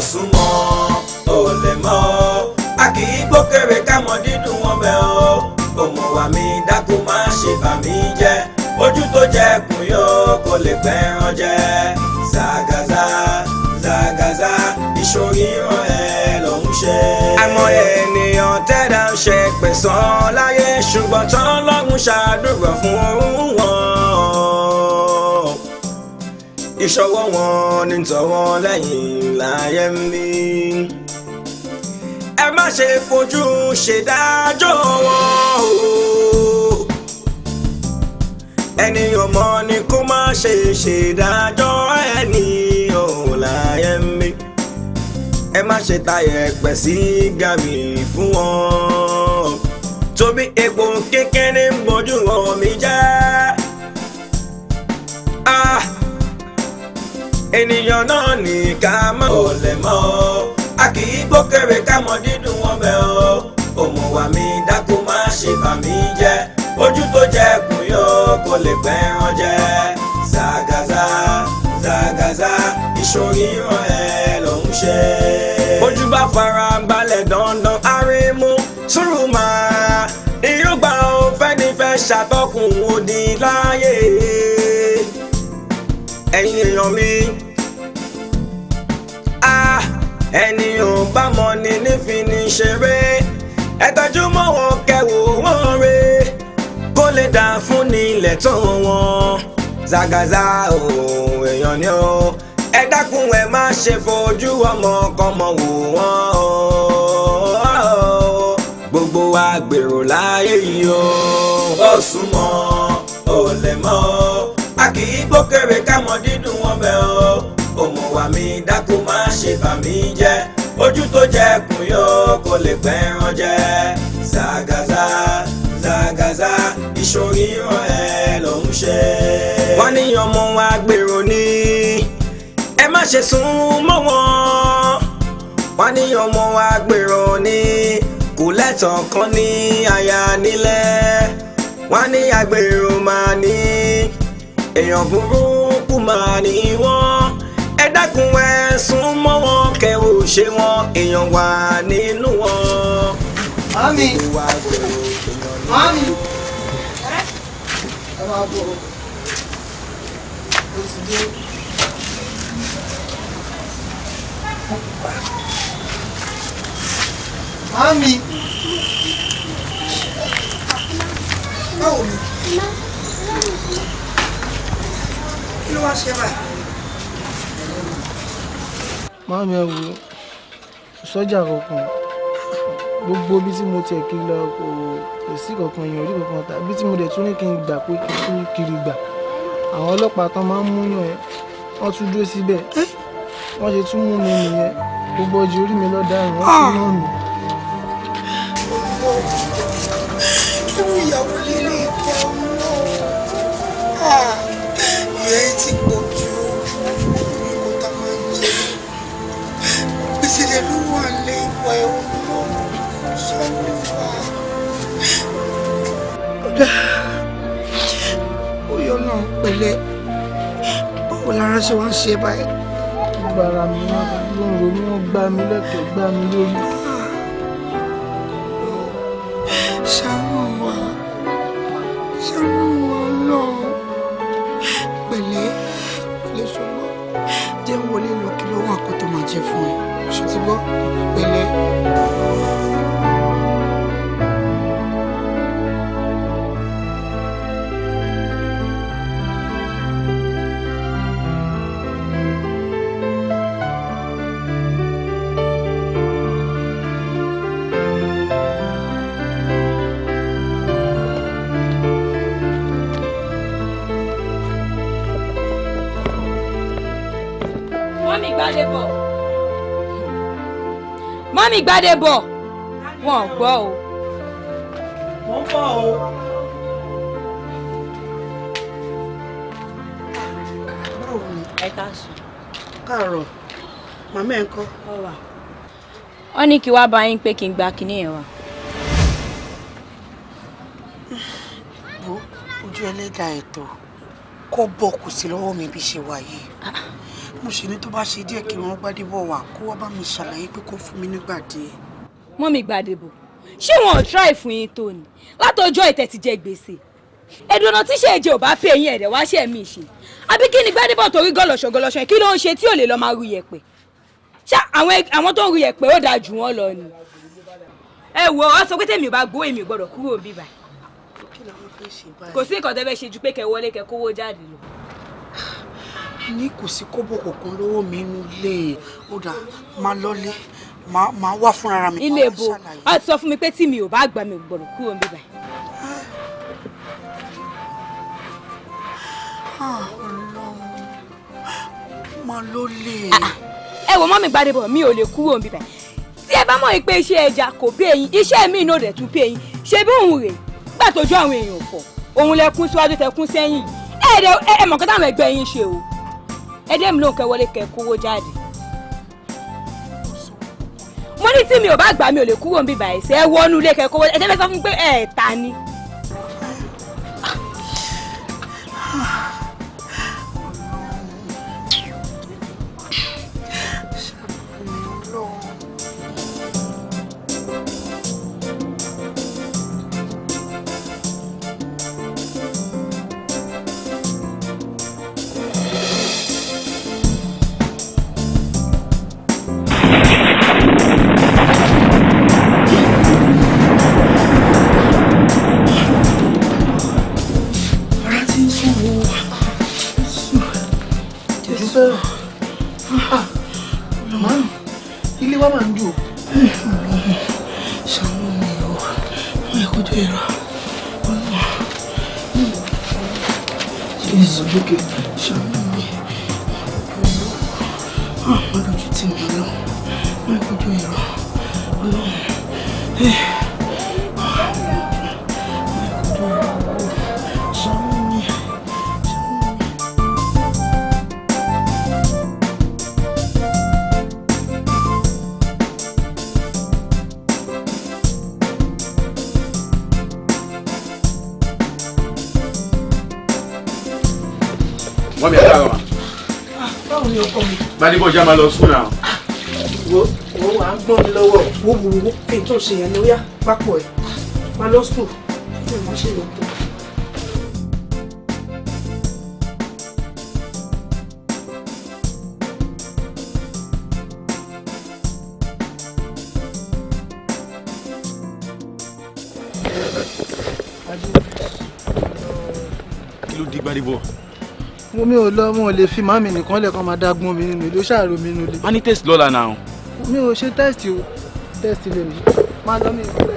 súnmọ́ ò lè mọ́ a kì í gbókèrè kámọ́ dídùn wọn bẹ̀ ọ́ òmò wà mí dákú má ṣe bà mí jẹ́ ojú tó jẹ kùn yóò kò lè pẹ́ ràn jẹ́ zàgàzà zàgàzà ìṣòríran ẹ ló ń ṣe. àmọ́ ènìyàn tẹ́lá ń ṣe pẹ̀sán láyé ṣùgbọ́n tán lọ́gùn ṣàdúrà fún owó. ìṣọwọ́ wọn ní tọwọ́ lẹ́yìn láyé ń bí. ẹ má ṣe fojú ṣèdájọ́ wọn o ẹni ọmọ ni kó má ṣe ṣèdájọ́ ẹni ò láyé ń bí. ẹ má ṣe tayẹ̀ pẹ̀ sí gàmì fún wọn tóbi epo kékeré ń bójú wọn mi jẹ́. ènìyàn náà ní ká mọ̀ ò lẹ̀ mọ́ ọ a kì í gbókèrè kámọ dídùn wọn bẹ̀ ọ òmùwà mi dákú má ṣe bà mí jẹ́ ojú tó jẹ kùn yọ kò lè pẹ́ ràn jẹ́ zagaza zagaza ìṣòrí ràn ẹ́ ló ń ṣe. ojú bá fara balẹ̀ dandan arimu sùúrù máa ìrúgba ò fẹ́ni fẹ́ ṣàtọkùn òdì láàyè ẹ̀yin èèyàn mi ẹni ò bá mọ ni nífi ni ṣeré ẹ tọ́jú mọ́ wọn kẹwò wọ́n re kó lè dà fún ni ilẹ̀ tó wọn zagaza o èèyàn ni o ẹ dákun ẹ má ṣe fojú ọmọ kọmọ wò wọ́n o gbogbo wa gbèrò yìí o ó súnmọ́ ó lè mọ́ a kì í gbókèrè kámọ́ dídùn wọn bẹ́ẹ̀ o òmùwà mi dákun ṣe bà mí jẹ́ ojú tó jẹ kùn yóò kò lè pẹ́ ràn jẹ́ Zagaza Zagaza ìṣòrí ràn ẹ́ ló ń ṣe. wọ́n ní ọmọ wa gbèrò ní ẹ má ṣe sùn mọ́ wọn wọ́n ní ọmọ wa gbèrò ní kò lẹ́tọ̀ọ́ kan ní aya nílẹ̀ wọ́n ní agbèrò máa ní èèyàn burúkú máa ní wọ́n dákun ẹ mọ́ wọn kẹ ò ṣe wọn èèyàn wà nínú wọn. mami mami ẹ máa bọ̀ o ti mami báwo ni kí ló wá ṣe báyìí. Màámi ẹ wo sọ́jà kankan gbogbo ibi tí mo tiẹ̀ kiri lọ kò sí kankan èèyàn orí kankan ta ibi tí mo dẹ̀ tún ní kí n gbà pé kí n tún kiri gbà àwọn ọlọ́pàá tán máa ń mú yàn ẹ́ wọ́n tún dúró síbẹ̀ wọ́n ṣe tún mú mi nìyẹn gbogbo ọjọ́ orí mi lọ́ọ́ dáràn wọ́n tún yàn mí. irú ìyàwó lílé ìjà ọmọ ah, ìyá ẹ ti pọ̀ pẹ̀lú wọn lé ìwà ẹ̀wọ̀n náà sọ́nù wa. kódà ó yọ náà pẹ̀lẹ́ báwo lára ṣe wá ń ṣe báyìí. gbàrà mi wọn ló ń ronú wọn pẹ̀lẹ́ pẹ̀lẹ́ jẹ́ wọlé lọ kí ló wà máa jẹ fún ẹ. We. mọ́mí Gbádébọ̀ wọn ò gbọ́ o. wọ́n bọ̀ o. báwo ni ẹ ká sùn. káàárọ̀ màmá ẹ̀ ń kọ́. wọ́n ní kí wàá bá yín pé kí n gba kinní yẹn wá. wo ojú ẹlẹ́dàá ẹ̀tọ́ kó bọ̀ kù sí lọ́wọ́ mi bí ṣe wà yìí. Ah, mo ṣe ní tó bá ṣe díẹ̀ kí wọ́n Gbádébọ̀ wá kó wá bá mi ṣàlàyé pé kó fún mi nígbà díẹ̀. mọ́mí Gbádébọ̀ ṣé wọn ò try fún yín tó ni látọjọ́ ìtẹ̀ ti jẹ gbèsè ẹ̀dùnà tí ṣe èjè ò bá fẹ́ yín ẹ̀rẹ̀ wá ṣe ẹ̀mí ìṣe àbí kí ni Gbádébọ̀ torí gọ́lọ̀ṣọ̀ gọ́lọ̀ṣọ̀ kí ló ń ṣe tí ò lè lọ́ọ́ máa ru yẹ̀pẹ̀ ṣá àwọn tó ń ru yẹ̀pẹ̀ ó dáa jù wọ́n lọ ni. ẹ wo ọ sọ pé tèmi ò bá gbọ́ èmi ò gbọ́dọ̀ kúrò bíbà kò sí nǹkan tẹ́ fẹ́ ṣe ju pé kẹ́ wọlé kẹ́ kówó jáde lọ ní kò sí kóbò kòkun lọ́wọ́ mi inú ilé ó dà máa lọ́lé máa wá fúnra mi. ilé ibo a sọ fún mi pé tí mi ò bá gbà mí gbọ́dọ̀ kúrò ń bíbá. Ah, máa lọ́lé. Ah, ah. ẹ wo mọ́mí Gbádébọ̀ mi ò lè kúrò ń bíbá tí ẹ bá mọ̀ pé iṣẹ́ ẹja kò pé yín iṣẹ́ mi náà dẹ̀ tún pé yín ṣe bí òun rèé gbà tójú àwọn èèyàn fọ̀ òun lẹ kún síwájú tẹ kún sẹ́yìn ẹ̀ẹ́dẹ̀ ẹ̀mọ̀kọ́tà àwọn ẹgbẹ́ yín ṣe o ẹdẹ́mi ló ń kẹ́ wọlé kẹ́ kówó jáde. mo ní tí mi ò bá gbà mi ò lè kúrò ń bíbà ẹ̀sẹ̀ ẹ wọnú ilé kẹ́ kówó ẹ̀dẹ́mi sọ fún mi pé ẹ̀ẹ̀ta ni. Okay. mi ẹ̀ka rọ̀. báwo ni ọkọ mi. gbadébọ̀ já máa lọ sùn náà. wo wo à ń gbọ́n mi lọ́wọ́ wo wo wo kí n tó ṣe yẹn lóyá pápọ̀ ẹ̀ máa lọ sùn kí n má ṣe lọ tó. kí ló di gbadébọ̀ mo mi ò lọ mo lè fi màmí nìkan lẹ́ẹ̀kan máa dágún mi nínú ilé ó ṣàrò mi nínú ilé. wọ́n ní test lọ́la náà. mi ò ṣe test o test lè mi máa lọ mi ìpínlẹ̀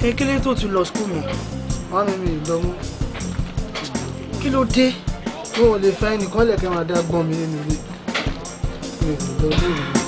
kan. ekele tó ti lọ skul mọ. wọn ní mi ìlọ mọ. kí ló dé. o ò lè fẹ́ ẹnìkan lẹ̀kẹ́ máa dá gbọ́n mi nínú ilé. mi ò lọ lóyún.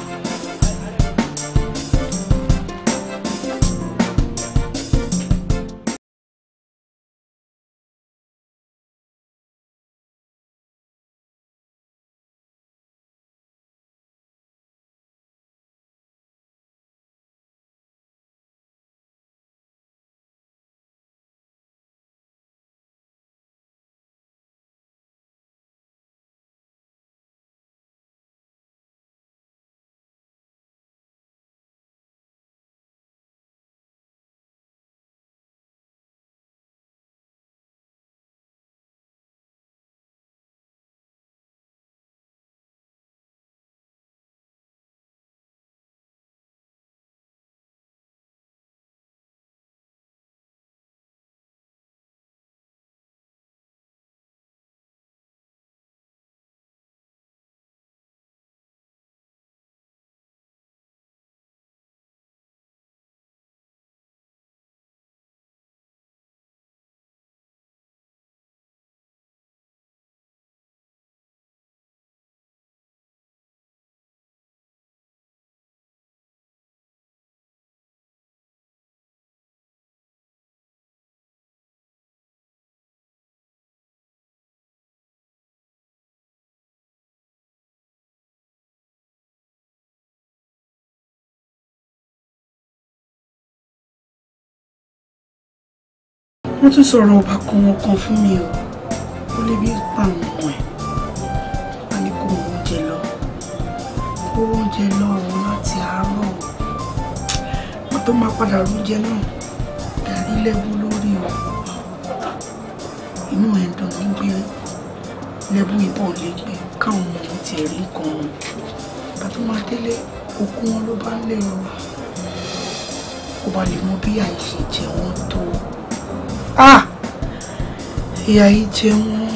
wọ́n tún sọ̀rọ̀ ọba kan wọn kan fún mi o ó lè bí pa àwọn ọmọ ẹ̀ wọ́n ní kó oúnjẹ lọ kó oúnjẹ lọ òun láti àárọ̀ wọ́n tó máa padà rújẹ náà gàrí lẹ́bù lórí o inú ẹ̀ dùn nígbé lẹ́bù ìbọn lè gbé káwọn ọmọ mi ti rí kan wọn bàbá tó máa délé okun wọn ló bá ń lè rọra kó ba lè mọ bí àìṣe jẹ wọn tó o ah ìyà yìí jẹ wọ́n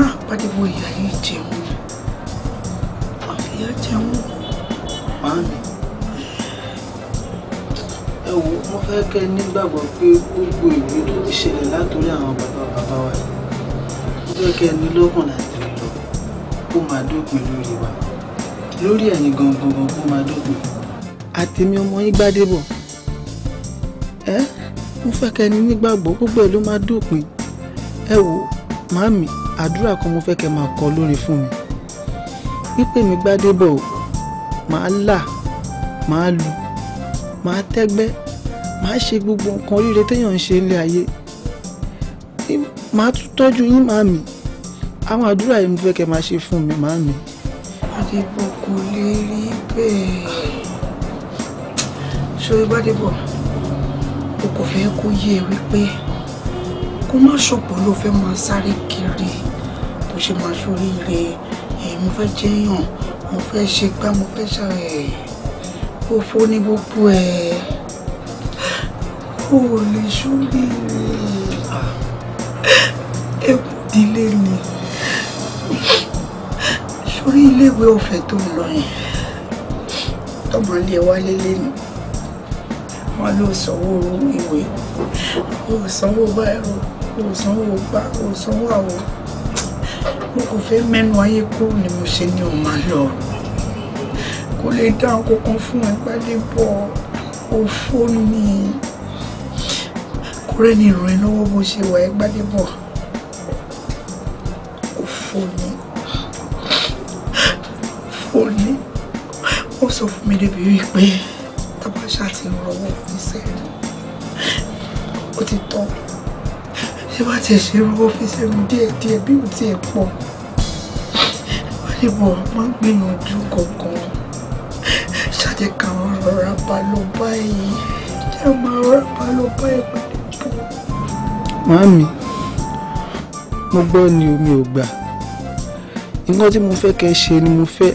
ah pàdébò ìyà yìí jẹ wọ́n ìyà jẹ wọ́n màámi ẹ wo mo fẹ́ kẹ́ nígbàgbọ́ pé do ìwé tó ti ṣẹlẹ̀ látòrí àwọn bàbá bàbá wa yìí mo fẹ́ kẹ́ ní lọ́kàn láti rí lọ kó máa dópin lórí wa lórí ẹ̀yin gangan kó máa dópin. àtẹ̀mí ọmọ yín gbádébọ̀ ẹ́. Eh? mo fẹ́ kẹ́ ni nígbàgbọ́ gbogbo ẹ̀ ló máa dópin ẹ wo màámi àdúrà kan mo fẹ́ kẹ́ máa kọ lórí fún mi wípé mi Gbádébọ̀ o màá là màá lu màá tẹ́gbẹ́ màá ṣe gbogbo nǹkan oríire téèyàn ń ṣe nílé ayé màá tún tọ́jú yín màámi àwọn àdúrà yìí mo fẹ́ kẹ́ máa ṣe fún mi màámi. Gbádébọ̀ lè rí bẹ́ẹ̀ ṣé Gbádébọ̀ o kò fẹ́ kó yé e wípé kó má ṣọ̀pọ̀ ló fẹ́ máa sáré kiri tó ṣe máa ṣoríire ẹ̀ mo fẹ́ jẹ́yàn mo fẹ́ ṣe gbá mo fẹ́ ṣe ẹ̀ òfò ní gbogbo ẹ̀ o ò lè ṣoríire ẹkùn ìdílé ni sórí iléèwé ọ̀fẹ́ tó ń lọ yẹn tọmọ ilé wa lélẹ́yìn wọn ló sanwó ìwé ó sanwó báyìí ó sanwó gbà ó sanwó àwọ mo kò fẹ́ mẹ́nu ayé kúrò ni mo ṣe ní ọmọ lọ kò lè dá kankan fún ìpàdé bọ òfó ni kò rẹ́ni ìrìn lọ́wọ́ bó ṣe wà ìpàdé bọ̀ òfó ni òfó ni ó sọ fún mi débi wípé. ti ṣe rówó fi sẹ́nu díẹ̀díẹ̀ bí mo ti pọ̀ wọ́n lè mọ̀ wọ́n gbìyànjú kankan ṣáàjẹ́ káwọn rọra bá lọ báyìí ṣé máa rọra bá lọ báyìí pẹ̀lú pọ̀. màámi mo gbọ́ ni omi ò gbà nǹkan tí mo fẹ́ kẹ́ ṣe ni mo fẹ́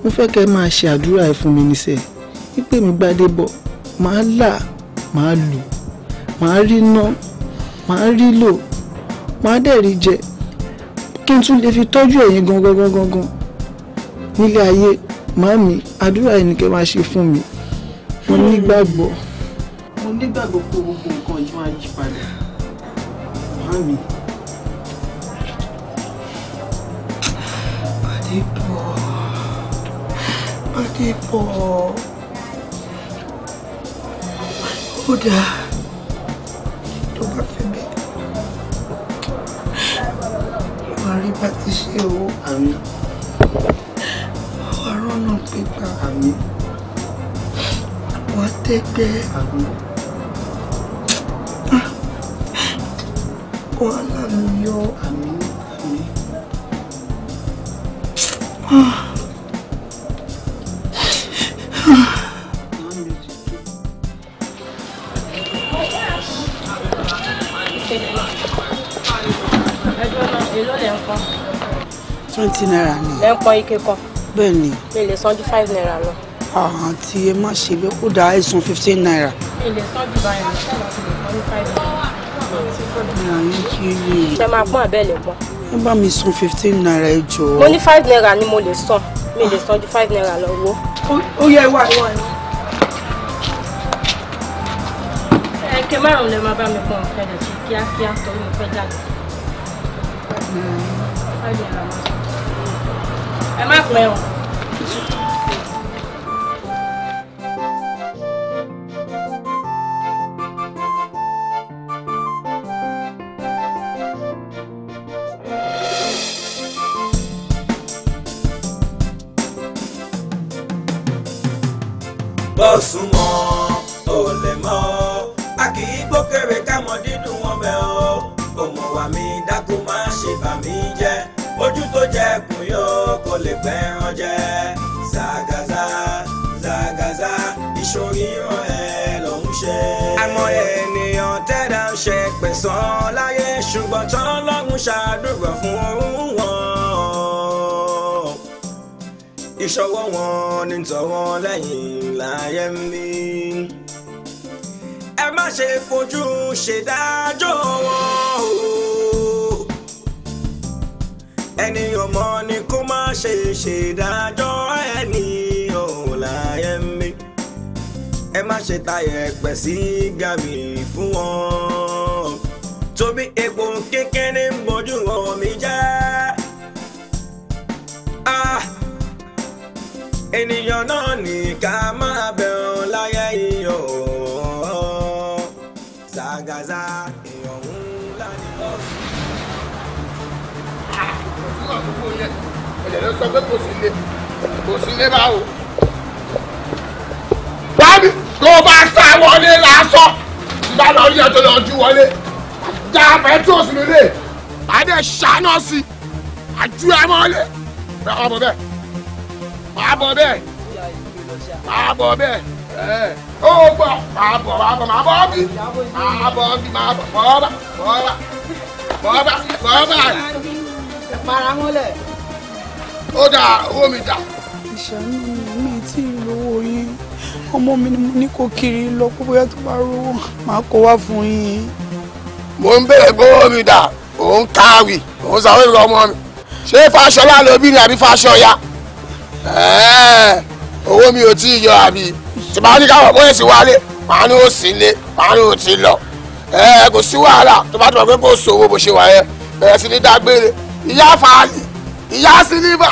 mo fẹ́ kẹ́ máa ṣe àdúrà ẹ̀ fún mi níṣẹ́ wípé mi bá màá là màá lù màá rí náà màá rí lò màá dẹ̀ rí jẹ kí n tún lè fi tọ́jú ẹ̀yin gangan gangan gan nílé ayé màmí àdúrà yìí ni kẹ́ máa ṣe fún mi mo nígbàgbọ́. mo nígbàgbọ́ pé gbogbo nǹkan yìí máa yí padà màmí. Adébọ̀ Adébọ̀ ó dáa. bá ti ṣe owó àmì ọ̀rọ̀ náà pípa àmì wọ́n tẹ́gbẹ́ àmì wọ́n làmì yọ àmì àmì. twenty naira ni. ẹ ń pọn ike kan. bẹ́ẹ̀ ni. mi lè san ju five naira lọ. àǹtí ẹ má ṣe bẹ́ẹ̀ kó dáa ẹ̀sùn fifteen naira. mi lè san ju báyìí lọ ṣé láti lè pọn ní five naira. ṣe máa pọn àbẹ́lẹ̀ pọn. ẹ bá mi san fifteen naira ẹ jọ̀ọ́. mo ní five naira ni mo lè san mi lè san ju five naira lọ wo. ó yẹ wá ìwọ ẹ. ẹ̀kẹ́ márùn-ún lè máa bá mi pọn ọ̀fẹ́ rẹ̀ sí kíákíá torí mo fẹ́ jáde. five naira. มากเร็ว sàn láyé ṣùgbọ́n tọ́lọ́run ṣàdúrà fún wọn. ìṣọwọ́ wọn ni tọ̀wọ́ lẹ́yìn láyé mi. ẹ má ṣe fojú ṣèdájọ́ wọn o. ẹni ọmọ ni kó má ṣe ṣèdájọ́ ẹni ò láyé mi. ẹ má ṣe tayẹ̀ sí gàmì fún wọn torí epo kékeré ń bójú hàn mi já. Ah! ènìyàn náà ní ká máa bẹ̀rù láyé iyọ̀ ṣàgàzà èèyàn ńlá ní bọ́ọ̀sì. kò sí ilé kò báwo. báyìí tó bá sá wọlé lásán ìbálòrí ẹ̀ tó wọlé da petros lulẹ̀ adé ṣáná sí àjú ẹ mọ́lẹ̀ máa bọ̀ bẹ́ẹ̀ máa bọ̀ bẹ́ẹ̀ máa bọ̀ bẹ́ẹ̀ ó gbọ́ máa bọ̀ máa bọ̀ máa bọ̀ bí máa bọ̀ bí máa bọ̀ bọ́ọ̀bà bọ́ọ̀bà bọ́ọ̀bà bọ́ọ̀bà. ẹ para mọ́lẹ̀. ó dáa owó mi dà. ìṣàánú mi tí ì lówó yín ọmọ mi ni mo ní kó kiri lọ kó bóyá tó bá rówó máa kó wá fún yín mò ń béèrè gbówó mi dà òun káwì òun sàwé ìwé ọmọ mi ṣé Fáṣọlá lóbi ni àbí Fáṣọyá owó mi ò tí ì yọ àbí tìbá ní káwọn bóyá sí wálé màá ní ó sì lé màá ní ó ti lọ kò sí wàhálà tó bá ti mọ̀ pé kò sówó bó ṣe wà yẹn bẹ̀rẹ̀ sí ní dágbére ìyá fàálì ìyá sílífà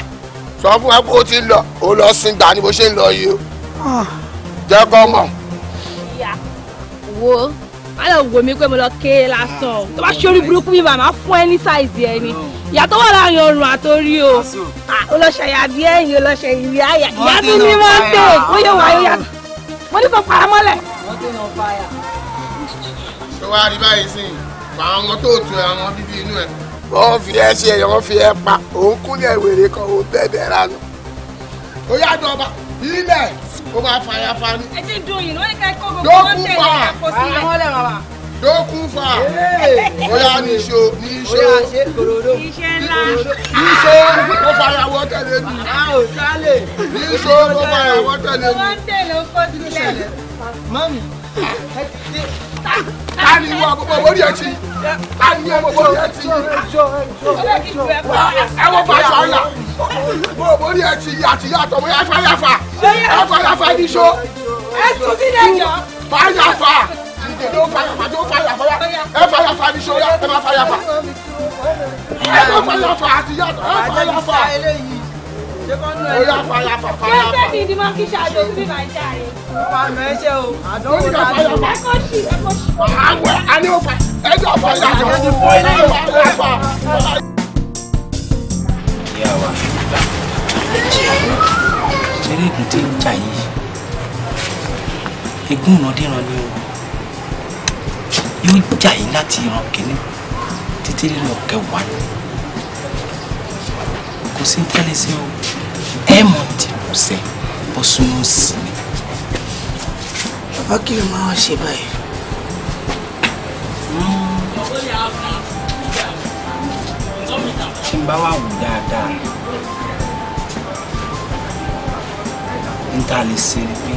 sọ fún wa pé ti lọ ó lọ sin gbà ni bó ṣe ń lọ yìí o ah. jẹ́ kọ́ mọ̀. ìyá wo má lọ wò mí pé mo lọ ké lásán o tó bá ṣorí burúkú bí màmá fún ẹ ní sáìzì ẹ ni ìyàtọ̀ wà láàrin ọrùn àtòrí o olóṣè àbí ẹ̀yìn olóṣè ìrì àyà ìyá tún ní mọ́tò ó yẹ wáyé yàtọ̀ mo ní kò para mọ́lẹ̀. ṣé wàá rí báyìí sí pa àwọn tó tu àwọn bíbí inú ẹ. wọ́n fi ẹ ṣe wọ́n fi ẹ pa òun kúnlẹ̀ wèrè kan òun bẹ́ẹ̀ bẹ́ẹ̀ ránú. ó yá dọ̀ba ilẹ̀ ó máa fa ya fa ní. ẹ dùn yìí lórí ká gbogbo ó tẹ̀lé àpò sílẹ̀. àwọn ọlẹ́wọ̀n wa. dókun fa bóyá níṣó níṣó iṣẹ́ ńlá níṣó ó fàyàwọ́ tẹ̀lé jù níṣó ó fàyàwọ́ tẹ̀lé jù. wọ́n tẹ̀lé ó kó sílẹ̀. mọ́mí ẹ ti dé ta ni wọn àbọ̀bọ̀ orí ẹ ti ta ni wọn àbọ̀bọ̀ orí ẹ ti ẹ aṣọ àyà bọ̀bọ̀ orí ẹ ti àti yàtọ̀ wọ́n yàfa yàfa yàfa yàfa ní so fa yàfa ìdèdè fa yàfa ẹ fa yàfa ní so ẹ má fa yàfa ẹ má fa yàfa àti yàtọ̀ ẹ fa yàfa. Oya fàyà fàfà. Ṣé sẹ́ẹ̀dì ni máa kí ṣáájú sí máa jà rẹ̀? Fàmì ẹ̀ṣẹ̀ o. Àdánwò ta ṣe. Ẹ̀kọ́ ṣì ẹ̀kọ́ ṣì. Àwẹ̀ àní ó fà ẹ̀jọ̀ fàyà jọ. Àwẹ̀ àfà. Ìyá wa ṣeré ègùn tí ń jà yìí. Ègún ìrandíran ni o. Yóò jà yìí láti ìran kìíní títí lílọ kẹwàá kò sí tẹ́lẹ̀ sí o ẹ mọ̀ dìbò sẹ́ bó súnmọ́ sí mi. bàbá kí ló máa ń ṣe báyìí. tí n bá wà wù dáadáa n ta lè ṣe ni pé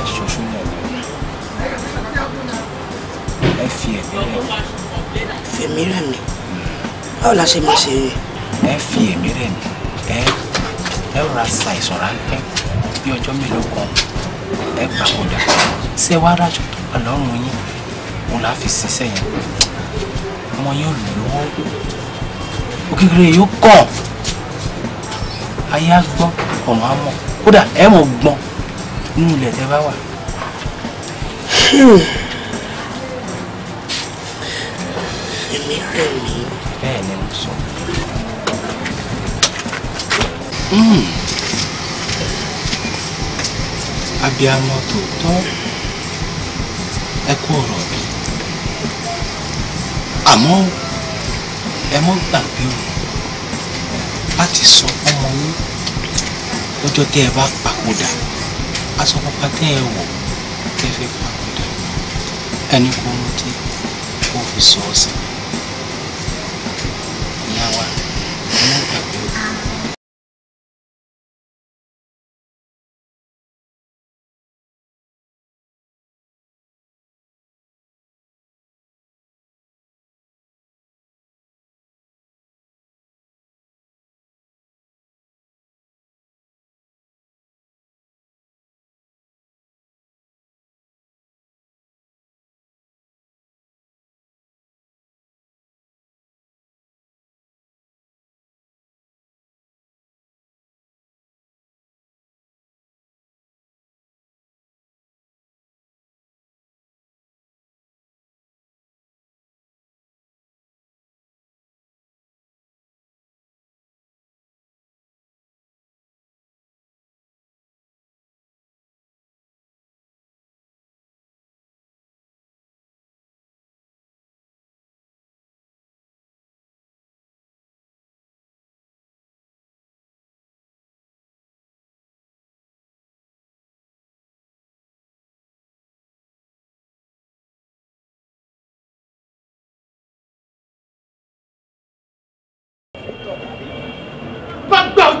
ẹ ṣoṣo ní ẹ fi ẹ̀mí rẹ mi. rẹ̀ mi báwo la ṣe máa ṣe rẹ̀ ẹ fi èmi rẹ̀ ní ẹ ẹ rọra ṣàìsàn ráńpẹ́ bí ọjọ́ mélòó kan ẹ gbàgbọ́dà ṣé wàá rájọ tó wà lọ́rùn yín òun là á fi ṣiṣẹ́ yẹn ọmọ yóò lówó òkèkèrè yóò kàn ayé á gbọ́ ọ̀run á kódà ẹ mọ̀ gbọ́n nínú ilẹ̀ tẹ́ bá wà. bẹ́ẹ̀ ni mo sọ. Hmm. abiamọ tòótọ́ ẹ kú ọ̀rọ̀ bí àmọ́ ẹ mọ́ gbàgbé o láti sọ fọ́mọ yín lọ́jọ́ tẹ́ ẹ bá papòdà aṣọ pupa tẹ́ ẹ wọ̀ tẹ́ ẹ fi papòdà ẹni kò rántí fi sọ ọ́ sí ìyá wa ẹ mọ́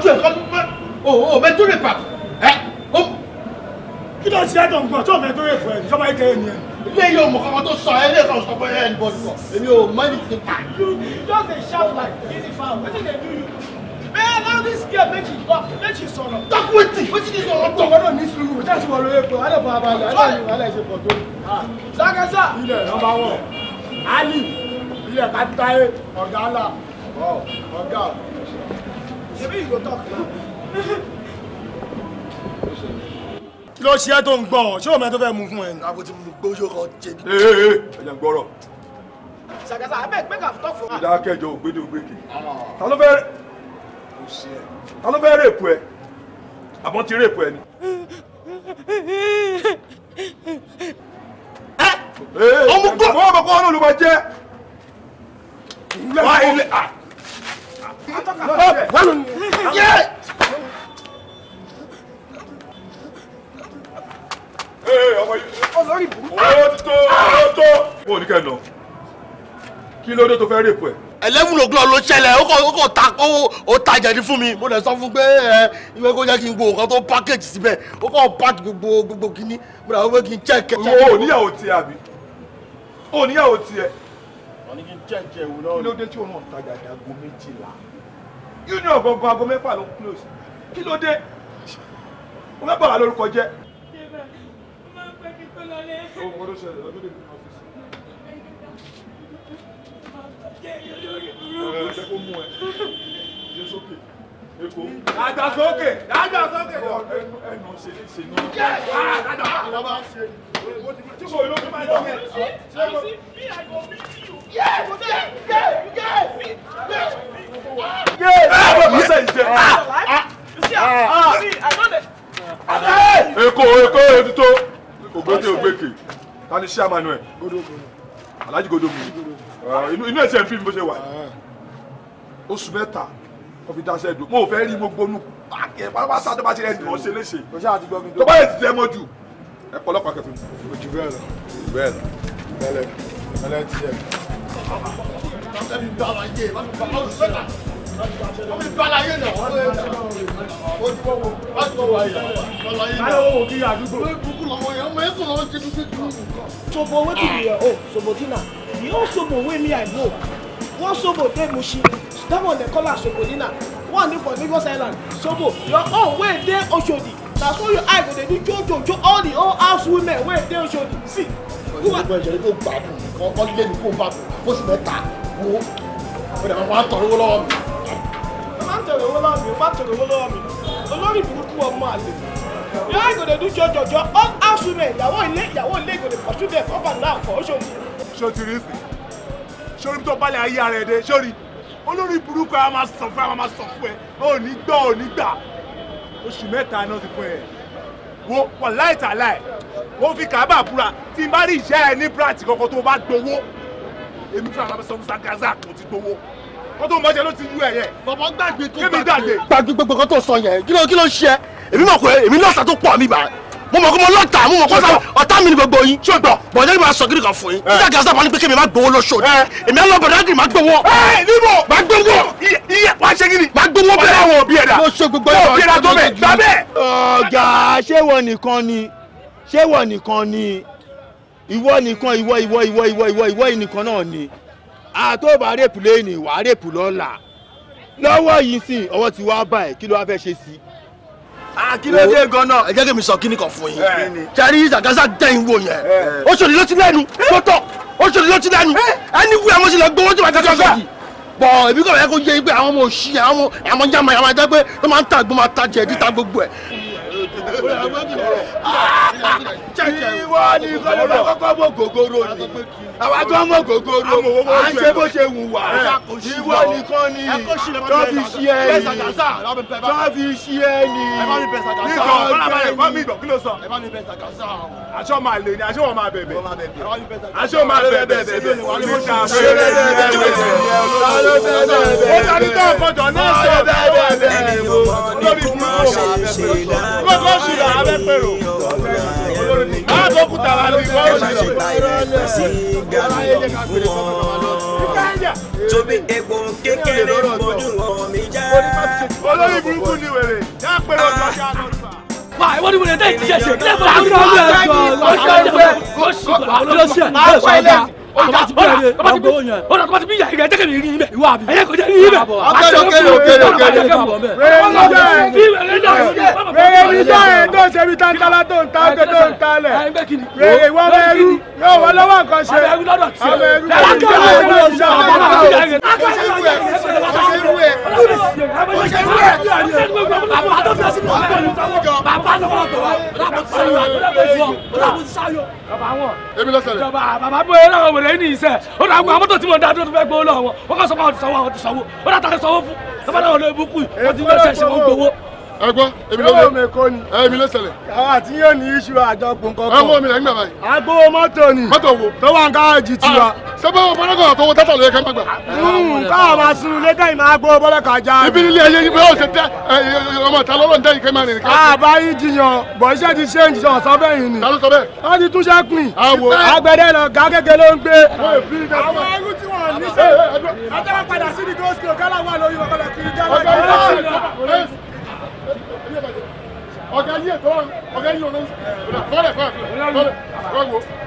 ojú ẹ̀ kọ́ o mẹ́tò rẹ̀ pa ẹ́ o. kí ló ń ṣe àtọ̀ nǹkan tó mẹ́tò rẹ̀ fún ẹ̀ ìjọba ẹ̀jẹ̀ ẹ̀ nìyẹn. ilé yóò mọ̀ kankan tó sọ ilé kan sọ bóyá ẹni bọ́ọ̀lù kọ èmi ò mọ ẹni tí pa. you just dey shout like easy fowl wetin dey do you. bẹ́ẹ̀ náà this girl méjì talk méjì sọ̀rọ̀. talk wetin wetin dey sọ̀rọ̀ tó. ọ̀gbọ́n náà ní sùúrù ọjà ti wọlé epo alẹ́ bọ̀ abalẹ̀ alẹ́ ìṣe pọ̀ tó. sakasa. ilẹ̀ nọmba wọn ali ilẹ̀ kátáyé ọ̀gá ńlá oh, ọ̀gá. Maybe you go talk now. Kí ló ṣe é tó ń gbọ́? Ṣé òun ẹ tó fẹ́ mú fún ẹ? Àbò tí mo gbójú kan ṣe bí. Ee ẹ̀jẹ̀ ń gbọ́rọ̀. Ṣàgàtà abẹ́ ìpínlẹ̀ àfitọ́ fún wa. Ìdákẹ́jọ ògbédè ògbékè. Ah. Ta ló fẹ́ ta ló fẹ́ rèpù ẹ? Àbọ̀n ti rèpù ẹ ni. Ọmọ gbọ́ ọmọ kọ́ ọ́nà olùbàjẹ́. Wá ilé. Ah! wánu yẹ. olórí burúkú. owó ti tó owó tó. kó o ní kẹ́ ẹ nà kí ló dé tó fẹ́ rèpọ̀ ẹ̀. eleven o'clock ló ṣẹlẹ̀ ó kò ó kò ta ó ó ta jẹ̀dí fún mi mo lè sọ fún pé ẹ ìwé kó jẹ́ kí n gbọ́ nǹkan tó package síbẹ̀ ó kò pack gbogbo gbogbo kínní mo lè sọ pé kí n check. o ò níyàwó tiẹ̀ àbí o ò níyàwó tiẹ̀. wọ́n ní kí n check ẹ̀ wò náà. kí ló dé tí o náà tajà dàgbò méjìlá union gangan aago mẹ́fà ló ń close kí ló dé o mẹ́fà wà lórúkọ jẹ́. Jẹ́ olórí burúkú. Ẹ èkó dàgbàsókè dàgbàsókè lọ ẹnu ṣe ní ṣe ní. jẹ́ ara dada ìjọba ṣe tí kò ló fún ẹjọ́ yẹn. ṣé mo yé yé yé yé yé ẹ bọ kọsẹ ìjẹ. èkó èkó ètùtò ògbóté ògbékè tani ṣé àmàlù ẹ alhaji godomi inú ẹsẹ̀ ń fi bó ṣe wà oṣù mẹ́ta kò fi dáṣẹ́ dùn mo fẹ́ rí gbogbo nu pàkẹ́ pátápátá tó bá ti rẹ̀ dùn ọ́ ṣe léṣe tó bá yẹ ti tẹ́ mọ́ jù ẹ kọ́ ọlọ́pàá kẹfì mi. ojú bẹ́ẹ̀ lọ bẹ́ẹ̀ lọ bẹ́ẹ̀ lọ bẹ́ẹ̀ ti yẹ. Sobo, what do you hear? Oh, Sobotina. The old Sobo, where me I go? one sobo dey Mushin that one dem call am sobolina one dey for Lagos Island sobo your own wey dey Oshodi na so your eye go dey do jojojo all the old house women wey dey Oshodi see. ọ̀sẹ̀ ìgbà ìṣẹ̀lẹ̀ tó gbà bù ọkọ ilé mi kó bá bù ó sì mẹ́ta wo ó dẹ̀ máa ń tọrọ owó lọ́wọ́ mi. ó máa ń tọrọ owó lọ́wọ́ mi ó máa ń tọrọ owó lọ́wọ́ mi olórí burúkú ọmọ àlè yóò ìgòdè dún jọjọjọ all house women ìyàwó ilé ìyàwó ilé ìgòdè pọ̀ṣúdẹ̀ ọba them up and down for o ti rí sí i sórí tó balẹ̀ ayé ara dé sórí olórí burúkú ẹ̀ máa sàn fún ẹ̀ máa sàn fún ẹ̀ ò gbọ́ ò gbà oṣù mẹ́ta náà ti fún ẹ̀ wo wà láì tà láì wọ́n fi kàábà búra tí n bá rí ìṣe ẹ ní brat kankan tó bá gbowó èmi fún abẹ́sọ̀ musa gaza kò ti gbowó kó tó mọ̀jẹ̀ ló ti yú ẹ̀yẹ. bàbá gbàgbé tó gbàgbé gbàgbé gbàgbé tó sọ yẹn kí ló kí ló ṣe èmi mọ̀ pé èmi náà sàtó pọ̀ mi báyìí mo mọ̀ kó mo lọ́ta mo mọ̀ kó sábà ọ̀tá mi ni gbogbo yín. ṣé o gbọ́. bọ̀dé ni ma sọ gírí kan fún yín. nígbà eh. gàdá bá ní pé kémi má gbowó lọ́sọ̀ ni. Eh. èmi á lọ bọ̀dé àgìrì má gbowó. ẹ níbo má gbowó. iye wàá ṣe gírí. má gbowó bẹ́ẹ̀. ọ̀rẹ́ àwọn òbí ẹ̀dá. mo ṣe gbogbo ìwà òbí ẹ̀dá tó bẹ̀ gbà bẹ́ẹ̀. ọ̀gá ṣé wọ nìkan ni ṣé wọ nìkan ni ìwọ nìkan ìwọ ìwọ ìwọ ìwọ ìwọ ìwọ nìkan náà ni àtọ́bà rèpù lẹ́yìn ìwà rèpù lọ́la lọ́wọ́ yìí sìn ọwọ́ ti wá báyìí kí ló wá fẹ́ ṣe sí i Ah, kí ló dé gan náà. ẹ jẹ́ kí mi sọ kíní kan fún yín. sẹ́rí eh. zagaza dẹ́yìn wo yẹn oṣòdì ló ti lẹ́nu eh. tó tọ̀ oṣòdì ló ti lẹ́nu eh. ẹni wúyà mo sì lọ gbowó tó bá tẹ̀ sọ́jà bọ̀ èmi kò yẹ kó yé yín pé àwọn ọmọ òṣì àwọn ọmọ àwọn jàmọ̀ àwọn ẹ̀dá pé tó máa ń ta àgbọ̀n máa ta jẹ̀dí ta gbogbo ẹ̀. ìwọ ni kọ́lé bá kọ́kọ́ bọ̀ gògóró ni àwa tó mọ gògóró à ń ṣe bó ṣe wù wá ìwọ nìkan ni tó fi ṣí ẹ ni tó fi ṣí ẹ ni nígbà tó fẹ́ aṣọ máa lè ní aṣọ wọn máa bẹ̀bẹ̀ aṣọ máa bẹ̀bẹ̀ bẹ̀bẹ̀ níta bẹ̀bẹ̀ ó darí tó ọkọjọ náà sọ lórí fún mi kókó ṣìlá abẹ́pẹ̀rọ olórí mi. máa tó kúta wa lórí kókó ṣìlá ga jùlọ fún wọn. tóbi epo kékeré mojú wọn mi já. olórí burúkú ni wèrè yá pẹ̀lú ọjọ́ kí a lọ sà. Wa ìwọ ni mo lè dá ìdíje ṣe kí lè fọ àwọn ọmọ ọmọ ẹgbẹ́ ọ̀ṣọ́ ọ̀ṣọ́ ọlọ́kọ̀ lọ ṣẹlẹ̀. bàbá bóyá náà wọ wèrè ní iṣẹ́ ó dà gbọ́ àwọn mọ́tò tí mo dá dúró tó fẹ́ gbowó lọ́wọ́ wọn kàn sọ fún àwọn ti sanwó àwọn ti sanwó ó dà tà ti sanwó fún tọ́ba náà lọ ibùkún yìí wọ́n ti ń lọ ṣẹ̀ṣẹ̀ gbowó ẹ gbọ́ èmi ló lé èmi ló ṣẹlẹ̀. àwọn àti yóò ní iṣu àjọpọ̀ nǹkan kan. ẹ̀wọ̀n mi lẹ́yìn bàbá yìí. agbowó mọ́tò ni. mọ́tò wo. tó wà ń gáàjì tiwa. ṣé báwo bọ́lọ́kọ̀ tó wo tẹ́tọ̀ lóye kẹ́mọ́ gbà. káwọn máa sun létà yìí máa gbowó bọ́lọ́kọ̀ ajá. ibi nílé ayé yìí bẹ́ẹ̀ ó ṣe tẹ ọmọ ta lọ́lọ́ ń dẹ́yìn kẹ́mọ́ nìkan. àbáyé jiyàn bọ̀ iṣẹ́ ti ṣe ń jiyàn ọ̀gá yìí ètò ọ̀gá yìí ọ̀nà fọ́lẹ̀ fọ́lẹ̀ fọ́lẹ̀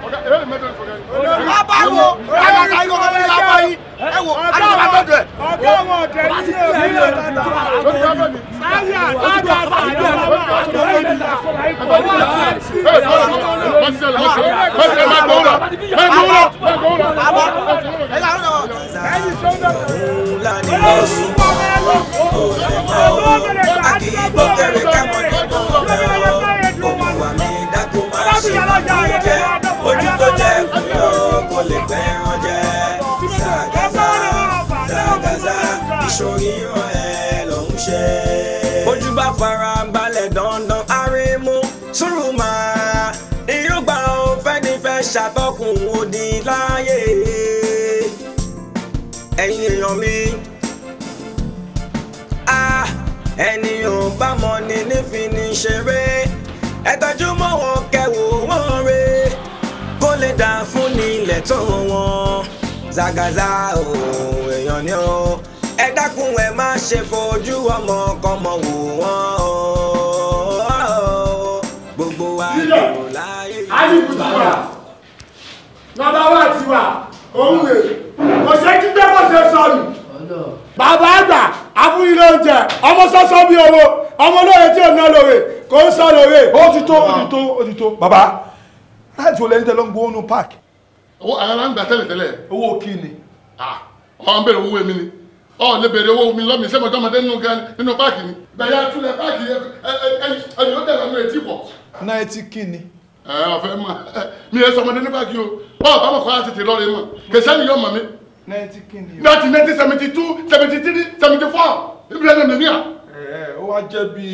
ọ̀gá ọ̀gá lè mẹ́tọ́ ìfọ̀gá yìí. bàbá wo ẹ̀rọ ta yóò wọlé lábá yìí ẹ wo alábà mẹ́tọ́ ẹ̀. ọ̀gá wọn ọ̀tẹ̀ yìí ẹ̀ yóò tata sáyà sáyà sáyà sábà àtọ̀rẹ́ ìlà ọ̀gá ti ẹ̀ ẹ̀ má gbọ́ wúlọ̀ má gbọ́ wúlọ̀ má gbọ́ wúlọ̀. bàbá ẹ̀ làwọn náà wọ̀ fara balẹ̀ dandan arimu suruma máa irúgbà ò fẹ́ni fẹ́ ṣàtọkùn òdì láàyè ẹ̀yin èèyàn mi ènìyàn bá mọ̀ ní nífi ní ṣeré ẹ tọ́jú mọ́ wọn kẹwò wọn re kó lè dà fún ní ilẹ̀ tó wọn zagaza ò èèyàn ni ó ṣe fojú ọmọ kọmọ wò wọ́n o gbogbo wa yóò láyé. alibuta wa bàbá wa ti wà òun rè kò ṣe kí dẹ́kọ̀ ṣe sọnù bàbá àgbà afúnilé oúnjẹ ọmọ sọsọ bíi owó ọmọ lóore tí ò ná lóore kò ń sọ lóore. ó ti tó ó ti tó ó ti tó bàbá láti wọlé ní tẹlẹ ń gbóhónú park. owó àyàrá ń gbà tẹ́lẹ̀tẹ́lẹ̀. owó kí ni. Ah, ọ̀hún bẹ̀rẹ̀ owó èmi ni ọ lè bèrè owó omi lọ́mì sẹ́mọ̀jọ́ ọmọdé nínú gan nínú páàkì ni. bẹ̀yà túlẹ̀ páàkì ẹni ó dẹ̀rọ ní etí pọ̀. náà etí kí ni. ẹ ọ̀fẹ́ mọ̀ mi ẹ sọmọdé ní páàkì o báwo bá mọ̀ kọ́ àti tèlọ́ rẹ mọ̀ kẹsẹ́ ni yóò mọ̀ mi. náà etí kí ni. láti nineteen seventy two seventy three seventy four ibi lẹ́nu mi níyà. ẹ ẹ ó wá jẹ́ bí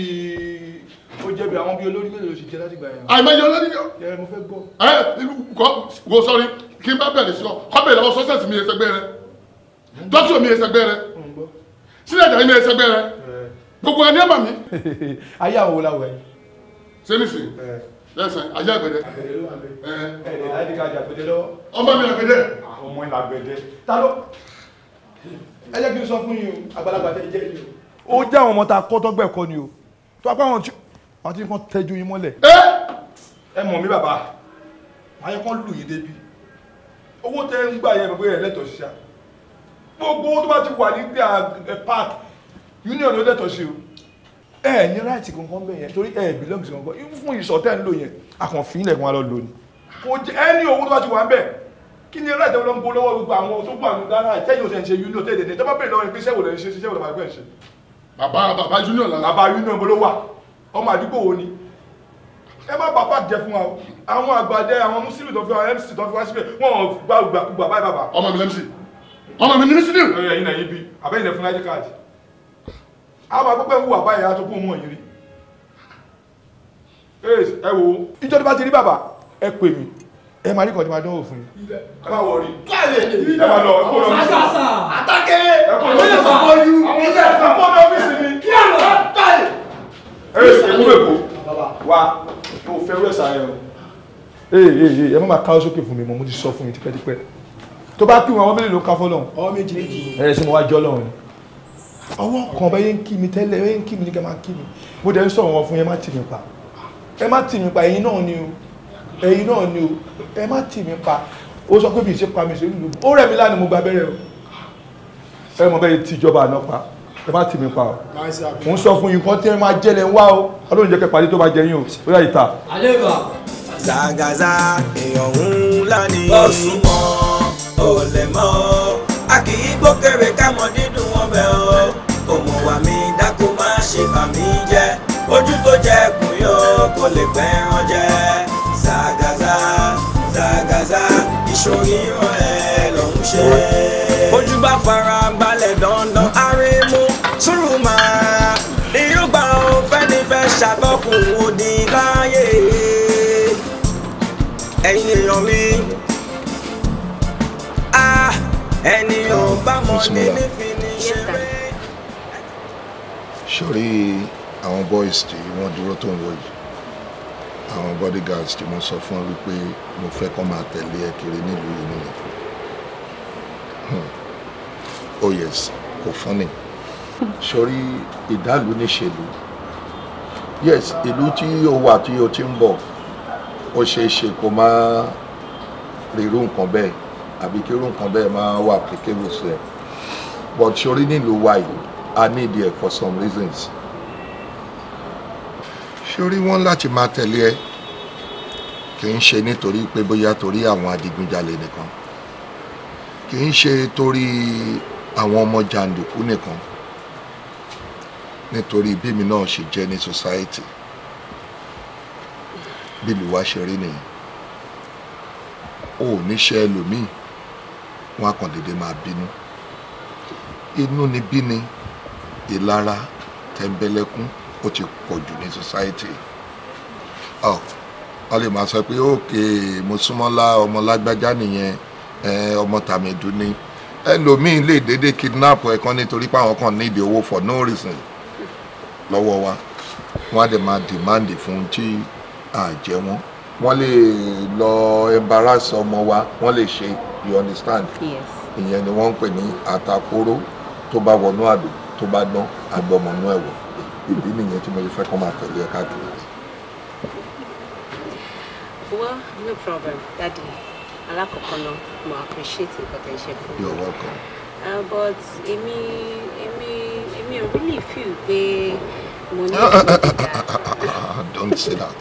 ó jẹ́ bí àwọn bí olórí mélòó ṣe jẹ́ láti gbà yẹn. àìmọye olórí yọ. ẹ mo fẹ́ gbọ́. ẹ wo sọrí kí n bá bẹ̀rẹ̀ sí ọ kọ́ bẹ̀rẹ̀ lọ́wọ́ sọ́sẹ̀sì mi ẹsẹ̀ gbé rẹ dọ́tí omi ẹsẹ̀ gbé rẹ sílẹ̀ ìjà yìí ẹsẹ̀ gbẹ́rẹ́ gbogbo ẹni ẹ̀mà mi. ayé àwọn wo la wẹ̀. sẹ́nìsì lẹ́sẹ̀ ayé àgbẹ̀dẹ. ẹ̀ẹ́dẹ̀ eh. láti ká àgbẹ̀dẹ lọ́wọ́. ọmọ mi àgbẹ̀dẹ. ọmọ ìlà àgbẹ̀dẹ. ta ló ẹ jẹ́ kí n sọ fún yín o àgbàlagbà tẹ jẹ́ yín o. ó jẹ́ àwọn ọmọ ta kọ́ tọ́gbẹ̀ kọ́ ni o tó apá àwọn tí wọ́n ti kàn tẹ́jú yín mọ́lẹ̀. Eh? ẹ mọ̀ mí bàbá àyẹ̀kọ́ lù yín débi owó tẹ́ ń gbà yẹn gbogbo ẹ̀ lẹ́tọ̀ọ́ gbogbo tó bá ti wà ní ah, eh, park union ló dẹ̀tọ̀ sí o ẹ ní ráìtì kankan bẹ́ẹ̀ yẹn torí ẹ belong sí kankan fún ìsọ̀tẹ́ ń lò yẹn àkànfin ilẹ̀ kan wá lọ lò ní kò jẹ́ ẹni owó tó bá ti wà ń bẹ̀ kí ni ráìtì ọlọ́run gbó lọ́wọ́ gbogbo àwọn tó gbà ní ghana ìtẹ́yìn òsè ń ṣe union tẹ́lẹ̀ ní tọ́ba bẹ̀rẹ̀ lọ́rin pé sẹ́wọ̀n lẹ́yìn ṣe sẹ́wọ̀n lọ́ba ẹgbẹ́ ṣe. bàbá bàbá union la bàbá union bó ló wà ọmọ àdúgbò wo ni ẹ má bàbá jẹ fún wa àwọn àgbàdẹ àwọn mùsùlùmí tó fi wa mc tó fi wa síbẹ̀ wọn ò gbàgbà bàbá ẹ bàbá. ọmọ mi lẹ́mísì ọmọ mi nínú sídìí. ẹ ẹyin náà yín bí abẹ́yìn lẹ fún láyé káàdì àwọn àgbẹ̀pẹ̀ ń wà báyìí aṣọ fún ọmọ yìí rí ẹ wo ìjọba bá ti rí bàbá ẹ pè mí ẹ máa rí kọ̀ọ̀dé máa dánwò fún yín. ká wọ rí káàlẹ̀ ẹ máa lọ ẹ kó lọ sí i. àtàkẹ́ ẹ kó lọ sí i. àwọn ilé ẹ̀fọ́ ọmọ ọ́fíìsì mi. kí ẹ lọ káàlẹ̀. ẹ ẹ mú èkó wa mo fẹ́ wẹ̀sà ẹ o. ẹ ẹ ẹ má máa ká ọ sókè fún mi mo ti sọ fún yín tipẹ́tipẹ́ tó bá kí wọn àwọn mélòó ló ká fọlọ́run. ọwọ́ méjì méjì. ẹ̀rẹ̀ sí mo wá jọ́ lọ́run ni. ọwọ́ kan bẹ́ẹ̀ ń kí mi tẹ́lẹ̀ ẹ̀ ń kí mi ní kẹ́ máa kí mi mo dẹ̀ ń sọ̀rọ̀ wọn fún ẹ má tì mí pa ẹ má tì mí pa ẹ̀yin náà ni o ẹ̀yin náà ni o ẹ má tì mí pa ó sọ pé bí ìṣe pa mi ṣe lù ó rẹ̀ mí lánàá mo gba abẹ́rẹ́ o ẹ mọ̀ bẹ́ẹ̀ tìjọba àná pa ẹ má tì mí pa o mo ń sọ fún yín kan tí ẹ máa jẹ́lẹ̀ ń wá o ọlọ́run jẹ́ kẹ́ pàdé tó bá jẹ yín o ó yà ìta. àlébà. zagaza èèyàn ń lá ní. lọ́sùn mọ́ ò lè mọ́ ọ a kì í gbókèrè kámọ dídùn ọbẹ̀ o òmùwà mi dákú má ṣe bà mí jẹ́ ojú tó jẹ kùn yóò kò lè pẹ́ wọn jẹ́ Zagaza Zagaza ìṣòrí ìran ẹ̀ ló ń ṣe. ojú bá fara balẹ̀ dandan arímú sùúrù máa ìrúgbà ò fẹ́ni fẹ́ ṣàtọ́kùn òdì láàyè ẹ̀yin èèyàn mi ẹni ò bá mọdé nífin ní ṣeré. sórí àwọn boys tí wọ́n dúró tó ń wọ yìí àwọn bodyguards tí mo sọ fún ọ wípé mo fẹ́ kó máa tẹ̀lé ẹ kiri nílùú yìí nìyẹn. Hmm. oh yes kò fọ́nì sórí ìdálù níṣèlú yes ìlú tí o wà tí o ti ń bọ̀ ó ṣeé ṣe kó má rírú nǹkan bẹ́ẹ̀ àbí kí irú nǹkan bẹ́ẹ̀ máa wà applicable sí ẹ but sori nílùú wa yìí i need ẹ for some reasons sori wọn láti máa tẹ̀lé ẹ kì í ṣe nítorí pé bóyá torí àwọn adigunjalè nìkan kì í ṣe torí àwọn ọmọ jàǹdùkú nìkan nítorí bímí náà ṣe jẹ́ ní society bílùú wa ṣe rí nìyí ò ní ṣe ẹlòmíì wọn á kàn déédéé máa bínú inú ni bíni ìlara tẹ̀m̀bẹ̀lẹ̀kún ó ti pọ̀ jù ní society ọ wọ́n lè máa sọ pé òkè mùsùlùmọ́lá ọmọ lágbájá nìyẹn ọmọ tàmẹ̀dù ni ẹlòmíín lè déédéé kidnap ẹ kan nítorí pé àwọn kan need owó for no reason lọ́wọ́ wa wọ́n á dẹ̀ máa demand fún tí àjẹ́ wọn wọ́n lè lọ embarrass ọmọ wa wọ́n lè ṣe you understand ìyẹn ni wọ́n ń pè ní àtakóró tó bá wọnú àdó tó bá dán agbọmọnú ẹ̀wọ̀ ìdí nìyẹn tí mo fẹ́ kọ́ máa tẹ̀lé ẹ káàkiri. well no problem daddy alákọ̀ọ́kọ́ náà mo appreciate nǹkan tẹ̀ ṣe fún mi. you're welcome. Uh, but Emi, Emi, Emi, ò really feel pé mo ní don't say that.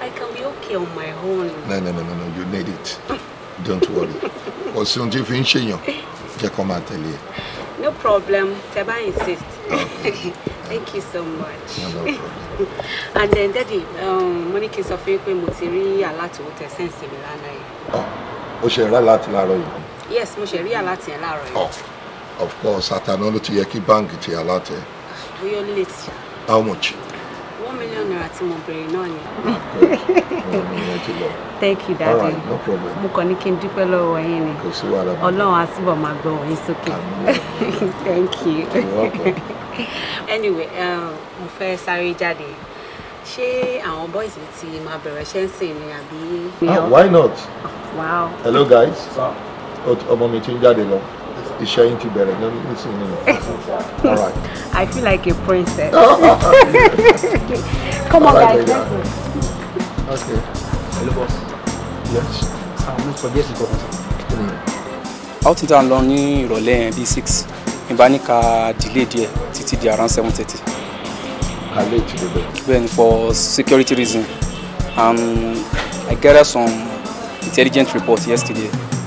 I can be okay on my own. no no no no, no. you need it. don't worry ọ̀sẹ̀ ohun tí fi ń ṣèyàn jẹ́ kó máa tẹ̀lé ẹ. E. no problem Teba insist okay. thank you so much and then daddy um, mo ní kí n sọ fún yín pé mo ti rí alátòótẹ sẹ́ǹsì mi lánàá yìí. ó oh, ṣe yes mo ṣe rí aláàtì ẹ láàárọ̀ oh, of course àtàná ló ti yẹ kí báǹkì ti aláàtẹ. bóyá ó lè ti. how much four million naira tí mo béèrè náà ni. thank you daddy mo kàn ní kí n dúpẹ́ lọ́wọ́ yín ni ọlọ́run á túbọ̀ máa gbọ́ yín sókè thank you anyway um, mo fẹ́ sáré jáde ṣé àwọn boys mi ti máa bẹ̀rẹ̀ ṣẹ́ ń sìn ni àbí. Ah, why not. wow. hello guys ọmọ mi ti ń jáde lọ iṣẹ́ yín ti bẹ̀rẹ̀ nísìnyí nínú. I feel like a princess. Oh, oh, oh. Come on right, guys, let's go. Okay. Hello boss. Yes. Àwọn ọmọ ìfọ̀jẹ́ sì gbọ́dọ̀ sọ. Out down lọ ní ìrọ̀lẹ́ yẹn bíi six ìbáníkà delay díẹ̀ títí di around seven thirty. Alẹ́ ti dé bẹ́ẹ̀. Well, for security reasons, um, I gathered some intelligent report yesterday.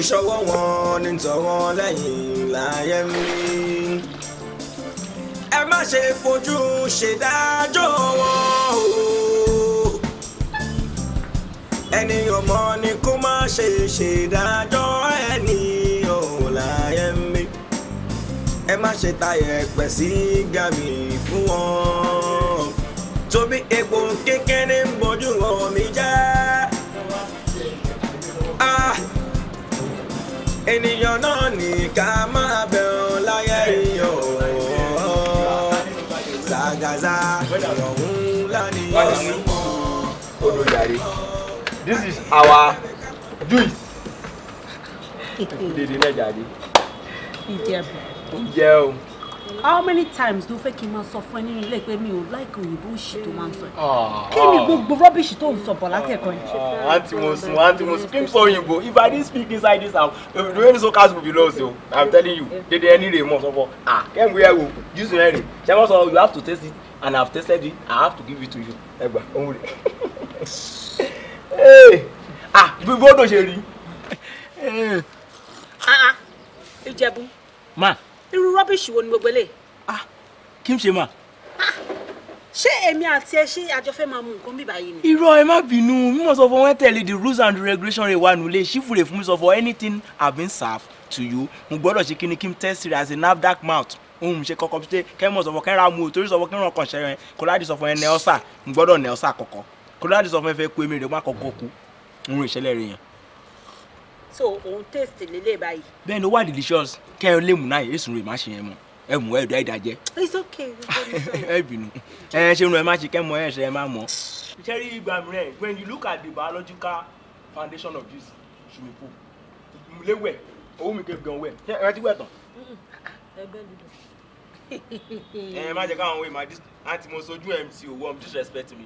ìṣọwọ́ wọn ní tọwọ́ lẹ́yìn láyé mi. ẹ má ṣe fojú ṣèdájọ́ wọn o. ẹni ọmọ ni kó má ṣe ṣèdájọ́ ẹni ọ̀hún láyé mi. ẹ má ṣe tayẹ̀ pẹ̀ sí gàmì fún wọn. tóbi epo kékeré ń bọ́jú wọn mi. ènìyàn náà ní ká máa bẹ̀rùn láyé ìyàn ṣàgàzà ìrọ̀rùn lánìyàn súnmọ́. olùdarí this is our juice. dèdè náà jáde. ìjẹun. ìjẹun how many times ló fẹ́ kí n máa sọ fún ẹ nínú ilé pé mi ò láìka òyìnbó òṣì tó máa ń sọ yìí ah, kí ni ah. gbogbo rubbish tó ń sọ bọ̀ látẹ̀kọ́ yìí. àǹtí mo sùn àǹtí mo sùn kí n sọ òyìnbó if i dey speak inside this house the way the soccer school be lost o i'm telling you dédé ẹni rè mọ sọfọ ah kẹ́hìn bóyá wo jísù rẹ̀ rè ṣé wọ́n sọ you have to taste it and i have tasted it i have to give it to you ẹgbà òun rè ah bí bọ́dọ̀ ṣe rí. Ah, ìjẹ̀bú. ma irú rọ́bìṣì wo ni gbogbo eléyìí. ah kí n ṣe mà. Ah, ṣé èmi àti ẹ ṣe àjọ fẹ́ máa mú nǹkan bí báyìí ni. irọ́ ẹ má bínú mímọ sọ fún wọn tẹ̀lé the rules and regulations rẹ̀ wà nílé ṣífùrè fún mi sọ fún anything i been served to you mo gbọ́dọ̀ ṣe kí ni kí n test it as a nafdac mouth ohun ṣe kọkọ ṣe kẹmọ sọfọ kẹra mu o torí sọfọ kẹran kan ṣẹyìn kọládì sọfọ yẹn nẹọsà ń gbọ́dọ̀ nẹọsà kọkọ kọládì sọfọ yẹn fẹ́ kú èmi rẹ má kọkọ kú ohun ìṣẹ̀lẹ̀ rẹ yẹn so òun taste lélẹ̀ báyìí. bẹ́ẹ̀ ló wà delicious kẹ́ ẹ lè mú náà èsùn rẹ̀ má ṣe yẹn mọ́ ẹ mú ẹ dá ìdá it's okay ẹ bínú ẹ ṣe ń lọ ẹ má ṣe kẹ́ mọ ẹ ṣe ẹ má mọ. ìṣẹ́rí ìgbà mìíràn when you look at the biological foundation of this swimming pool léwẹ̀ owó mi kéwì gan wẹ̀ ẹ ti wẹ̀ tán. ẹgbẹ́ dídùn. ẹ má jẹ́ káwọn wẹ̀ máa dis àǹtí mo sojú mc owó ọ̀m disrespect me.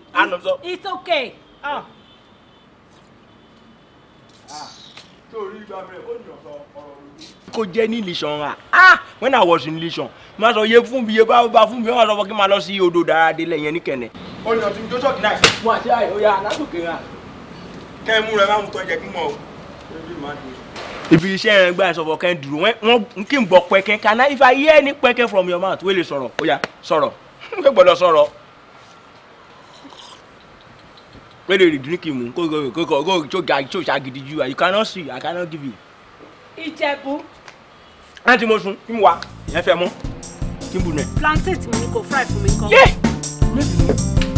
it's okay. Ah. ah kò jẹ́ ní ilésàn ra ah when I was in ilésàn mo máa sọ iye fún mi iye bá bá fún mi wọ́n sọ fún kí n máa lọ sí odò dáadé lẹ́yìn ní kẹ̀nẹ̀. olùyàn tí mo jọ́sọ̀ kí náà mo àti àyè ó yà látòkè rà. kẹ́ ẹ mú rẹ máa ń tọ́jà kí n mọ̀ o. ibi iṣẹ́ rẹ̀ gbà sọ̀fọ̀ kẹ́ dúró wọ́n kí n gbọ́ pẹ́kẹ́ can if I hear any pẹ́kẹ́ from your mouth wọ́n lè sọ̀rọ̀ ó yá sọ̀rọ̀ n kò gbọ́dọ̀ sọ̀rọ̀ wey dey drink him go go go go go show guy show ṣagidi you I cannot see i cannot give you. ìjẹ̀bú. láti mo sun kí mo wá ìyẹn fẹ́ mú kí n bù nù ẹ̀. plantain mi ni kò fry fún mi kan. yé méjì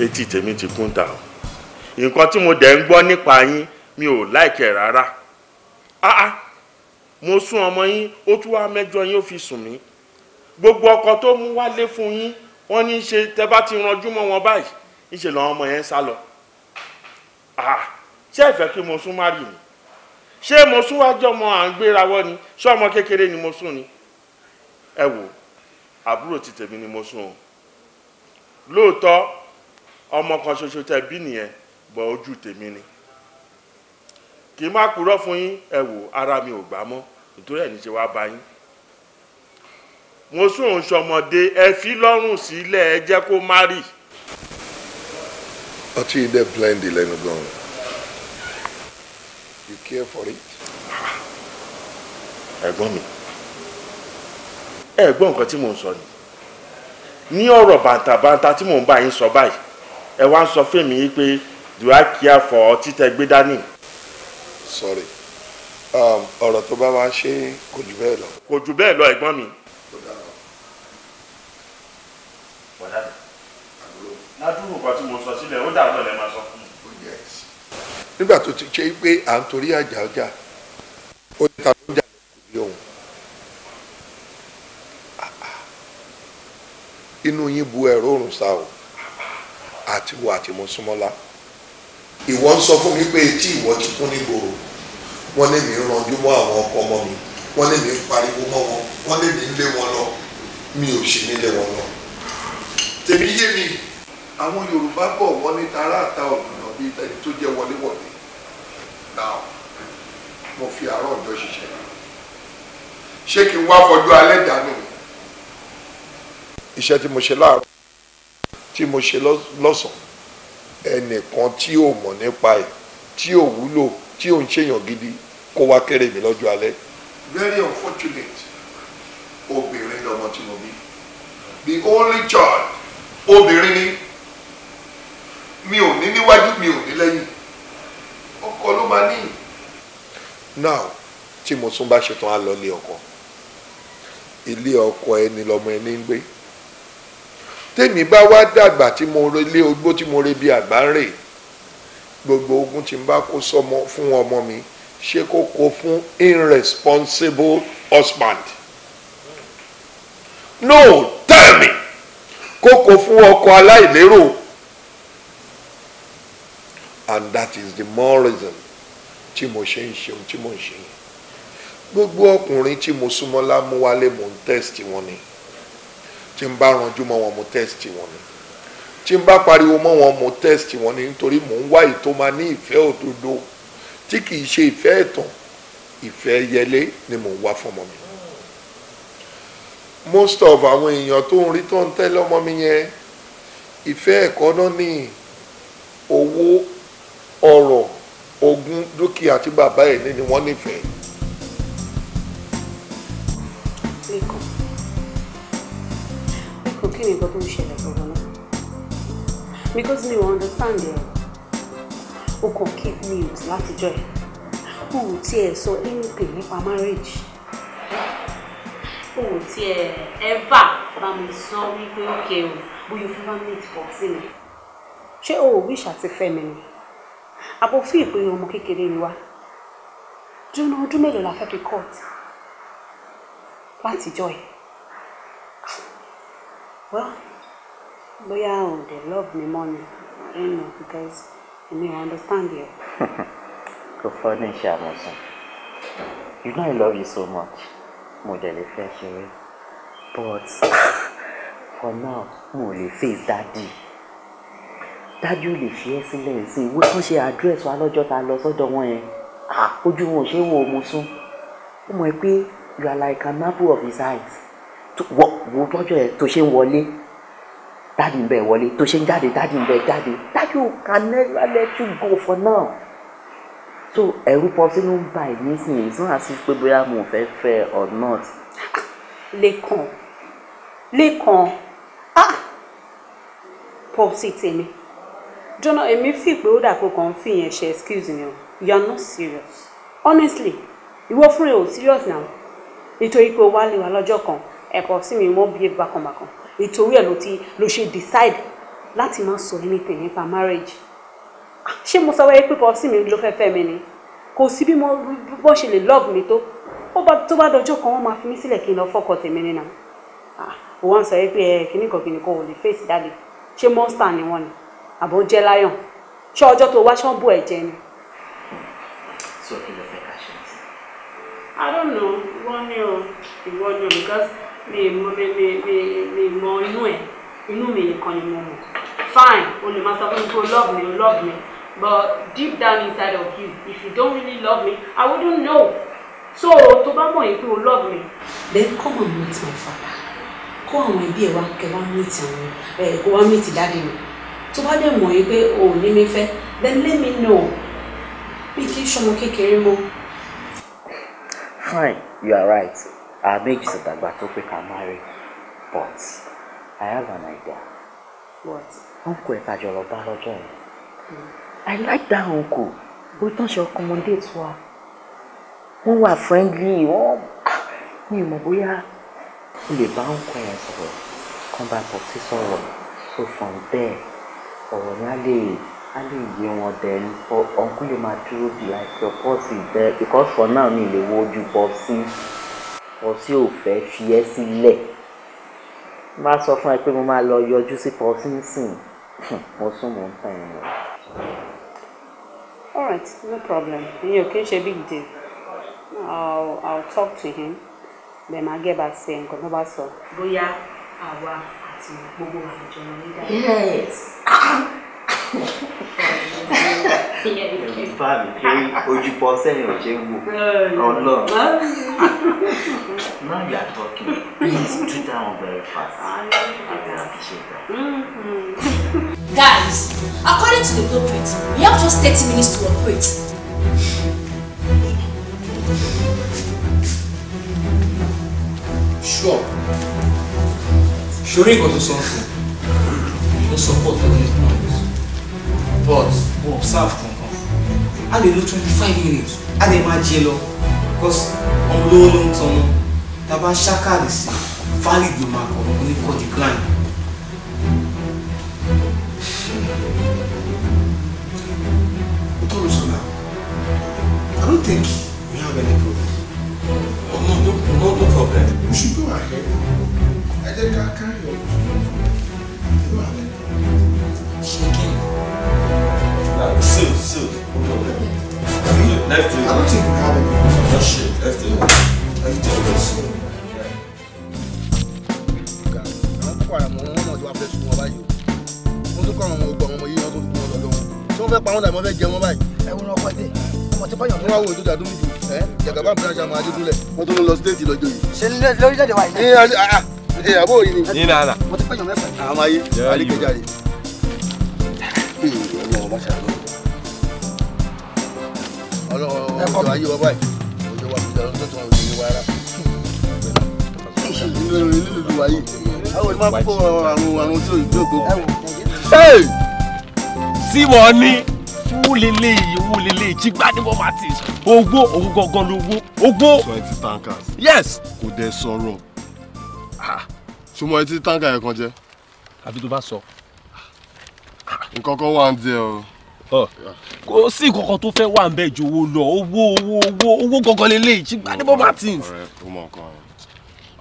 etí tèmi ti kún dà o nǹkan tí mo dẹ̀ ń gbọ́ nípa yín mi ò láìkẹ̀ rárá ah ah mo sún ọmọ yín ó tún wá mẹ́jọ yín ó fi sùn mí gbogbo ọkọ tó mú wálé fún yín wọ́n ní í ṣe tẹ́ bá ti ranjú mọ́ wọn báyìí níṣẹ́ làwọn ọmọ yẹn sá lọ ah ṣé ẹ kí mo sún má rì mí ṣé mo sún wájọ́ ọmọ à ń gbérawọ́ ni ṣé ọmọ kékeré ni mo sún ni ẹ wò àbúrò ti tèmi ni mo sún o lóòótọ́ ọmọ kan ṣoṣo tẹ bí nìyẹn bọ ojú tèmi ni kì í má purọ́ fún yín ẹ wò ara mi ò gbà mọ́ nítorí ẹ̀ níṣẹ́ wàá bá yín mo sún òun ṣọmọdé ẹ fi lọ́rùn sílẹ̀ ẹ jẹ́ kó má rì. ọtí ilé blendi lẹ́nu gan-an you care for it. Ah. ẹ̀gbọ́n mi ẹ̀gbọ́n nǹkan tí mò ń sọ ni ní ọ̀rọ̀ bàǹtàbàǹtà tí mò ń bá yín sọ báyìí ẹ wá ń sọ fún mi pé do I care for ọtí gbé dání. sorry um, ọ̀rọ̀ tó bá wá ṣe kò jù bẹ́ẹ̀ lọ. kò jù bẹ́ẹ̀ lọ ẹ̀gbọ́n mi. ládùúgbò kan tí mo sọ sílẹ̀ ó dàbọ̀ lẹ́ máa sọ fún mi. Oh, nígbà tó ti ṣe pé à ń torí àjà ọjà ó ní ta ló ń jà lórí òun ah, ah. inú yín bu ẹ̀rọ òrùn sá o àti wo àti mo súnmọ́lá ìwọ ń sọ fún mi pé etí ìwọ ti kún ní gbòòrò wọ́n lé mi ranjú mọ́ àwọn ọkọ ọmọ mi wọ́n lé mi pariwo mọ́ wọn wọ́n lé mi lé wọn lọ mi ò sì ní lé wọn lọ. tèmi yé mi àwọn Yorùbá bọ̀ wọ́n ní tara àta ọ̀nà bíi ẹni tó jẹ́ wọléwọ̀de náà mo fi àárọ̀ ọjọ́ ṣiṣẹ́ ṣé kí n wá fọjú alẹ́ dànù iṣẹ́ tí mo ṣe láàárọ̀ tí mo ṣe lọ́sàn-án ẹnìkan tí ò mọ̀ nípa ẹ̀ tí ò wúlò tí ò ń ṣèyàn gidi kó wá kéré mi lọ́jọ́ alẹ́. very unfortunate obìnrin lọmọ tí mo bí the only child obìnrin ni mi ò ní níwájú mi ò ní lẹ́yìn ọkọ ló máa ní. now tí mo tún bá ṣetán á lọ ilé ọkọ ilé ọkọ ẹni lọmọ ẹni ń gbé tèmi bá wá dàgbà tí mo lé ogbó tí mo re bí àgbà ń rè gbogbo ogun tí n bá kó sọmọ fún ọmọ mi ṣé kó kó fún irresponsible husband no tell me kó kó fún ọkọ aláìlérò and that is the more reason tí mo ṣe ń ṣeun tí mo ń ṣe yẹn gbogbo ọkùnrin tí mo súnmọ́ lámúwálé mo ń test wọn ni tí n bá ranjú mọ́ wọn mo test wọn ni tí n bá pariwo mọ́ wọn mo test wọn ni nítorí mò ń wá ètò máa ní ìfẹ́ òdodo tí kì í ṣe ìfẹ́ ẹ̀tàn ìfẹ́ yẹlé ni mò ń wá fọmọ mi most of àwọn èèyàn tó ń rí tó ń tẹ́lẹ̀ ọmọ mi yẹn ìfẹ́ ẹ̀kọ́ náà ní owó ọrọ̀ ogún dúkìá tí bàbá ẹ̀ ní ni wọ́n nífẹ̀ẹ́ kò kí ni nǹkan tó ń ṣẹlẹ̀ because mi understand it, o kàn keep mute látijọ́ ẹ̀ o ò tiẹ̀ sọ anything nípa marriage o ò tiẹ̀ ever from mi sọ wípé òkè o bóyá o fẹ́ bá mi ìtìkọ̀ sí mi ṣé o ò wíṣà ti fẹ́ mi ni àbò fún ìpè ọmọ kékeré ni wá jóná ọdún mélòó la fẹ́ fi court látijọ́ ẹ̀ well bóyá o dey love me mọ́ you know because èmi ò understand you. kò fọ́dún ṣe you know i love you so much mo dẹ̀ lè but for now mo lè face daddy dájú lè fi ẹ́ sílẹ̀ sí ìwé kan ṣe àdírẹ́sì wa lọ́jọ́ tá a lọ sọ́dọ̀ wọn yẹn ah, ojú wọn ò ṣe wo mo sún ó mọ̀ pé you are like an apple of his eyes wọ wo bọ́jọ́ yẹn tó ṣe ń wọlé dáàdi ń bẹ̀ wọlé tó ṣe ń jáde dáàdi ń bẹ̀ jáde dáàdi ò can never let you go for now so ẹ̀rù pọ̀ sínú ń bà mí sìn yìí sínú àti pé bóyá mo fẹ́ fẹ́ or not. lẹ́kàn lẹ́kàn ah pọ̀ sí tèmi jọ́nà èmi fi pé ó dàpọ̀ kan fi yẹn ṣe excuse me o you are not serious honestly ìwọ fúnra ò serious now nítorí pé o wá lè wà lọ́jọ́ kan ẹ̀kọ́ sí mi wọ́n bí bákan bákan nítorí ẹ̀ ló ti ló ṣe decide láti má sọ anything nípa marriage ṣé mo sọ wáyé pé sí mi ló fẹ́ fẹ́ mi ni kò sí bí mo bọ́ ṣe lè love mi tó tó bá dọjọ́ kan wọ́n máa fi mí sílẹ̀ kí n lọ fọ́kọ tèmi nínú ò wọ́n sọ yẹ pé ẹ kíní kan kíní kan ò lè fèsì dáadé ṣé monster ni wọ́n ni àbò jẹ́ lion ṣé ọjọ́ tó wá ṣán bù ẹ̀ jẹ ni. so kí ló fẹ́ ká ṣe é I don't know ìwọ ni o ìwọ ni o because mi mi mi mi mi mọ inú ẹ̀ inú mi nìkan ni mo mọ̀ fine o lè máa sọ fún mi pé o love me o love me but deep down inside of you if you don't really love me I wouldn't know so tó bá mọ̀ yìí pé o love me. then come and meet my father kó àwọn ẹbí ẹ wá kẹ wá meet àwọn ẹ kó wá meet dáàdi mi tó bá dẹ̀ mọ̀ yìí pé o ò ní mi fẹ́ then let me know bí kí n ṣọmọ kékeré mọ́. fine you are right our make sure that tó pé ká marry but I have an idea. What? Uncle ẹ̀ka jọ̀lọ̀ bá lọ́jọ́ yẹn. Hmm. I like that uncle. but don't ṣe accommodate wa. Wọ́n wà friendly. Wọ́n ah, mi mọ̀ bóyá mo lè bá uncle yẹn sọ̀rọ̀. Kan bá pọ̀ sí sọ̀rọ̀. So from there, ọ̀rọ̀ yẹn á lè a lè yé wọn then ọ̀nkú lè máa dúró bí i like your pọ́ọ̀sì there because for now me the world you both see o tí ò fẹ́ fi ẹ́ sílẹ̀ má sọ fún ẹ pé mo máa lọ yọjú sí paul simpson mo sún mo ń tàn lọ. all right no problem ìyẹn ò kí ń ṣe big deal i'll i'll talk to him then máa get back to you. nǹkan tó bá sọ. bóyá àwa àti gbogbo àjọ nígbà yẹn. yes. ojú bọ́ sẹ́yìn ọ̀jẹ̀ wò ọlọ́run now you are talking please do that one very fast I will appreciate that. Guys, according to the blueprint, we have just thirty minutes to operate. Sure. Sure, you go to something. You don't support for this but we observe kankan a lè lo twenty five minutes a lè máa jẹ lọ because ọmọ olówó ló ń tan wọn tá a bá ṣàkàlì sí valid ló máa kọ̀ ọ́ ní kọ́ decline. I don't think we have any problem. Oh, no, no, no, no problem. You should go ahead. I think I'll carry on. You don't have any Shaking. Like, seal, seal. Left I don't think we have any. No shit, left ear. Left ear, let's see. wọ́n fẹ́ pa wọ́n dàbí wọ́n fẹ́ jẹ wọ́n báyìí. ẹ ọlọ́run má ṣàlọ́ ọlọ́run ọjọ́ ayé wa báyìí ọjọ́ wa kúta ọjọ́ yìí àwọn ìmọ̀ yìí wúlélẹ̀ yìí jígbá máa ti owó òun gangan lówó owó. twenty tankers. yes. kò dẹ̀ sọ̀rọ̀ ah, ṣùgbọ́n etí tanka yẹn kan jẹ́. àbí tó bá sọ. So nǹkan kan wà ń jẹ o. kò sí ìkọ̀kan tó fẹ́ wà ń bẹ̀ ju owó lọ owó owó owó owó gangan lè léyìí tí Gbadebo Martins. ọ̀rẹ́ o mọ nǹkan yẹn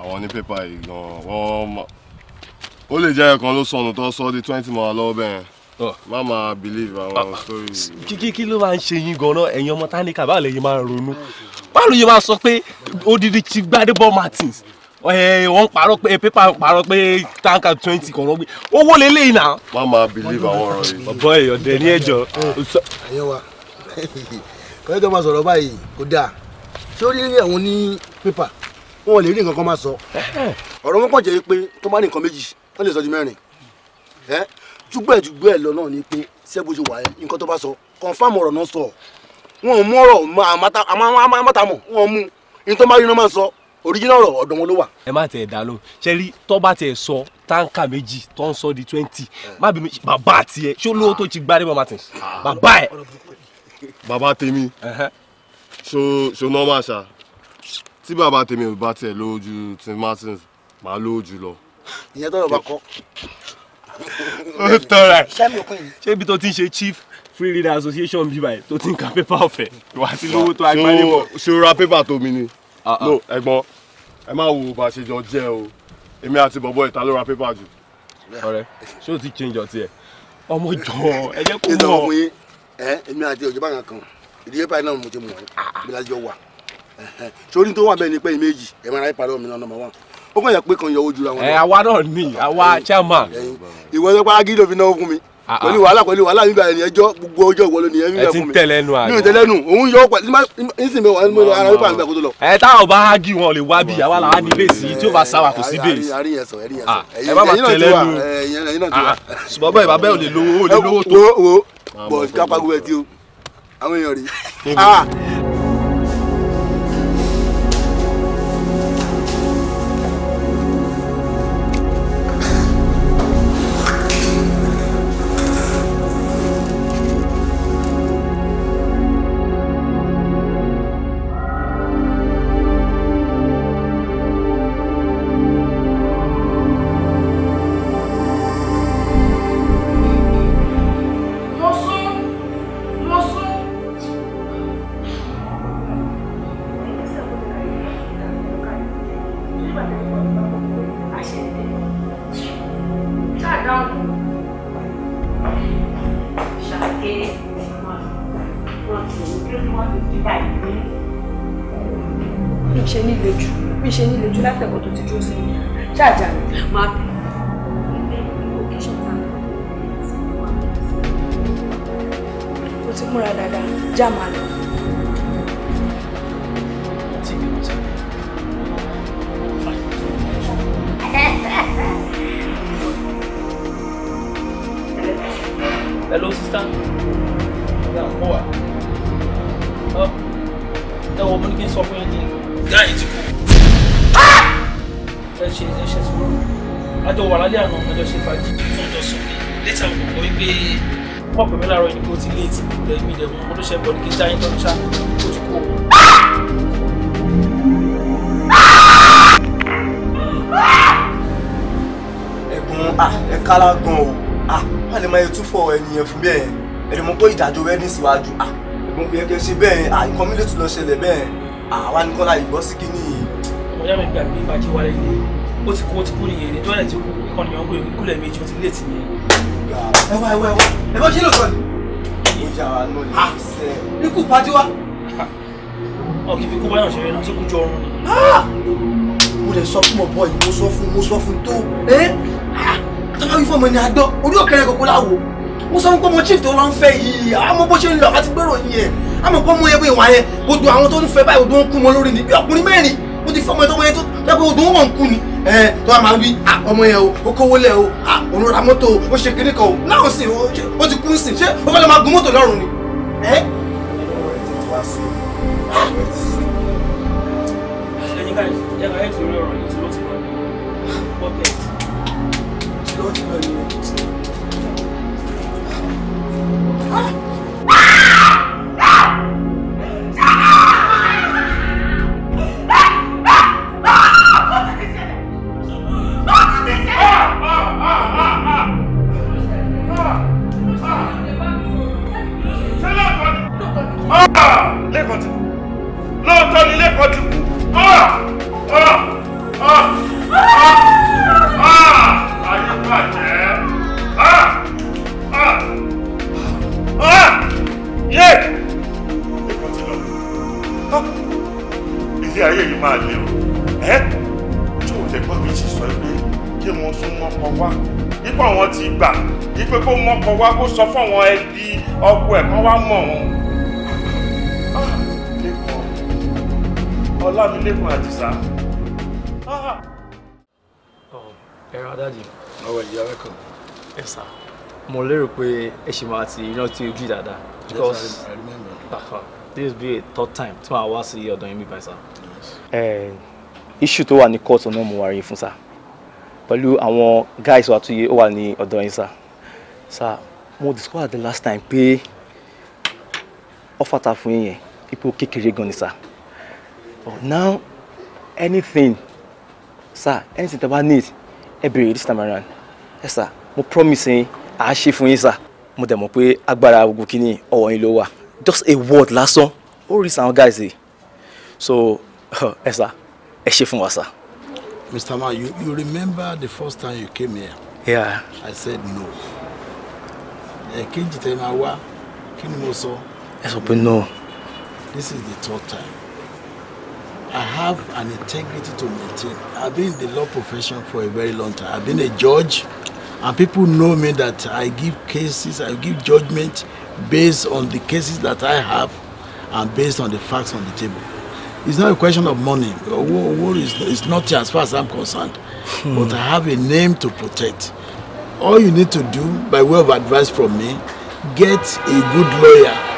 àwọn ní pépà yìí gan wọn ó lè jẹ́ ẹ̀kan ló sọnù tó sọ di twenty mọ́ lọ́wọ́ bẹ́ẹ̀ má máa believe àwọn story. kí kí ló máa ń ṣe yín gan ẹ̀yin ọmọ táníkà báwo lè yín máa ronú báwo lè yín máa sọ pé odidi ti Gbadebo Martins Eh, wọ́n parọ́ pé eh, pépà parọ́ pé tanka twenty kan lọ́gbẹ́ owó lélẹ́yìn náà. má máa believe àwọn ọ̀rọ̀ yìí. bàbá ẹ̀ ọ̀dẹ ní ẹ̀jọ̀. ẹ̀yẹ wa kọ́lé tó máa sọ̀rọ̀ báyìí kò dáa ṣé ó rí àwọn ní pépà wọn ò lè rí nǹkan kan máa sọ. ọ̀rọ̀ wọn kàn jẹ́ pé tó bá ní nǹkan méjì wọ́n lè sọ di mẹ́rin túgbẹ̀ túgbẹ̀ lọ náà ni pé sẹ́gbó ṣe wà nǹkan tó bá sọ confam ọ̀rọ̀ náà sọ wọn ò mú ọ̀rọ̀ àmátàmọ̀ wọn ò mú ní tó bá rí náà máa sọ original ọ̀rọ̀ ọ̀dọ̀ wọn ló wà. ẹ má tẹ̀ ẹ̀ dá lóhùn ṣe rí tọ́ bá tẹ̀ sọ táǹkà méjì tó ń sọ di twenty eh. má bí mi bàbá tiẹ̀ ṣé olówó tó ti gbárí mama tì bàbá ẹ̀. bàbá tèmi So so normal ṣá tí bàbá tèmi ò bá tiẹ̀ lójú St. Martins màá lójú lọ. ìyẹn tó lọ bá kọ́. ó tọ́ra ṣé ibi tó ti ń ṣe chief free reader association bíbáyìí tó ti ń ka pépà ọ̀fẹ́ wàá sí lówó tó agbárí wọ̀. ṣo ra pépà tó mi ni. Ah, ah. no ẹ̀gbọ́n ẹ má wo bá a ṣe jọ jẹ́ o èmi àti bọ̀bọ̀ ìta ló ra pépà jù. ọ̀rẹ́ ṣé o ti change ọtí ẹ ọmọ jọ ẹ jẹ́ kó mọ̀. ìtàn òun ẹ èmi àti òjò bá kan kan ìdílé báyìí náà mo ti mọ̀ ẹ́ mi láti jọ wà sórí tó wà bẹ́ẹ̀ ni pé ìméjì ẹ máa ra ìpàdé mi náà nọ́mbà one ó kàn yẹ pé kan yọ ojú ra wọn. ẹ àwa náà ni àwa chairman. ìwọ ló pa agídò fi náà fún mi. Ah, pẹ̀lú ah. wàhálà pẹ̀lú wàhálà nígbà yẹn ẹjọ́ gbogbo ọjọ́ ìwọlé nìyẹn nígbà fún mi ẹ ti ń tẹ̀lé nu àná mi ò tẹ̀lé nu òun yọ pẹ̀lú nísìn mi wàhálà nínú ara wípé àgbà kó tó lọ. ẹ táwọn ò bá hági wọn lè wá bí àwa làwa ní bẹ́ẹ̀sì tí ó bá sáwà kò sí bẹ́ẹ̀sì. Ah, ẹ bá máa tẹ̀lé nu ṣùgbọ́n bẹ́ẹ̀ bá bẹ́ẹ̀ ò lè lówó tó. bọ̀ kápá gbogbo ẹ ti o àwọn èèyàn rí wedding síwájú ah ẹ̀gbọ́n kò ṣe bẹ́ẹ̀ ah lè tún lọ ṣẹlẹ̀ bẹ́ẹ̀ ah, àwa ní kọ́lá ìgbọ́ sí kí nìyí. mi gbà pé ìbàjẹ́ wálé ilé ó ti kú ó ti kú nìyẹn ní tọ́lẹ̀ tí ìkànnì yẹn ń gbé kúlẹ̀ ó ti lé tìyẹn. Ah, ẹ wá ẹ wá ẹ wá ẹ bá ṣe lọ sọ ni. ó yà wá lè ṣe. Ah, ikú pàdé wa. ọkì fi kú báyọ̀ ṣe náà ṣé kú jọ ọrùn ni. mo lè sọ fún ọ̀bọ yìí mo sọ fún mo sọ fún tó eh? ẹ́ tọ́lá mo sọ pé mo chief tó lọ fẹ́ yìí àmọ́ bó ṣe ń lọ àti gbèrò yẹn àmọ́ pé mo yẹ ìwà yẹn gbogbo àwọn tó ń fẹ́ báyìí odò ń kú mọ lórí ni bí ọkùnrin mẹ́rin mo ti fọmọ ẹtọ́ wọ́n yẹn tó odò ń wọ̀n kú ni tó a máa wí ọmọ yẹn o ó kówó lẹ̀ o òun ra mọ́tò ó ṣe kíní kan o láwọn sì ó ti kú sí ṣé ó fẹ́ lọ máa gun mọ́tò lọ́rùn ni. Thank you. 啊 wá mọ̀ wọn. ọlámilékun àdìsá. ẹ̀rọ adájì. ọwọ́ ìyá ẹ̀kọ́. ẹ sá mo lérò pé ẹ ṣì máa ti rántí ojú dáadáa. because this be a third time tí màá wá sí ọ̀dọ̀ yín bí báyìí sá. issue tó wà ní kóòtù náà mo wà rí fún sá pẹ̀lú àwọn guys wa tó yẹ ó wà ní ọ̀dọ̀ yín sá sá mo discover the last time pé. Pay offer ta fún yín yẹn ipò kékeré gan ni sir but now anything sir anything tẹ́ bá need ẹ béèrè this time around Yes, sir mo promise yín àá ṣe fún yín sir mo dẹ̀ mọ̀ pé agbára gbogbo kínní ọwọ́ yín ló wà just a word lásán ó rí sàwọn guys yìí so yes, sir ẹ ṣe fún wa sir. Mr. Ma, you, you remember the first time you came here? Yeah. I said no. Ẹ̀kejì tẹ́ máa wá kí ni mo sọ? ẹ sọ pé no. this is the third time i have an integrity to maintain I've been in the law profession for a very long time I've been a judge and people know me that i give cases i give judgment based on the cases that i have and based on the facts on the table it's not a question of money owó is is nothing as far as i'm concerned hmm. but i have a name to protect all you need to do by way of advice from me get a good lawyer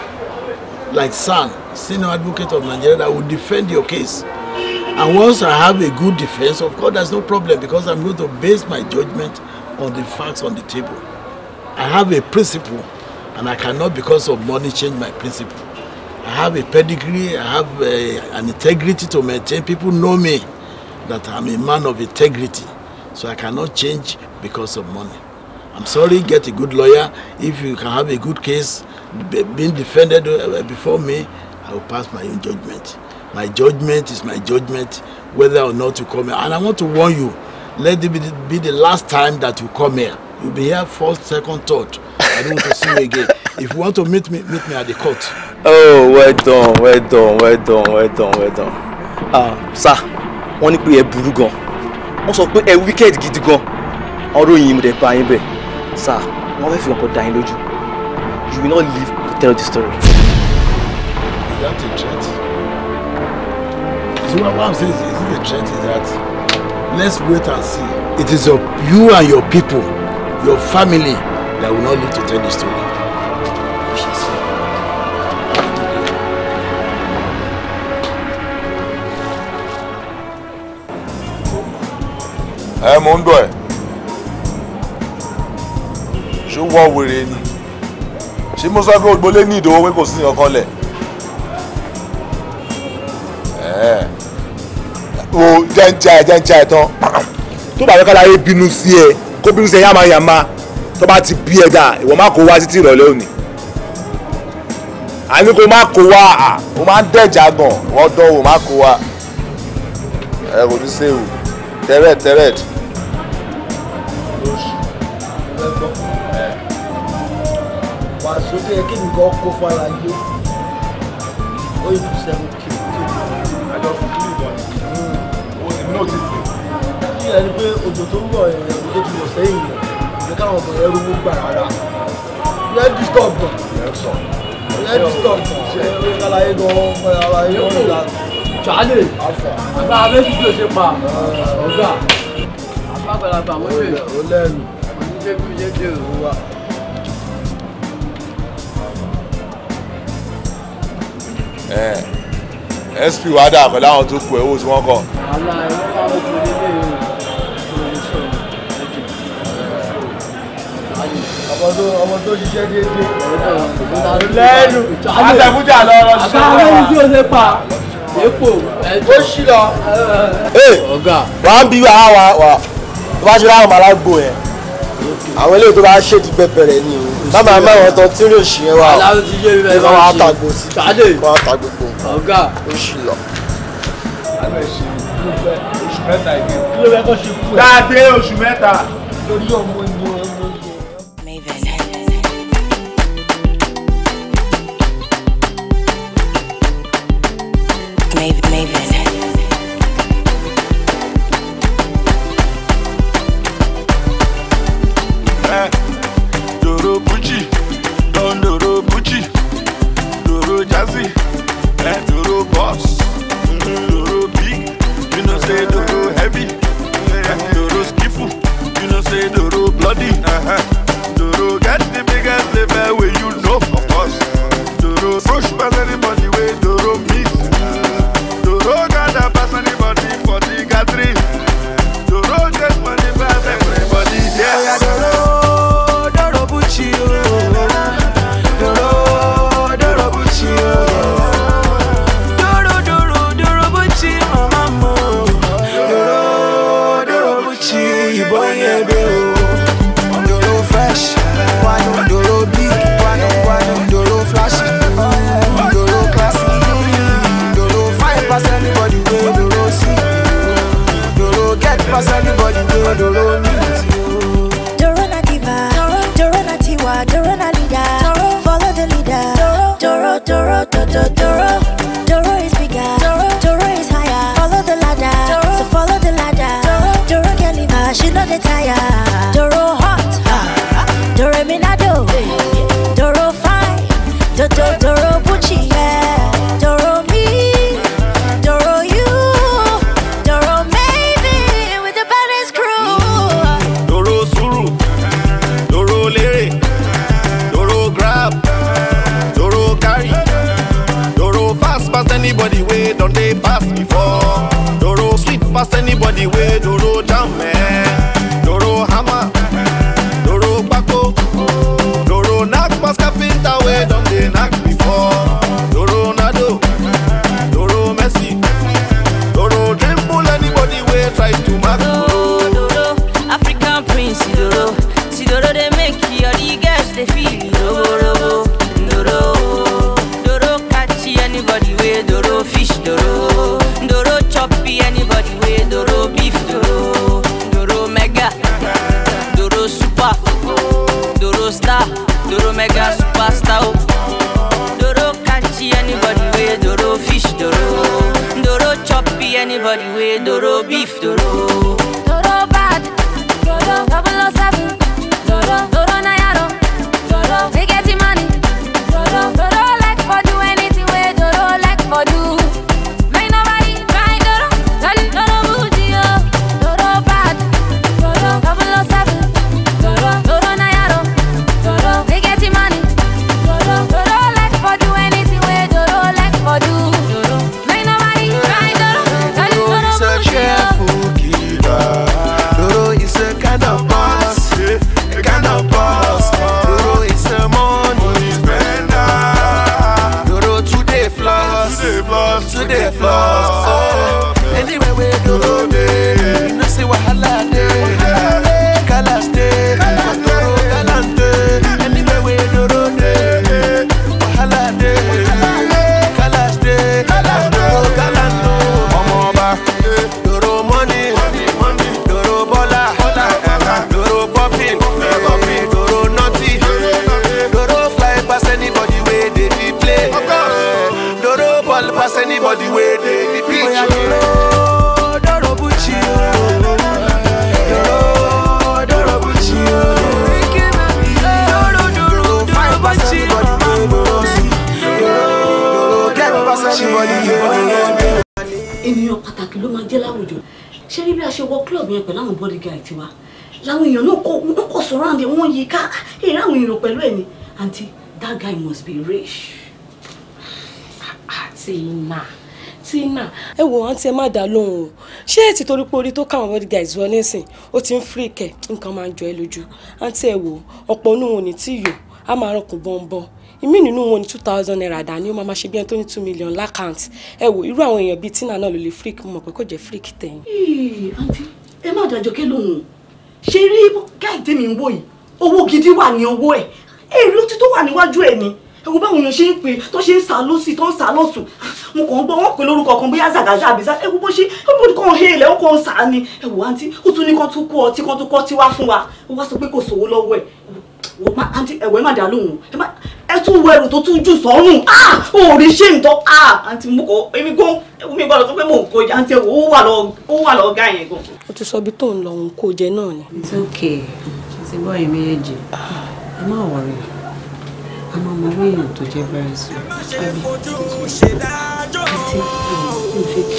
like San, senior advocate of Nigeria, that will defend your case. And once I have a good defense, of course, there's no problem because I'm going to base my judgment on the facts on the table. I have a principle, and I cannot, because of money, change my principle. I have a pedigree, I have a, eh, an integrity to maintain. People know me that I'm a man of integrity, so I cannot change because of money. I'm sorry, get a good lawyer. If you can have a good case, being defended uh, before me, I will pass my own judgment. My judgment is my judgment, whether or not you come here. And I want to warn you, let it be the, last time that you come here. You'll be here first, second, third. I don't want to see you again. If you want to meet me, meet me at the court. Oh, well done, well done, well done, well done, well done. Ah, sir, wọ́n ní pé ẹ burú gan. Wọ́n sọ pé ẹ wicked gidi gan. Ọ̀rọ̀ yìí mo dẹ̀ bá yín bẹ̀. Sir, wọ́n fẹ́ fi ọkọ̀ dá yín lójú. You will not live to tell the story. Is that a threat? So what I'm saying is, is it a threat? Is that let's wait and see. It is of you and your people, your family, that will not live to tell the story. ẹ mò ń dọ̀ ẹ̀ ṣé wọ́ ṣé mo sọ pé ògbólé ní ìdòwò pé kò sí ọkàn lẹ̀ o jẹ́njẹ́ ẹ̀ jẹ́njẹ́ ẹ̀ tán tó bá fẹ́ẹ́ láyé bínú sí ẹ kó bínú sí ẹ yàmáyàmá tó bá ti bí ẹ dà ìwọ má kó wá títí ìrọ̀lẹ́ òní àní kó má kó wá ó má dẹ̀jà gan wọ́n dánwò má kó wá ẹ kò ní sèwù tẹ́rẹ̀tẹ́rẹ̀tì. wá sókè kí nǹkan kó fara yó ó yìí kù sẹ́wọ́n kí o tó. àjọ fún kí nìkan o èmi náà ti fẹ́. kí ẹni pé òjò tó ń bọ̀ ẹ̀rẹ̀ òjò tó ti bọ̀ sẹ́yìn rẹ̀ ní káwọn ọmọ yẹn rówó gbà rárá yẹn disturb gan. yẹn disturb gan. ṣe é pé kálàyé gan-an ara yóò ń la. jàdé àgbà abẹ́sí tí o pa ah. ọ̀gá àgbàgbàlagbà wọ́n ṣe. ó lẹ́nu. wọ́n ti ṣe kú Eh. sp wa dà pẹ̀lú àwọn tó kù ẹ̀ owó tí wọ́n kọ. lẹ́nu àtẹ̀kújà lọ́rọ̀ ṣe wà. àtàwọn ojú ọ̀sẹ̀ pa èpò ẹ̀jẹ̀ ó ṣí lọ. Eh. Eh. ọ̀gá wàá bí wàá wàá wàá ṣe láwọn màlá gbò yẹn àwọn eléyìí tó bá ṣèdí pẹpẹrẹ ni o bàbá àmọ́ àwọn tó tí ló ṣe wa o ní kò wá tàgbò sí kò wá tàgbò kò ọ̀gá ó ṣì lọ. oṣù mẹ́ta ìgbẹ́. dáadé oṣù mẹ́ta lórí ọmọ ni. بوی درو بیف درو درو بعد درو 007 club yẹn pẹ̀lú àwọn bodyguard tiwa làwọn èèyàn náà kọ wọn kọ surround wọn yí ká èrè àwọn èèyàn pẹ̀lú ẹ̀ ni àǹtí that guy must be rich. Ah, Tina Tina ẹ wò wọn ti ẹ má dá lóhùn o ṣé ètò torí pé orí tó káwọn bodyguards wọ nísìn ó ti ń fíríkẹ nǹkan máa ń jọ ẹ lójú àǹtí ẹ wò ọ̀pọ̀ inú wọn ò ní tí yò á máa rọkùn bọ́ńbọ́n ìmí nínú wọn ní two thousand naira dání ó máa máa ṣe bí ẹni tó ní two million lákàntì ẹ wò irú àwọn èèyàn bíi Tina náà ló lè fíríkì mọ̀ pé kò jẹ́ fíríkì tẹ̀yìn. àǹtí ẹ má dájọ́ kí lòun ṣe rí gáì tèmi ń wò yìí owó gidi wà ní owó ẹ̀ èrè tí tó wà níwájú ẹ̀ ni ẹ̀wọ̀n báwọn èèyàn ṣe ń pè tó ṣe ń sá lọ́sì tó ń sá lọ́sùn mo kàn ń gbọ́ wọ́n pè lórúkọ kan bóyá zàgàzà àbíṣà ẹ̀wọ̀n bó ṣe ẹ̀wọ̀n kan he ilẹ̀ ọkọ̀ ń sá ni ẹ̀wọ̀n àǹtí ó tún ní kán tún kó ọtí kán tún kọ́ tí fún wa ó wá sọ pé kò sówó lọ́wọ́ ẹ̀ wò má àǹtí ẹ̀wẹ̀ má dàá lóhùn ẹ tún wọ ẹrù tó tún jù sọ́rùn ó rí ṣé ń tọ́ àǹtí mú kọ èmi kò mi gbọ́dọ̀ tó pé mò ń kó jẹ àǹtí ẹ̀wọ̀ ó wà lọ́ọ́ gá yẹn gan. o ti sọ ibi tó ń lọ òun kó jẹ náà ni. it's okay ti gbọ́ ẹ̀mí méjèèjì ẹ má wọrí a máa mọ wíyàn tó jẹ́ bẹ́rẹ̀ sí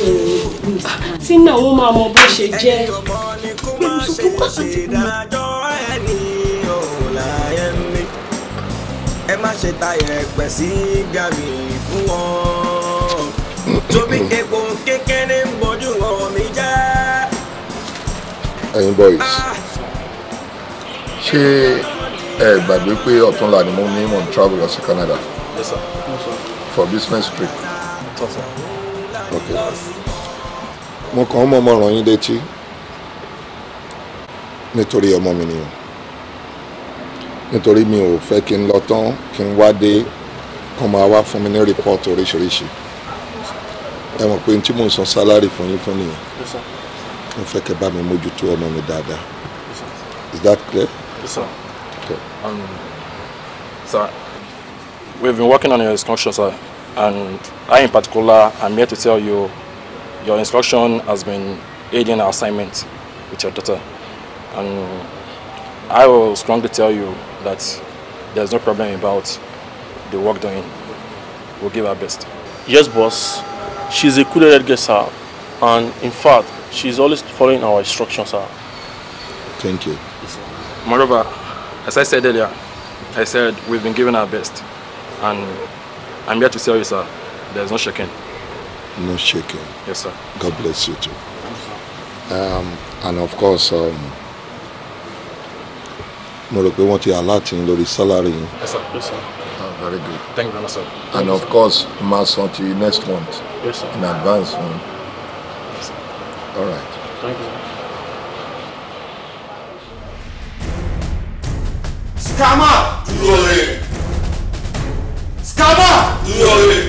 i. tí náà wọ́n máa mọ bó ṣe jẹ́ pẹ̀lú sọ́kúkọ́ àti má ṣe ta ìrẹ̀pẹ̀sí gàrí fún wọn tóbi epo kékeré ń bọ́jú wọn mi já. ẹ̀yin boys ah. ṣé ẹ gbàgbé pé ọ̀túnla ni mo ní mò ń travel lọ sí Canada yes sir for business trip. Yes, sir. okay mo kàn ń mọ̀ ọmọ ràn yín létí nítorí ọmọ mi nìyẹn nítorí mi ò fẹ́ kí n lọ tán kí n wá dé kàn máa wá fún mi ní report oríṣiríṣi ẹ mọ̀ pé tí mò ń san salary fún yín fún nìyẹn mo fẹ́ kẹ́ bá mi mójútó ọmọ mi dáadáa is that clear? Yes, sir. Okay. Um, sir, we've been working on your instruction, sir, and I in particular am here to tell you your instruction has been aiding our assignment with your daughter. And I will strongly tell you that there's no problem about the work done. We'll give our best. Yes, boss. She's a good-headed girl, sir. And in fact, she's always following our instructions, sir. Thank you. Moreover, as I said earlier, I said we've been giving our best. And I'm here to tell you, sir, there's no shaking. No shaking. Yes, sir. God bless you, too. Um, and of course, um, mo rò pé wọ́n ti alert yín lórí salary yín. yes sir yes sir. Oh, very good. thank you very much sir. and of course máa san ti next month. yes sir. in advance. Um. Yes, sir. all right. thank you. scammer. lórí. scammer. lórí.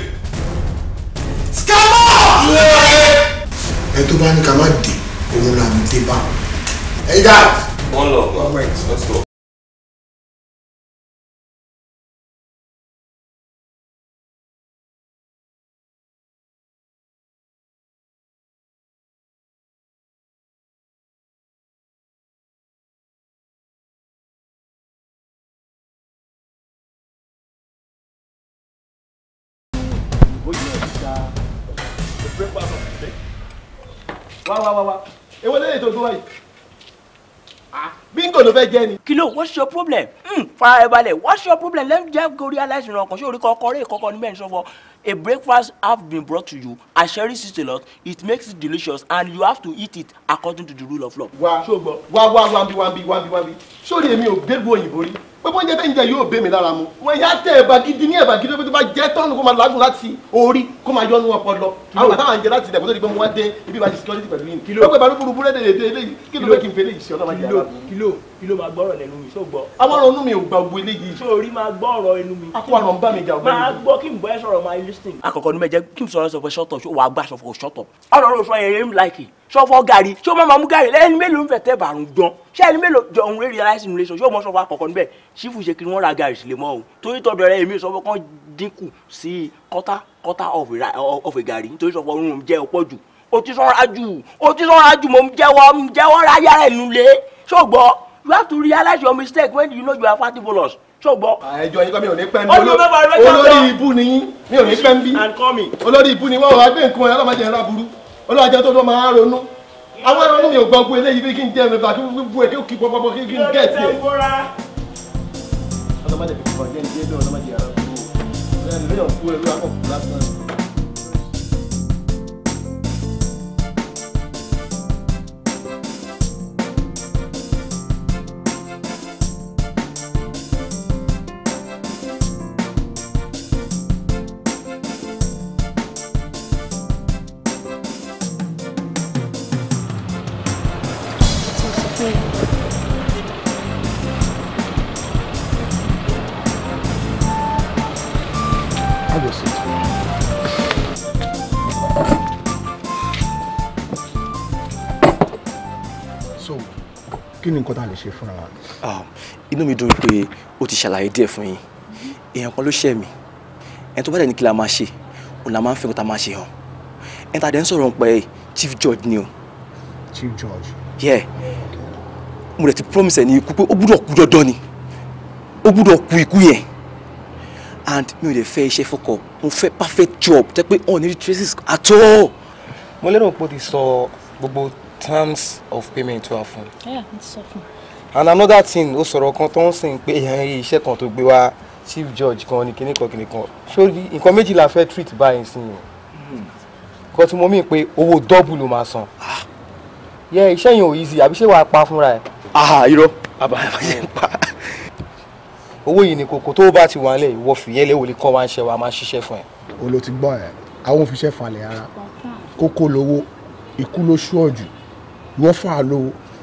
scammer. lórí. ẹ tó bá ní ká má dé òun là ń dé bá. ẹ dá. one love one let's go. wá wá wá wá èwo lẹ́yìn tó gbé wáyìí bingo ló fẹ́ jẹ́ ni. kìlọ̀ what's your problem? Hmm, fara ẹ balẹ̀ what's your problem? let me just go realize ìrànkàn ṣé orí kọ́kọ́ rẹ̀ kọ́kọ́ níbẹ̀ ń sọ fọ a breakfast have been brought to you I cherish it a lot it makes it delicious and you have to eat it according to the rule of law. wá wá wá wambi wambi wambi wambi sórí èmi ò gbégbó òyìnbó rí pé bóńjẹ tẹ́yìn jẹ yóò bẹ́ mi lára mu wọ́n yá tẹ ẹ̀bà gidi ní ẹ̀bà gidi tó bá jẹ́ tọ́nù kó máa lágùn láti orí kó máa yọnu ọpọlọ àwọn bàtà wọn jẹ láti dẹ̀ kó tó di pé wọ́n dé ibi ìbáṣe security pẹ̀lú yìí. kìlò ó pè bá ló burú búrẹ́dẹ̀ lè kí ló fẹ́ kí n fẹ́ lè ṣe ọlọ́mọdé aláàbò kí ló máa gbọ́rọ̀ lẹ́nu mi ṣó gbọ́. awọ́rọ̀ inú mi ò gba ògbó eléyìí. ṣó orí máa gbọ́ ọ̀rọ̀ ẹnu mi. akó àrùn bá mi jà ògbó eléyìí. máa gbọ́ kí n bọ́ ẹ sọ̀rọ̀ máa listing. akọkọ ni mẹjẹ kí n sọ̀rọ̀ sọfọ ṣọtọ ṣó wàá gbà sọfọ ṣọtọ. ọ̀rọ̀ ló sọ yẹn ń láìkì sọfọ gàrí ṣó máa mú gàrí lẹ́yìn mélòó ń fẹ́ tẹ́ bàrùn gan ṣé ẹni mélòó jọ òun rírì aláìsàn ìrẹsọ yóò mọ sọfọ àkọ́kọ́ níbẹ̀ sífù ṣe kiri wọn ra gàrí sílẹ̀ mọ́ o torí tọdọ rẹ èmi sọfọ kan dínkù sí kọta kọta ọfẹ gàrí nítorí sọfọ òun jẹ ọ̀pọ̀ jù o ti sọra jù o ti sọra jù mo ń jẹwọ ń jẹwọ ráyà ẹnu lé ṣó gbọ́ you have to realize your mistake when you know you are fatibulous tó gbọ́. Ah, ẹjọ yìí kọ́ mi ò ní pẹ́ mi olórí ibú ni yín mi ò ní pẹ́ mi olórí ibú ni wọ́n wá gbé nǹkan ẹ̀ ọlọ́mọdé ẹ̀ ráburú olóòjẹ́ tó tó máa ń ronú àwọn ẹ̀rọ mi ò gbọ́ gbé eléyìí bí kí n jẹ́ ẹ̀rọ bá kí n bú ẹ̀ kí n kí pọpọpọ kí n gẹ̀ tiẹ̀. ọlọ́mọdé fi kọ́ jẹ́ ní ẹgbẹ́ ọlọ́mọdé ẹ̀ ráburú ẹ̀ nǹkan tá a lè ṣe fúnra wa. Ah, inú mi dùn pé ó ti ṣàlàyé díẹ̀ fún yín èèyàn kan ló ṣẹ̀ mí ẹni tó bá dẹ̀ ní kí la máa ṣe òun la máa ń fẹ́ kó ta máa ṣe hàn ẹni tá a dẹ̀ ń sọ̀rọ̀ ń Chief George ni o. Chief George. yeah mo dẹ̀ ti promise ẹ̀ ní ikú pé ó gbúdọ̀ kú dandan ni ó gbúdọ̀ kú ikú yẹn and mi ò dẹ̀ fẹ́ iṣẹ́ fọkọ̀ mo fẹ́ perfect job tẹ́ pé ọ̀ ní traces at all. mo lérò pé o ti sọ gbogbo terms of payment wà fún. and another thing ó sọ̀rọ̀ kan tó ń sìn pé iṣẹ́ kan tó gbé wá chief judge kan ní kíní kan kíní kan sórí nǹkan méjì la fẹ́ treat báyìí sí i nǹkan tí mo mí pé owó dọ́bù ló máa san yẹ iṣẹ́ yẹn ò easy àbí ṣé wàá pa fúnra ẹ̀. aha irọ́ àbáyọ̀ ṣe ń pa. owó yìí ni kòkó tó bá ti wà nílẹ̀ ìwọ fìyẹ́lẹ̀ wò lè kọ́ wa ń ṣe wa máa ṣiṣẹ́ fún ẹ. o lo ti gbọ́ ẹ̀ àwọn òfin ṣẹ́ falẹ̀ ara kókó lówó ikú ló ṣú ọ̀jù wọ́n fà á lo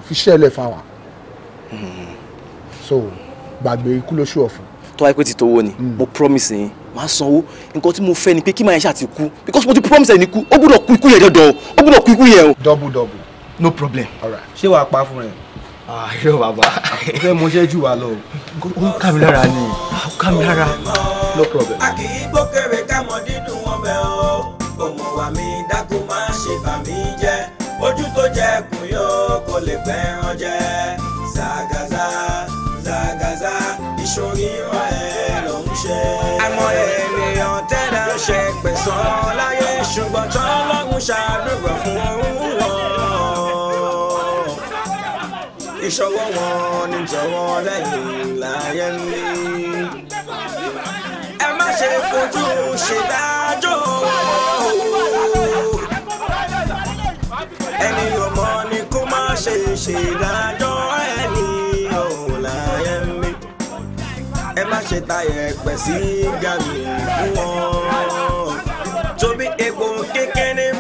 fi ṣẹlẹ̀ fà wá so gbàgbé ikú ló ṣù ọ̀fun. tó wáyé pé ti tówó ni hmm. mo promise yín màá sanwó nǹkan tí mo fẹ́ ni pé kí màá yẹn ṣáà kú because mo ti promise ẹ̀ ní kú ó gbọ́dọ̀ kú ikú yẹn dandan ó gbọ́dọ̀ kú ikú yẹn o. double double. no problem. ṣé wàá pa fún rẹ. àìrò ah, bàbá o fẹ́ mọṣẹ́ jù wá lọ. ó ń kà mí lára ni ah, ó kà mí lára. no problem. a kì í gbókèrè kámọ́ dídùn wọn bẹ́ẹ̀ o òmùwà mi dákú má ṣe bà mí tó jẹ kùn yóò kò lè pẹ́ràn jẹ Zagaza Zagaza ìṣòríran ẹ̀ ló ń ṣe. àmọ́ ènìyàn tẹ́lá ṣe pẹ̀sán láyé ṣùgbọ́n tọ́lọ́gùn ṣàdúgbò fún wọn. ìṣọwọ́ wọn ní tọwọ́ lẹ́yìn láyé ń ẹ má ṣe fojú ṣèdájọ́ wọn. ẹni ò mọ̀ ni kó má ṣe ṣèdájọ́ ẹni òun láyé mi ẹ má ṣe tayẹ̀ pẹ̀ sí gàmì fún wọn tóbi epo kékeré.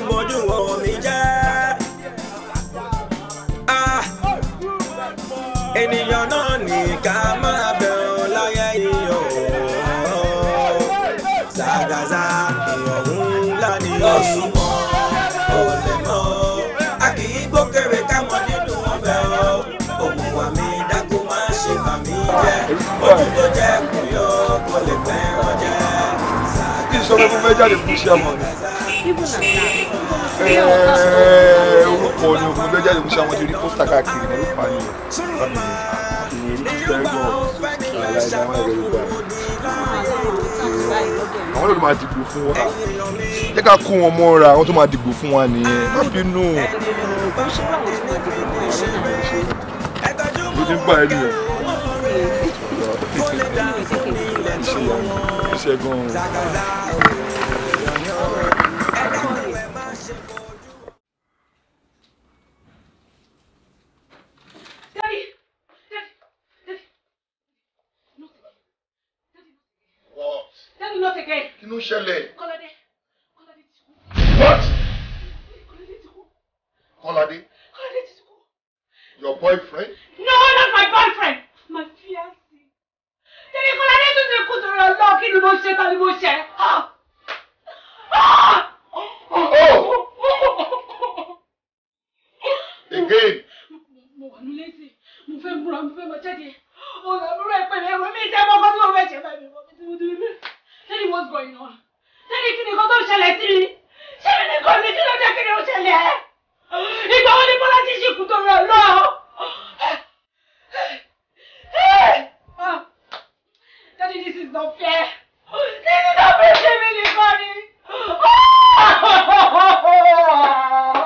pé mo fẹ́ jáde fún iṣẹ́ ọmọ mi. orúkọ ni mo fẹ́ jáde fún iṣẹ́ ọmọ ti rí pósítà káàkiri mo ló ni àwọn olùdó máa dìbò fún wa jẹ́ ká kó wọn mọ́ra àwọn tó máa dìbò fún wa nìyẹn má bínú ló ní gbà ẹ́ nìyẹn ṣe What? Your boyfriend? No, not my boyfriend. My fiancé tẹ̀lé kọ́lá ní tuntun kù tó rọ lọ kí ni mo ṣe tán ni mo ṣe. Oh! Oh! again. mo wà nílé sí mo fẹ́ múra mo fẹ́ mọ jáde ọ̀rọ̀ àbúrò ẹ̀ pẹ̀lú ẹ̀rọ mi jẹ́ mọ́kọ́ tí mo fẹ́ ṣe báyìí mo fi ti mi tell me what's going on tell me kí ni nǹkan tó ń ṣẹlẹ̀ sí mi ṣé mi nìkan ni kí ló jẹ́ kí ni ó ṣẹlẹ̀ ìgbà wo ni Bọ́lá ti ṣe kú tó rọ lọ́ọ́. Hey! Daddy, this is not fair. This is not fair, Jimmy, Daddy.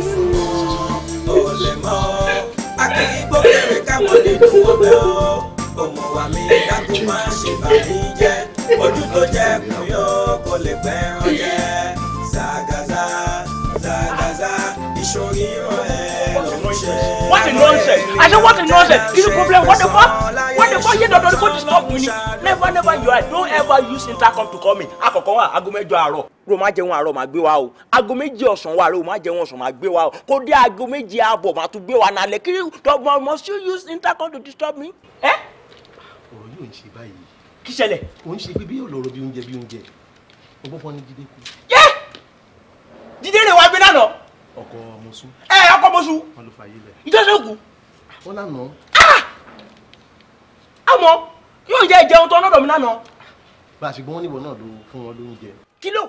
guys. a nonsense I say what a nonsense Give you problem what the fuck what the fuck yé dandan ni kò disturb mi never never you are don't ever use intercom to call me àkọ́kọ́ wa aago mẹ́jọ àárọ̀ ro ma jẹun àárọ̀ ma gbé wa o aago méjì ọ̀sán wa ro ma jẹun ọ̀sán ma gbé wa o kó dé aago méjì ààbọ̀ ma tún gbé wa nálẹ̀ kí dọ̀gbọ̀n must you use intercom to disturb me. Eh? ọ̀rọ̀ yóò ń ṣe báyìí. kí ṣẹlẹ̀. ò ń ṣe bí bí olóró bí oúnjẹ bí oúnjẹ ọgbọ́n fún ni jíde kú. yé jíde rè wá gbé náà nọ ọkọ mọṣú. ẹ ọkọ mọṣú. wọn ló fàyè lẹ. ìjọ ṣe kù. ó lànà. àmọ́ yóò jẹ ìjẹun tó ọlọ́dọ̀ mi lánàá. bá a ṣe gbọ́n wọn níbo náà ló fún wọn lóúnjẹ. kílò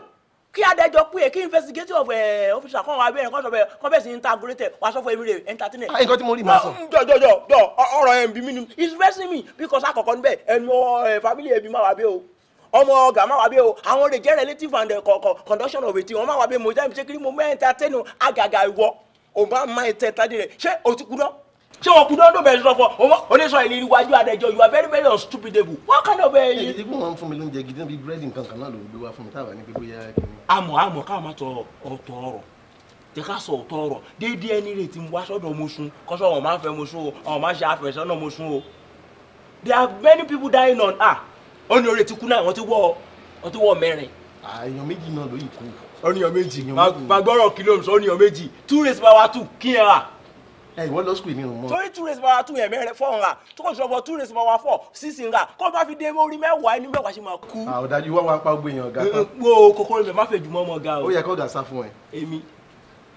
kí adájọ́ pé kí investigative eh, officer kan wà bẹ́ẹ̀ kan sọ bẹ́ẹ̀ kan bẹ́ẹ̀ sì ń ta agorete wàá sọ fún emi rè entertainer. Ah, nǹkan tí mo rí màá sọ. jọ jọ jọ jọ ọ̀rọ̀ ẹ̀ ń bí mi nù it's stressing me because àkọ́kọ́ níbẹ̀ ẹnu eh, family ẹbí máa wà bẹ́ẹ̀ o ọmọ ọgá má wà bí o àwọn rè jẹ́ relative and eh, conduction of eighteen wọn má wà bí mo jẹ́ ìṣekiri mo mẹ́ entertain àgàgà ìwọ òun bá má ètè tàdí rẹ̀ ṣé o ti kúná ṣé o kúná ló bẹ̀rẹ̀ sọ̀fọ̀ oníṣọ́ ìlérí iwájú àdẹjọ́ you are very very unstupidable eh, wọ́n kàn náà bẹ́ẹ̀ yìí. ibi wọn fún mi lóúnjẹ gidi bíi búrẹ́dì nǹkan kan náà ló gbé wá fún mi táwa ní pé bóyá. àmọ́ àmọ́ káwọn má tọ ọ̀tọ̀ ọ̀rọ̀ tẹ ká sọ ọ̀tọ̀ ọ̀rọ̀ déédéé ẹni rè ti wá sọ́dọ̀ Mọ́sún kọsọ ọmọ máa ń fẹ́ Mọ́sún o ọmọ máa ń ṣe àfẹ́sọ́nà Mọ́sún o there are many people dying on earth ó ní orí etíkú náà wọ́n ti wọ́ wọ́n ti wọ́ mẹ́rin. èèyàn méjì náà ló yìí kú. ọ̀nìyàn méjì máa gbọ́rọ̀ kìlóòmù sọ ọ̀nìyàn méjì two race power two kí ẹ rà. ẹ ìwọ lọ sùkúl nínú mọ. torí two race power two yẹn mẹ́rin four ńlá tó kọ̀ ṣọ́bọ̀ two race power four six ńlá kó o bá fi dé orí mẹ́wàá ẹni mẹ́wàá ṣe máa kú. àwòdájú wá wá pa gbé èèyàn ga tán. wo kòkòrò mi má fẹ́ jùmọ̀ ọmọ ga o. ó yẹ kó gàṣà fún ẹ. èmi.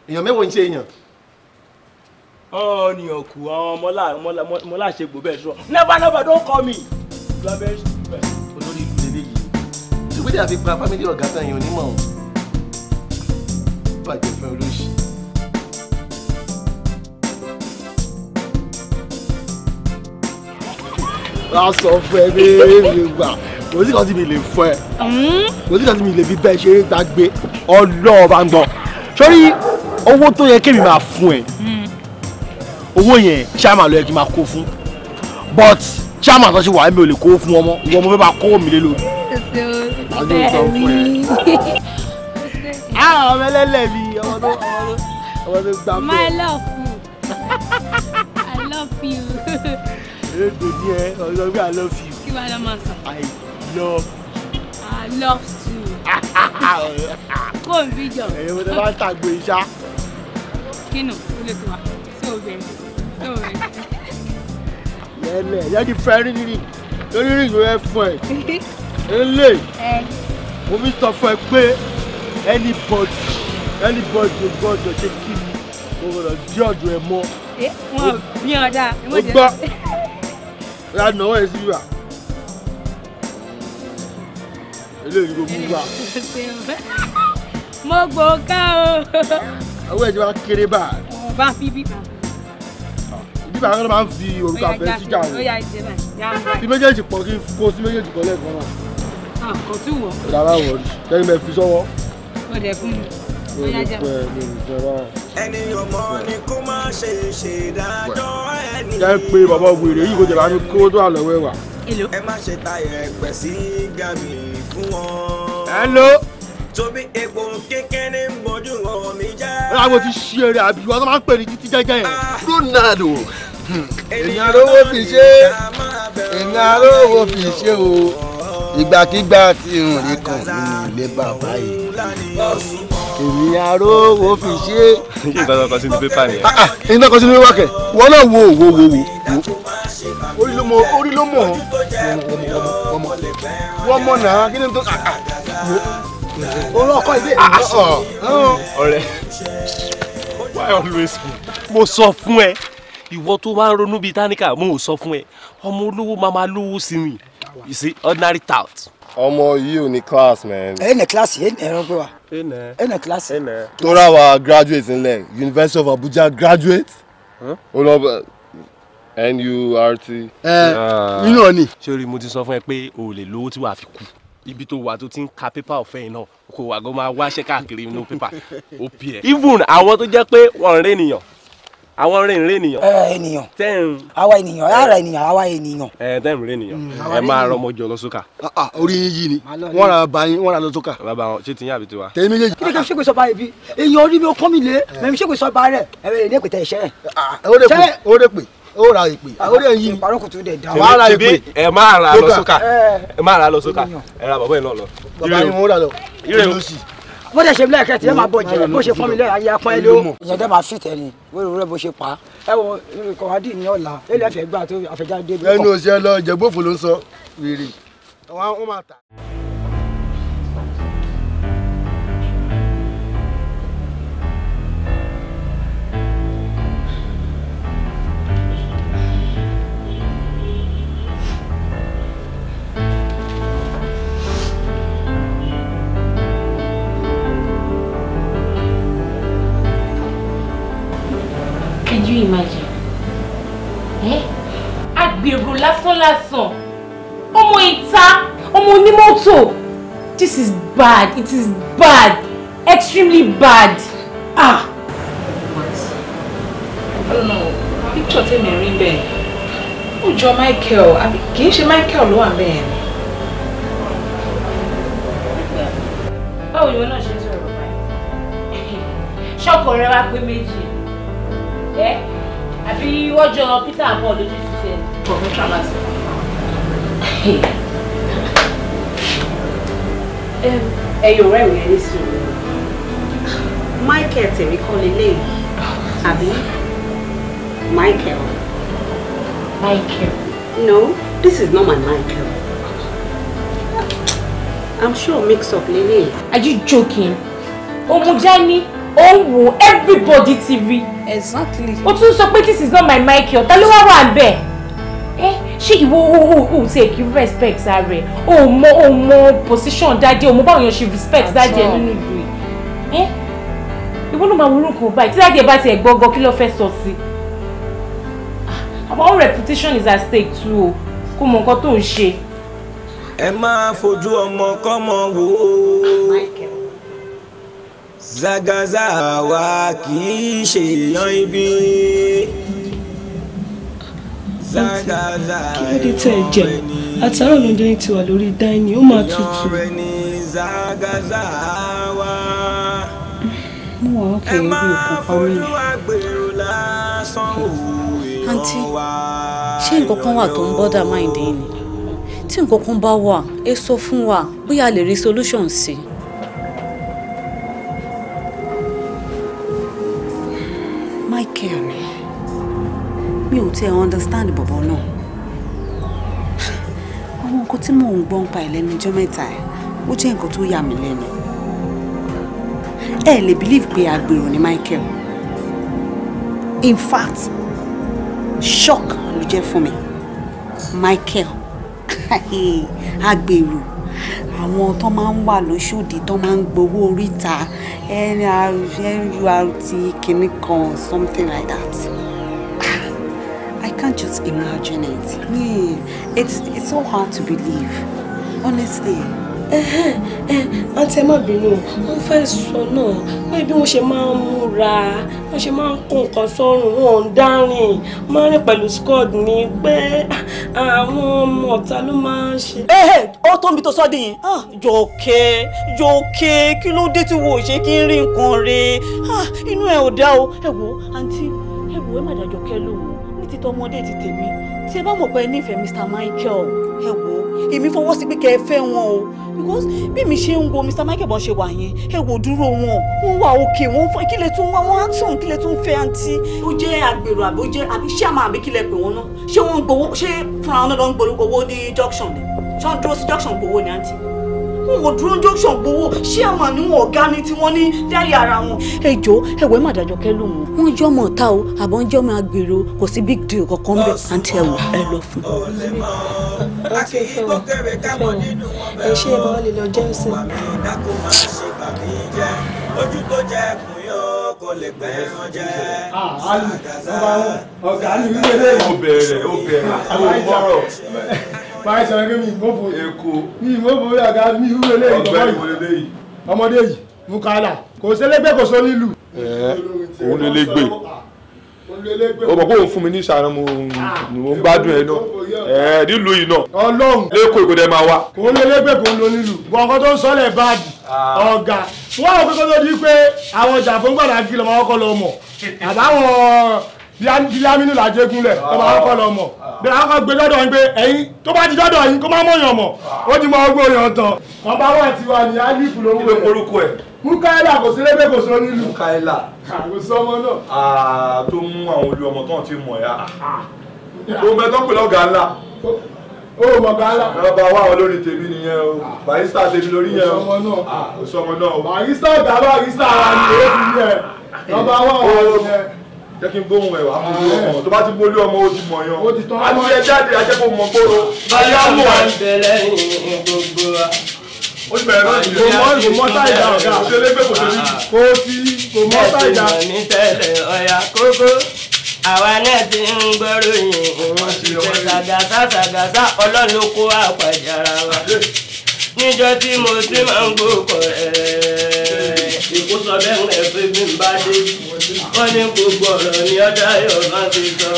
èèyàn mẹ́wọ̀n ń ṣe èèyàn ọ̀ọ́nì ọ̀kù àwọn ọmọláṣẹ́gbò never never don't call me ìwé dà fi pa fámílì ọ̀gá tán yẹn onímọ̀ ọ̀hún bàjẹ́ fún olóṣì. lásọ fún ẹ bẹ́ẹ̀ gbà kò sí kan tí mi lè fún ẹ hmm? kò sí kan tí mi lè fi bẹ́ẹ̀ ṣe é gbàgbé ọlọ́ọ̀bá sórí owó tó yẹ kémi máa fún ẹ hmm. owó yẹn chairman ló yẹ kí n máa kó fún but chairman tó ṣe wà mí ò lè kó fún ọmọ ìwọ ọmọ fẹ́ máa kó mi lé lórí. Senhor. Ah, ọmọ ẹlẹ́lẹ̀ mi, ọmọ tó ọmọ tó gbà pé. My love. I love you. Èdè ní ẹ, ọ̀dọ́ gbé I love you. Kí wàá lọ máa sọ? I love. I love you. Kò ń Ẹ̀yin mo ti máa ń tàgbé iṣá. Kínú, olè tí wà, sí òbí ẹ̀, sí òbí ẹ̀. Lẹ́lẹ̀, yẹ́n ti fẹ́ rí nínú, lórí rí ìwé ẹ̀ fún ẹ̀. ele mo fi sọ fún ẹ pé anybody anybody gbọ́dọ̀ ṣe kí ni mo gbọ́dọ̀ dí ọ̀dọ̀ ẹ mọ́. Eh, wọn ò bí ọ̀dà ẹ mọ̀ jẹ́ sí. ra nọwọ́ ẹ sí wa eléyìí ló mú wa. mo gbò ká o. àwọn ẹ̀jẹ̀ máa kéré bá. ọ̀ bá fi bí bá. ìdí bàbá kan máa ń fi orúkọ àfẹ́ síjà wọn. bí méjèèjì pọ̀ kí n kó sí méjèèjì kan lẹ́ẹ̀kan náà kò tí wọ̀. rárá wọ̀ lẹ́yìn mẹ́ fi sọ́wọ́. ó fún mi. ó yá jẹ́ ẹni ọmọ mi kó fún wọn. ẹ tobi epo kékeré ń bọjú wọn mi jẹ́. láwo ti ṣe eré àbí wọn máa ń pè ní títí jẹjẹ yẹn. Ah. Ronaldo èèyàn lówó fi ṣe èèyàn lówó fi ṣe o ìgbàkigbà tí irun rí kàn mí ní ilé bàbá yìí èmi aróòwò fi ṣe. ṣé ìtàn kan sínú pépà nìyẹn. Ah, ah, ìtàn náà wo wo wo wo. orí ló mọ orí ló mọ wọn mọ náà kí ni tó ah, olú ọkọ ilé ọ̀rẹ́ why always me. mo sọ fún ẹ ìwọ tó máa ń ronú bíi táníkà mo sọ fún ẹ ọmọ olówó máa máa lówó sí mi. You see, ordinary tout. ọmọ yìí ò ní class man. ẹ nẹ class yìí ẹ rọ pé wa. ẹ nẹ ẹ nẹ class. ẹ nẹ. tora wa graduate nílẹ̀ University of Abuja graduate. ó lọ bẹ NURT. ẹ nínú ah. ọ̀nì. sori mo ti sọ fún ẹ pé o lè lówó tí wàá fi kú ibi tó wà tó ti ń ka pépà ọ̀fẹ́ yìí náà kò wà kó máa wáṣẹ́ káàkiri inú pépà even àwọn tó jẹ́ pé wọ́n ń rẹ́ àwọn rìnrìn ènìyàn. ẹ ènìyàn tẹ́ẹ̀n. àwa ènìyàn ara ènìyàn àwa ènìyàn. ẹ tẹ́ẹ̀n rìn ènìyàn mm. ẹ máa rọ ọmọ jọ lọ sókà. Ah, ah, orí yín yìí ni wọ́n ra bàbá yín wọ́n ra lọ sókà. bàbá wọn ṣé ti yín àbí tiwa. tèmi méjèèjì. kí ni kí n ṣègbè sọba ibi èèyàn orí mi ò kọ́ mi lé eh. mẹ́mi ṣègbè sọba rẹ̀ ẹ̀rẹ̀ ní èpètè ìṣẹ́ rẹ̀. Ah, ó rẹ̀ pè ó ra ìpè àórí ẹ̀yìn ìparókùtù dẹ̀ dá wàá ra ìpè ẹ máa ra lọ sókà eh. ẹ máa ra lọ sókà ẹ ra bàbá yìí náà lọ. bàbá yìí wọn ó ra lọ. ire o bó dẹ̀ ṣe bí lẹ́ẹ̀kẹ́ tí ẹ máa bọ̀ jẹ́ bó ṣe fọ́n mi lẹ́yìn ayé apọ́n ẹ ló. ìyẹn dẹ́ máa fìtẹ́ ni wíwú rẹ bó ṣe pa. ẹ wo ikọ̀ adì ní ọ̀la ilé ẹ̀fẹ̀ gbà tó àfẹjáde. ẹnu òsì ẹ lọ jẹ̀gbófò ló ń sọ wèrè. àwọn máa ta. Can you imagine? Eh? Agbèrò lásán Omo ita, omo ni moto. This is bad. It is bad. Extremely bad. Ah! What? I don't know. Picture tèmi rí bẹ́ẹ̀. Ó jọ Michael, àbí kì í ṣe Michael ló wà bẹ́ẹ̀ ni. Báwo ni wọn náà ṣe sọ̀rọ̀ báyìí? Ṣọ́kọ̀ rẹ wá pé méjì ẹ àbí wọ́jọ́ Peter and Paul lójú ti tẹ̀ pọ̀ fún tramasi. ẹ yóò rẹ́rìn ẹ ní sùúrù Michael tèmi kọ́ lélẹ̀ àbí Michael. Michael. No, this is not my Michael. I'm sure mix up Lily. Are you joking? Omujani. Oh, ó ń wò everybody TV. rí. exactly. ó tún sọ pé this is not my mic ọ̀tá ló wá wà bẹ́ẹ̀ ṣé ìwọ òun ti èkì respect ààrẹ o mọ o mọ position dáadé o mọ báwọn yẹn ṣe respect dáadé ẹ nínú ìlú yìí ìwọ ló máa wúrú nǹkan báyìí tí dáadé bá tiẹ̀ gbọ́gbọ́ kí ló fẹ́ sọ sí ah, our own reputation is at stake too o kó mọ nǹkan tó ń ṣe. ẹ máa fojú ọmọ kọ́mọ wò ó. Ah, zagaza wa kì í ṣe èèyàn ibi. zagaza kí ló dé tẹ́ ẹ àtàrà lóúnjẹ yìí ti wà lórí dáìní ó máa tutù. zagaza wa. mo wà ó kẹ́ ẹ́ bí òkú pa mí. àǹtí ṣé nǹkan kan wà tó ń bọ́dà máìndín ni tí nǹkan kan bá wà ẹ sọ fún wa bóyá a lè rí solution sí i. Michael ni mi ò tiẹ̀ understand bọ̀bọ̀ náà àwọn nǹkan tí mò ń gbọ́ ń pa ìlẹ́nu ọjọ́ mẹ́ta ẹ̀ ó jẹ́ nǹkan tó yà mí lẹ́nu ẹ believe pé agbèrò ni Michael in fact shock ló jẹ́ fún mi Michael agbèrò àwọn tó máa ń wà lóṣòdì tó máa ń gbowó oríta nurt kìíní kan something like that ah, I can't just imagine it it's, it's so hard to believe honestly àǹtí ẹ má bínú wọ́n fẹ́ sọ náà wọ́n bí wọ́n ṣe máa ń múra wọ́n ṣe máa ń kó nǹkan sọ́rùn wọn ń dárìn máa ń rìn pẹ̀lú squad ní pé àwọn ọmọ ọ̀tá ló máa ń ṣe. ẹ eh, eh, ó tó ń bi tó sọ dìyìn ah, jòkè jòkè kí ló dé tí wo ò ṣe kí n rí nǹkan re ah, inú ẹ ò dá o ẹ wo àǹtí ẹ wo ẹ má dájọ kẹ lóhùn ní títọ́ ọmọdé ti tèmi tí ẹ bá mọ̀ pé ẹ nífẹ̀ẹ́ Mr. Michael ẹ wo èmi fọwọ́ sí pé kẹ́ ẹ fẹ́ wọn o because bí mi ṣe ń wo Mr. Michael bọ́n ṣe wà yẹn ẹ wò dúró wọn ń wà òkè wọn fún kí lè tún wá wọn handsome kí lè tún fẹ́ àǹtí. ó jẹ́ àgbèrò àbí ó jẹ́ àbí ṣé àmọ́ àbí kí lè pè wọ́n náà ṣé wọ́n ń gbowó ṣé fúnra wọn náà ló ń gbowó ní junction ṣé wọ́n dúró sí junction gbowó ni àǹtí n ò dúró junction gbowó ṣé àwọn àníwọ̀n ọ̀gá ni tí wọ́n ní dárí ara wọn. ẹ jọ ẹwẹ má dájọ kẹ lóhùn wọn jọ ọmọ ọ̀tá o àbọ̀ ń jọ ọmọ agbèrò kò sí big deal kankan bẹ àǹtí ẹwọ ẹ lọ fún. ẹ ṣe é máa lè lọ jẹ́sìn. ojú tó jẹ kùn yóò kò lè pẹ́ ránjẹ́. Ah, ọ̀gá ni wíwẹ́lẹ́ ò bẹ̀rẹ̀ ò bẹ̀rẹ̀ ò bọ̀rọ̀ máa sọ pé mi ìmọ̀bù èkó mi ìmọ̀bù ọ̀gá mi ìwé eléyìí ọ̀gbẹ́ni mo lélẹ́ yìí ọmọdé yìí mukala kò sẹ́lẹ́gbẹ́ kò sọ nílù. òun lè lè gbé o mọ̀ pé òun fún mi ní ìṣàrán mo ń gbádùn ẹ náà nílùú yìí náà ọlọ́run lẹ́kọ̀ọ́ ìkọ̀dẹ́ máa wá. kò ń lélẹ́gbẹ̀ kò ń lo nílùú gbọ̀ngàn tó ń sọ́lẹ̀ báàgì ah. ọ̀gá wọ́n rò pé kó tó di pé àwọn jàǹfọ̀n gbàdá kí lọ́mọ ọkọ̀ lọ́mọ àbáwọn Bilaminu la jégúnlẹ̀ tó máa kọ́ lọ mọ̀ bẹ́ẹ̀ akọ́ gbé dọ́dọ̀ yín pé ẹ̀yin tó bá ti dọ́dọ̀ yín kó má mọ̀ yàn mọ̀ ó ti mọ ọgbọ́n yàn tán. nọ́mbà wà tiwa ni alifu ló wúwo orúkọ ẹ. mukaila kò sí lébè kò sọ nílùú. mukaila kò sọ ọmọ náà. tó mú àwọn olú ọmọ tán ti mọ̀ ya. tó mẹ tó pè lọ́gàá ńlá. ó mọ̀ gàá ńlá. nọ́mbà wà wọn lórí tèmi nìyẹn o barista tèmi lórí yẹn o. kò sọ náà o. barista gàá jẹ́ kí n gbóhùn ẹ̀ wá mú olú ọmọ tó bá ti gbólú ọmọ ó ti mọ̀ yan á ní ẹ jáde ajẹ́kọ̀ọ́ mọ̀ báyọ̀ mú wa. ó ti bẹ̀rẹ̀ lọ́sì kò kò mọ́ táyì ọ̀gá kò tẹ́lẹ̀ pé kò tẹ́lẹ̀ kò sí kò mọ́ táyì àwa náà ti ń gbọ́ròyìn ìwọ̀n ṣàgàṣà ṣàgàṣà ọlọ́run ló kó àpàjára wa níjọ́ tí mo ti máa ń gbókọ̀ ẹ̀ ẹ̀ bẹ́ẹ̀ ń rẹ̀ fún mi bá dé wọ́n ní gbogbo ọ̀rọ̀ ni ọ̀dà yorùbá ti sọ.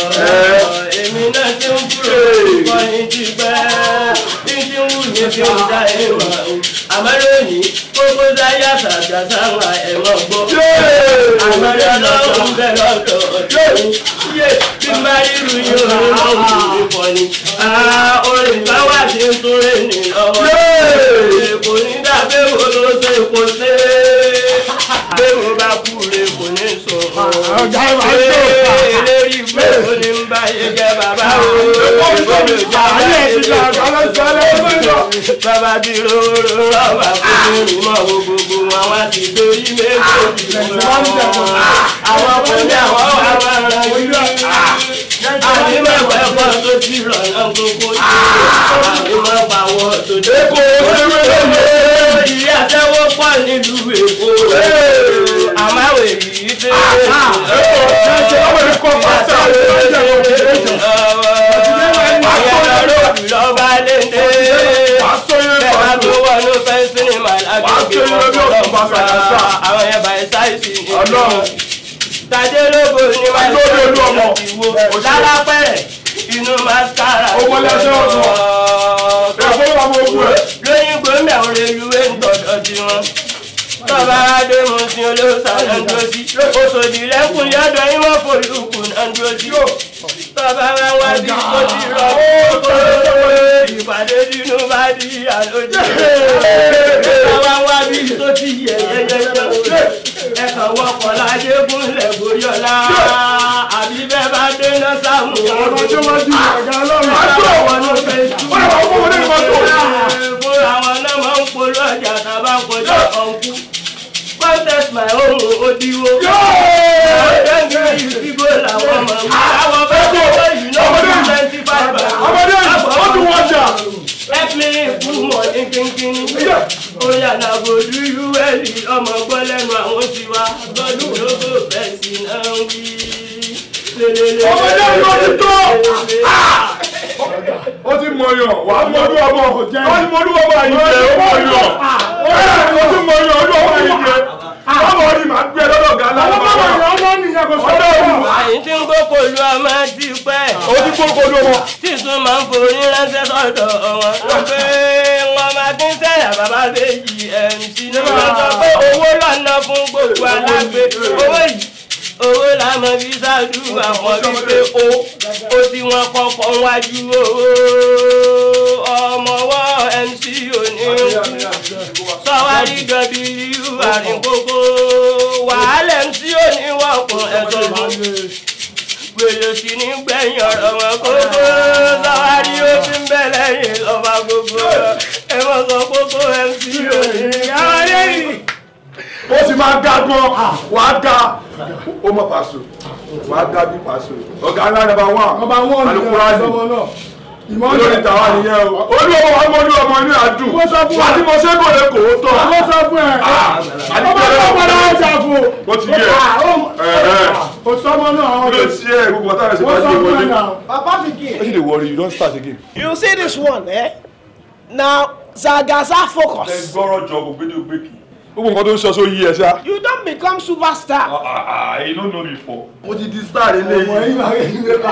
èmi náà ti ń kúrò lórúkọ yín pẹ́. bí ń wù mí fi ń dá ìwà o. àmọ́ lónìí kókó dáyà tàjà sáwà ẹ̀wọ̀n gbọ́. àmọ́ lọ́wọ́ ń bẹ̀ lọ́dọ̀ ọ̀dọ́ yé bí n rírun yín o ló ń pọ̀ ni. orin bá wà ń túnrẹ́ nì lọ́wọ́. ní dàbẹ́ wo ló ṣe kò ṣe é. eléyìí gbogbo ní ń bá yé jẹ bàbá o. àlẹ́ ìdílé àgbàlẹ̀ sálẹ̀ ìdílé. bàbá bí róró rọ́bà fún mi mọ̀ wo gbogbo wọn wá sí torí méjì ìmọ̀ àwọn ọkùnrin àwọn wà wà rà yíyọ. àti mẹ́wàá ẹ̀fọ́ tó ti rọ̀ lọ́n gbogbo yìí. àti mẹ́wàá wọ́n tó dé. èkó olówó ló lé. ìyá sẹ́wọ́ pọ̀ nílùú èkó. lọ́ba lédè bẹ́ẹ̀ bá ni wọ́n ti wọ́n ti wo lára pẹ́rẹ́ inú mascara ló wọ́n lóyún gbọ́mọ̀ òrèlúwé ń tọ́jọ́ sí wọn tọ́ba adé mu sí olóòsà náà ń dúró sí oṣòdì lẹ́kùn yọ̀dọ̀ yín wọ́n fòlùkù náà ń dúró sí tọ́ba wa wá sí kó ti rọ kó ìpàdé dínú bá di àlòjì tọ́ba wa bí tó ti yẹ yẹyẹ ẹ̀kan wọkọ̀ lájẹ gúnlẹ̀ gòyọ̀lá àbí bẹ́ẹ̀ bá dénà sáhùn ọ̀rọ̀ ah! tó wájú ọ̀gá ọlọ́run àti àwọn ọ̀nà fẹ́ẹ́ tó fúnra wọn náà máa ń polú ọjà ó diwó. ọ̀dọ́ mi ìdígbò làwọn ọmọ mi. àwọn fẹ́ẹ́ kọ́ ìyúná ọdún ninety five bá. ọmọdé ọdún wọn jà. let me put money kínkín. oyà náà kò dú uẹ́lì e, ọmọ gbọ́ lẹ́nu àwọn tiwa. lọ́dún lóko bẹ́ẹ̀ sì náà ń wí. ọmọdé yóò ti tó ó ti mọyàn wà á mọdún ọmọ ọjẹ ó ti mọdún ọmọ àyíjẹ ó mọyàn ó ti mọyàn ọdún ọmọ àyíjẹ ọmọ yìí máa gbé lọ́dọ̀ ga lálẹ́ ọmọ yìí ọmọ nìyẹn kò sọ́dọ̀ ọmọ. àyìn tí ń kókò lu ọmọ ti pẹ́. ó ti kókò lu ọmọ. tìsún máa ń forí ránṣẹ́ sọ́dọ̀ wọn. wọ́n pé wọn máa ti ń sẹ́yà bàbá méjì mc ní wọ́n sọ pé owó lọ́nà fún gbogbo alágbé owó yìí owó la mọ fi ṣàdúrà wọn wípé ó ó tí wọn kọ́kọ́ wájú o ọmọwọ mc oníkú sọwárí w àrìnkókó wàhálà mc oníwọ̀kùn ẹ̀sọ́ mi gbèrè sí ní gbẹ̀yìn ọ̀rọ̀ wọn kókó sọwárí ó ti ń bẹ̀ lẹ́yìn lọ́ba gbogbo. ó sì máa ga gan ah, wàá ga ó mọ̀ pàṣẹ wàá ga bí pàṣẹ ọ̀gá ńlá nàbà wọn alukurani lórí tàwa nìyẹn o ah. olúwo wa mọ olúwo ọmọ inú àdùn wà tí mo ṣe kò lè kò ó tọ. àwọn sọ fún ẹ ah, ọmọ náà wọn náà jà fún o. o ti yẹ ẹ o sọmọ náà. kí ló ti yẹ gbogbo ọ̀tá rẹ̀ ṣe bá dé wọlé. bàbá mi kì í. o sì lè wọrí you don start again. you see this one eh? na zagaza focus. ẹ gbọ́rọ̀ jọ kò gbé ní o gbé kì í gbogbo nǹkan tó ń sọ yí ẹ ṣá. you don become superstar. Ah, ah, ah, i no know before. mo ti di star eléyìí. ọmọ yìí máa ń rí wẹ́pà.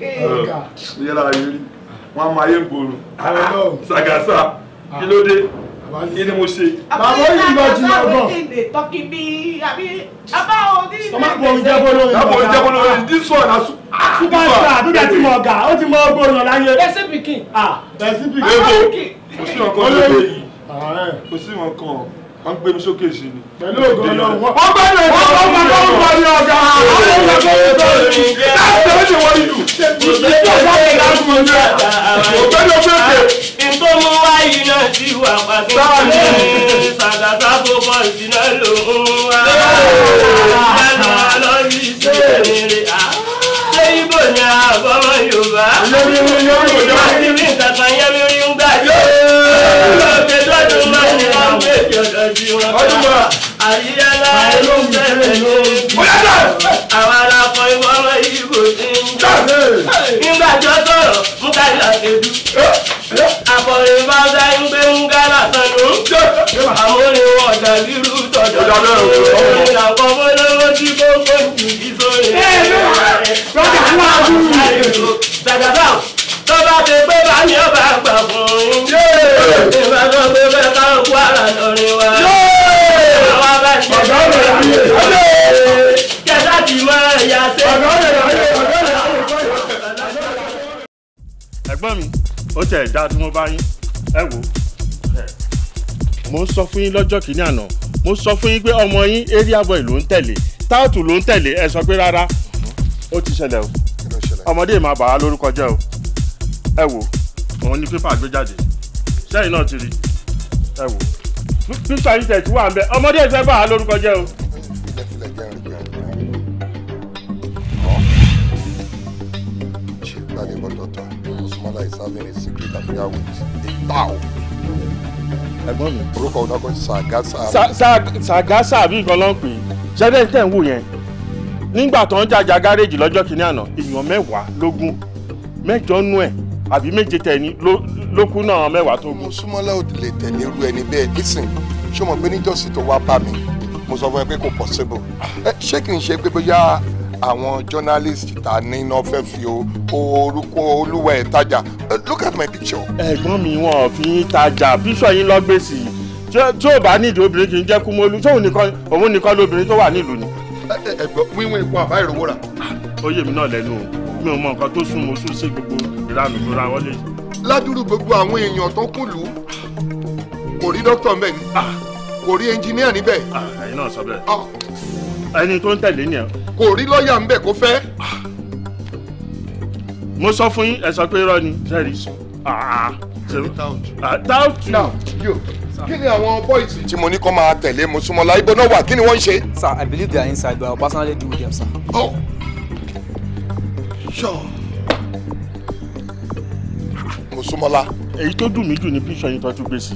yẹ́n lára yìí wọ́n á máa yé gbòòrò. sagasa kí ló dé kí ni mo ṣe. bàbá yìí lọ jí lọ gan. tọkì bí àbí abá òní. ọmọ àpò ìjẹ́bọ̀ lórí. àpò ìjẹ́bọ̀ lórí this one na superstar tó dẹ̀ ti mọ̀ ọ̀gá ó ti mọ ọgbọ́n lọ láyé. bẹ́sẹ̀ pikin. ah pikin. kò sí ọkọ lóye yìí kò sí ọkọ wọ́n gbé mi sókè sí ni. pẹ̀lú ògo Ọlọ́run wọn. wọ́n gbé mi wọ́n gbé mi wọ́n gbé mi ọ̀gá àwọn ọ̀gá tó ń tọ́ ẹ̀jú láti tẹ̀lé ti wọ́n ìlú. ìgbésẹ̀ ọ̀gá mi láti mọ̀ ní ẹ̀. ògbẹ́ni ògbẹ́ni. ìtòmú wá iná sí wà pàtó. sáàni sàgàsà tó pọ̀ síná ló ń wá. ìdáná lọ́yí sí èrè à. ṣé ibo ni àbọ̀mọ̀ Yorùbá. lórí mi lórí mi lórí mi ọdúnmọ̀ àyíyálà ló ń bẹ̀rẹ̀ ló ń bí àwọn alákọ̀ ìwọ́n ọmọ ìbò ti ń jọ nígbàjọ́ sọ̀rọ̀ múkàlá tẹ̀dú àkọ̀rẹ́ bá dá ń gbé ń gálà sanu àmúrin wọn dàbí irú tọ̀dọ̀ òun làkọ̀ fọlọ́wọ́ tí kò kó jù bí sóyè dàdàbà tọ́ba ti pé bá ní ọba àgbà fún un ìbàdàn. kẹta ti wá ẹ̀yà ṣe. ẹ̀gbọ́n mi ó tẹ̀ dáa tí mo bá yín ẹ wò mo ń sọ fún yín lọ́jọ́ kìíní àná mo sọ fún yín pé ọmọ yín area boy ló ń tẹ̀lé táàtù ló ń tẹ̀lé ẹ sọ pé rárá ó ti ṣẹlẹ̀ o ọmọdé máa bà lórúkọ jẹ́ o ẹ wò òun ni pépà gbé jáde sẹ́yìn náà ti rí ẹ wò pípa yìí tẹ̀ tí wà ń bẹ ọmọdé ìfẹ́ bà á lórúkọ jẹ́ o jẹ́kílẹ̀ jẹ́ rìn jẹ́ Chief Ladipo daughter, Osmala is secret affair with a Ẹ̀gbọ́n mi. Orúkọ ọ̀dọ́ kan Sàgásà. bí nǹkan ló ń pè é. Ṣẹ́dẹ̀ tẹ̀ ń wò yẹn. Nígbà tó ń jàjà gáréèjì lọ́jọ́ kìíní àná, èèyàn mẹ́wàá lógún. Mẹ́jọ nú ẹ̀ àbí méje tẹ̀ni ló kú náà mẹ́wàá tó gùn. Mo ò mo sọ fún ẹ pé kò possible ṣé kì í ṣe pé bóyá àwọn journalist ta ní iná fẹ́ fi orúkọ olúwa ẹ̀ tajà look at my picture. ẹ̀gbọ́n mi wọn ò fi tajà bíṣọ̀ yín lọ́gbèsì tí ò bá nídìí obìnrin kì í jẹ́ kú mọ́lú tí òun nìkan lóbìnrin tó wà nílùú ni. ẹ̀gbọ́n wíwọ́n epo àbá ìrówó rà. oyè ah, mi náà lẹ́nu o mi ò mọ nǹkan tó sún mo sún sí gbogbo ìranù tó ra wọlé. ládùúrú gbogbo àwọn èèyàn tó kún lù kò rí dókítà níbẹ̀ ah. kò rí ẹnjìníà níbẹ̀ ah ẹ̀yin náà sọ bẹ́ẹ̀ ah. ẹni tó ń tẹ̀lé nìyẹn. kò rí lọ́ọ̀yà ń bẹ̀ kó fẹ́. mo sọ fún yín ẹ sọ pé irọ́ ni sẹ́ẹ̀rì ah, ah, kí ni àwọn boys tí mo ní kó máa tẹ̀lé mo súnmọ́ la ibo náà wà kí ni wọ́n ń ṣe. sir i believe they are inside but i will personally deal with them sir. oh sure. mo súnmọ́ la. èyí tó dùn mí jù ní píṣọ yín tó tún gbèsè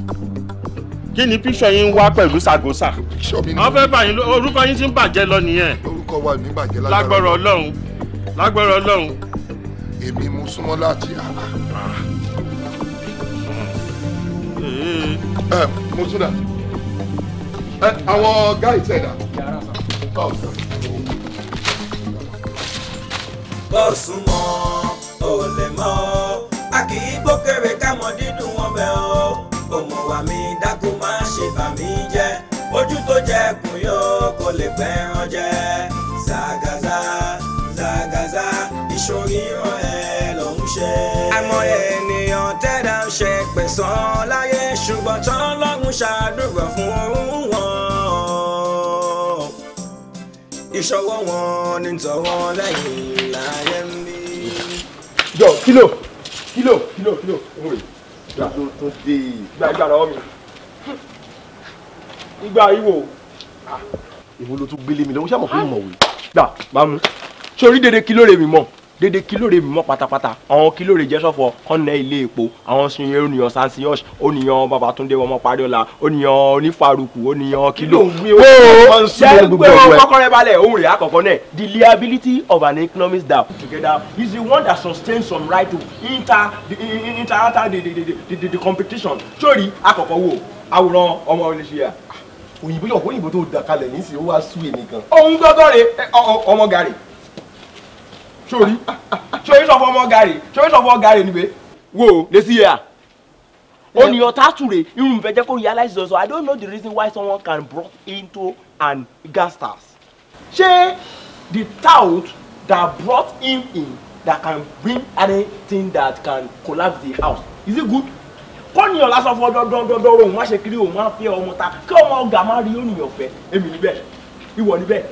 kí ni píṣọ yín ń wá pẹ̀lú sagosa. píṣọ mi ni. wọ́n fẹ́ bá yín orúkọ yín ti ń bàjẹ́ lọ nìyẹn. orúkọ wa ní bàjẹ́ lágbára. lágbára ọlọ́run lágbára ọlọ́run. èmi mú súnmọ́ láti àná. Ah. ẹ mo tún dà ẹ àwọn gáì tẹ̀ bọ́ọ̀sù mọ́ ò lè mọ́ a kì í gbókèrè ká dídùn wọn bẹ́ẹ̀ o òmùwà mi dá ojú tó jẹ kùn yóò kò lè pẹ́ran jẹ Zagaza Zagaza ìṣòrí ràn ẹ́ ló ń ṣe. àmọ́ ènìyàn tẹ́lá ń ṣe pẹ̀sán láyé ṣùgbọ́n tán lọ́gùn ṣàdúrà fún òun wọn. ìṣọwọ́ wọn ni tọwọ́ lẹ́yìn láyé ń bí. jọ kílò kílò kílò kílò. gbàgbọ́ tó dé. gbàgbọ́ lọ́wọ́ mi ìgbà ìwò. ìwọ ah, ló tún gbélé mi lọ́wọ́ ṣàmọ̀ pé mọ̀wé. gbà máa mú sórí dédé kí lóore mi mọ̀ dédé kí lóore mi mọ̀ pátápátá àwọn kí lóore jẹ́ sọ̀fọ̀ kọ́nà ilé epo àwọn sunjẹ oníyan sansiyan oníyan babatunde ọmọ pariola oníyan onífaruku oníyan kìlò. wo ṣe gbé wọn kọ́kọ́rẹ́ balẹ̀ ohun rẹ̀ àkọ́kọ́ náà the liability of an economist, dap together is the one that sustains some right to inter the inter the the the the competition sórí àkọ́kọ́ wo àwòrán ọmọ olùṣèyà òyìnbó yọ̀kọ́ òyìnbó tó dà kalẹ̀ yìí sì ó wá sú èmi gan. ohun gbọ́dọ̀ rè ọmọ gàrí sórí sórí sọ fún ọmọ gàrí sórí sọ fún ọ gàrí níbẹ̀. wo lesi yẹ a oniyan tatu re irun fẹ́ kó realize also i don't know the reason why someone can brought into and gas gangsters ṣé the tout that brought him in that can bring anything that can collapse the house is it good kọ́nìyàn lásán fún ọdọọdọọdọ òun má ṣe kiri òun má fi ọmọ ta kí ọmọ ọgà má rí ònìyàn fẹ́ èmi níbẹ̀ ìwọ níbẹ̀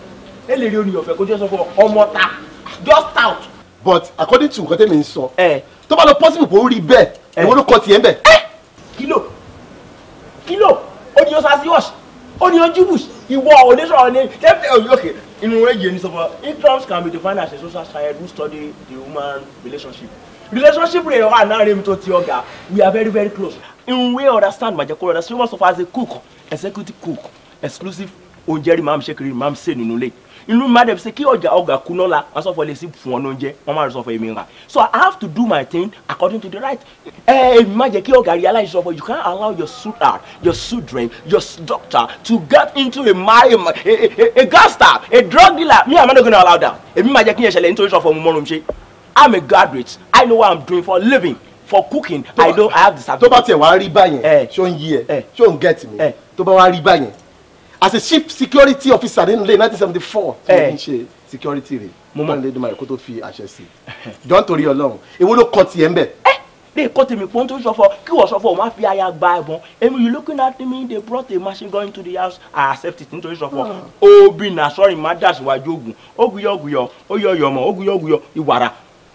ẹ lè rí ònìyàn fẹ́ kó jẹ́ sọ fún ọmọ ta just out. but according to nǹkan tẹ́mi ń sọ tó bá lọ possible kó rí bẹ́ẹ̀ ìwọ ló kọ tiẹ̀ ń bẹ̀. Kilo. kílò ó ní o sá sí ọ̀ṣ ó ní o júbùs ìwọ ò lè sọ̀rọ̀ ní oh, inú rẹ̀ yé ni sọ fún incomes can be defined as a social science who study the human relationship relationship rẹ̀ wà now, mi tó ti we are very very close in way understand majako rẹ̀ she must as a cook executive cook exclusive oúnjẹ rí màá mi ṣe kiri màá mi madam say kí ọjà ọgà kuná la wọn sọ fọ lè sí fún ọ lóúnjẹ wọn máa sọ fọ so i have to do my thing according to the right ẹ èmi má realize kí ọgà you can't allow your suitor your children your doctor to get into a my a, a, a, a gangster a drug dealer me i'm not going to allow that èmi má jẹ kí yẹn ṣẹlẹ̀ nítorí sọfọ mo mọ́rùn ṣe i'm a graduate i know what i'm doing for a living for cooking to, i don't. i have the certificate. tó bá tiẹ̀ wá rí báyẹn eh. ṣó ń yí ẹ eh. ṣó ń gẹ̀tì mi eh. tó bá wá rí báyẹn as a chief security officer nínú ilé nineteen tí mo ń ṣe security rẹ̀ mo máa ń lé dùnmáyé kó tó fi àṣẹ sí i jọ ń torí Ọlọ́run èwo ló kọ tiẹ̀ ń bẹ̀ they cut him pon to sọfọ kí wọ́n sọfọ wọ́n á fi aya gba ẹ̀bọ̀n èmi you looking at me they brought a machine gun into the house i accept it nítorí sọfọ hmm. obìnrin àsọrin má dàsíwájú ogun ó guyọ guyọ ó yọ yọmọ ó guyọ guyọ ìwàrà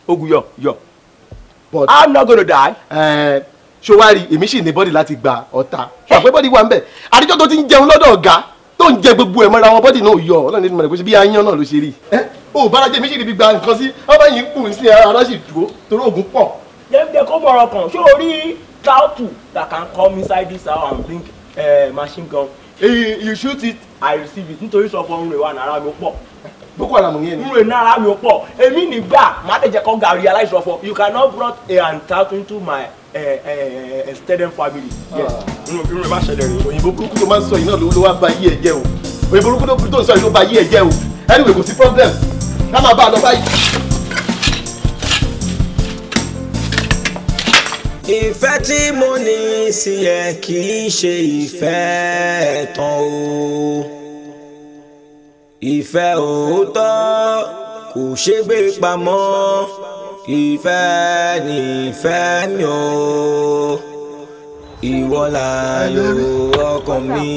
ogun yọ yọ but i'm not gonna die. Uh, eh, ṣọwárí èmi sì ní bọ́dì láti gba ọ̀tá pàpẹ́ bọ́dì wà ń bẹ̀ àdìjọ́ tó ti ń jẹun lọ́dọ̀ ọ̀gá tó ń jẹ gbogbo ẹ̀ mọ́ra wọn bọ́dì náà yọ ọlọ́run nínú mọ̀lẹ́kọ́ sí bí aáyán náà ló ṣe rí. ó eh? bára jẹ́ èmi sì rí gbígba nǹkan sí ọba yìí ń kù sí ara sì dúró torí oògùn pọ̀. jẹ́ǹdẹ̀ kó bọ̀rọ̀ kan ṣó o rí tautu that can come inside this hour and bring uh, machine gun you shoot it i receive it nítorí sọ fún ọrùn rẹ̀ wà nára mi pọ̀ boko haram yẹn ni. n rè nára mi ò pọ̀ èmi nígbà má lè jẹ́ kó ga realize ọ̀fọ̀ you cannot brought a handout into my eh, eh, extended family. n rè má ṣẹlẹ̀ rè. òyìnbó burúkú tó máa ń sọ yìí náà ló wá ba yí ẹ jẹ́ o òyìnbó burúkú tó ń sọ yìí ló ba yí ẹ jẹ́ o anyway kò sí problem ká máa bá a lọ báyìí. ìfẹ́ tí mo ní sí ẹ kì í ṣe ìfẹ́ tán o ìfẹ́ òótọ́ kò ṣégbé pamọ́ ìfẹ́ nífẹ́ mi ò ìwọ láàyò ọkàn mi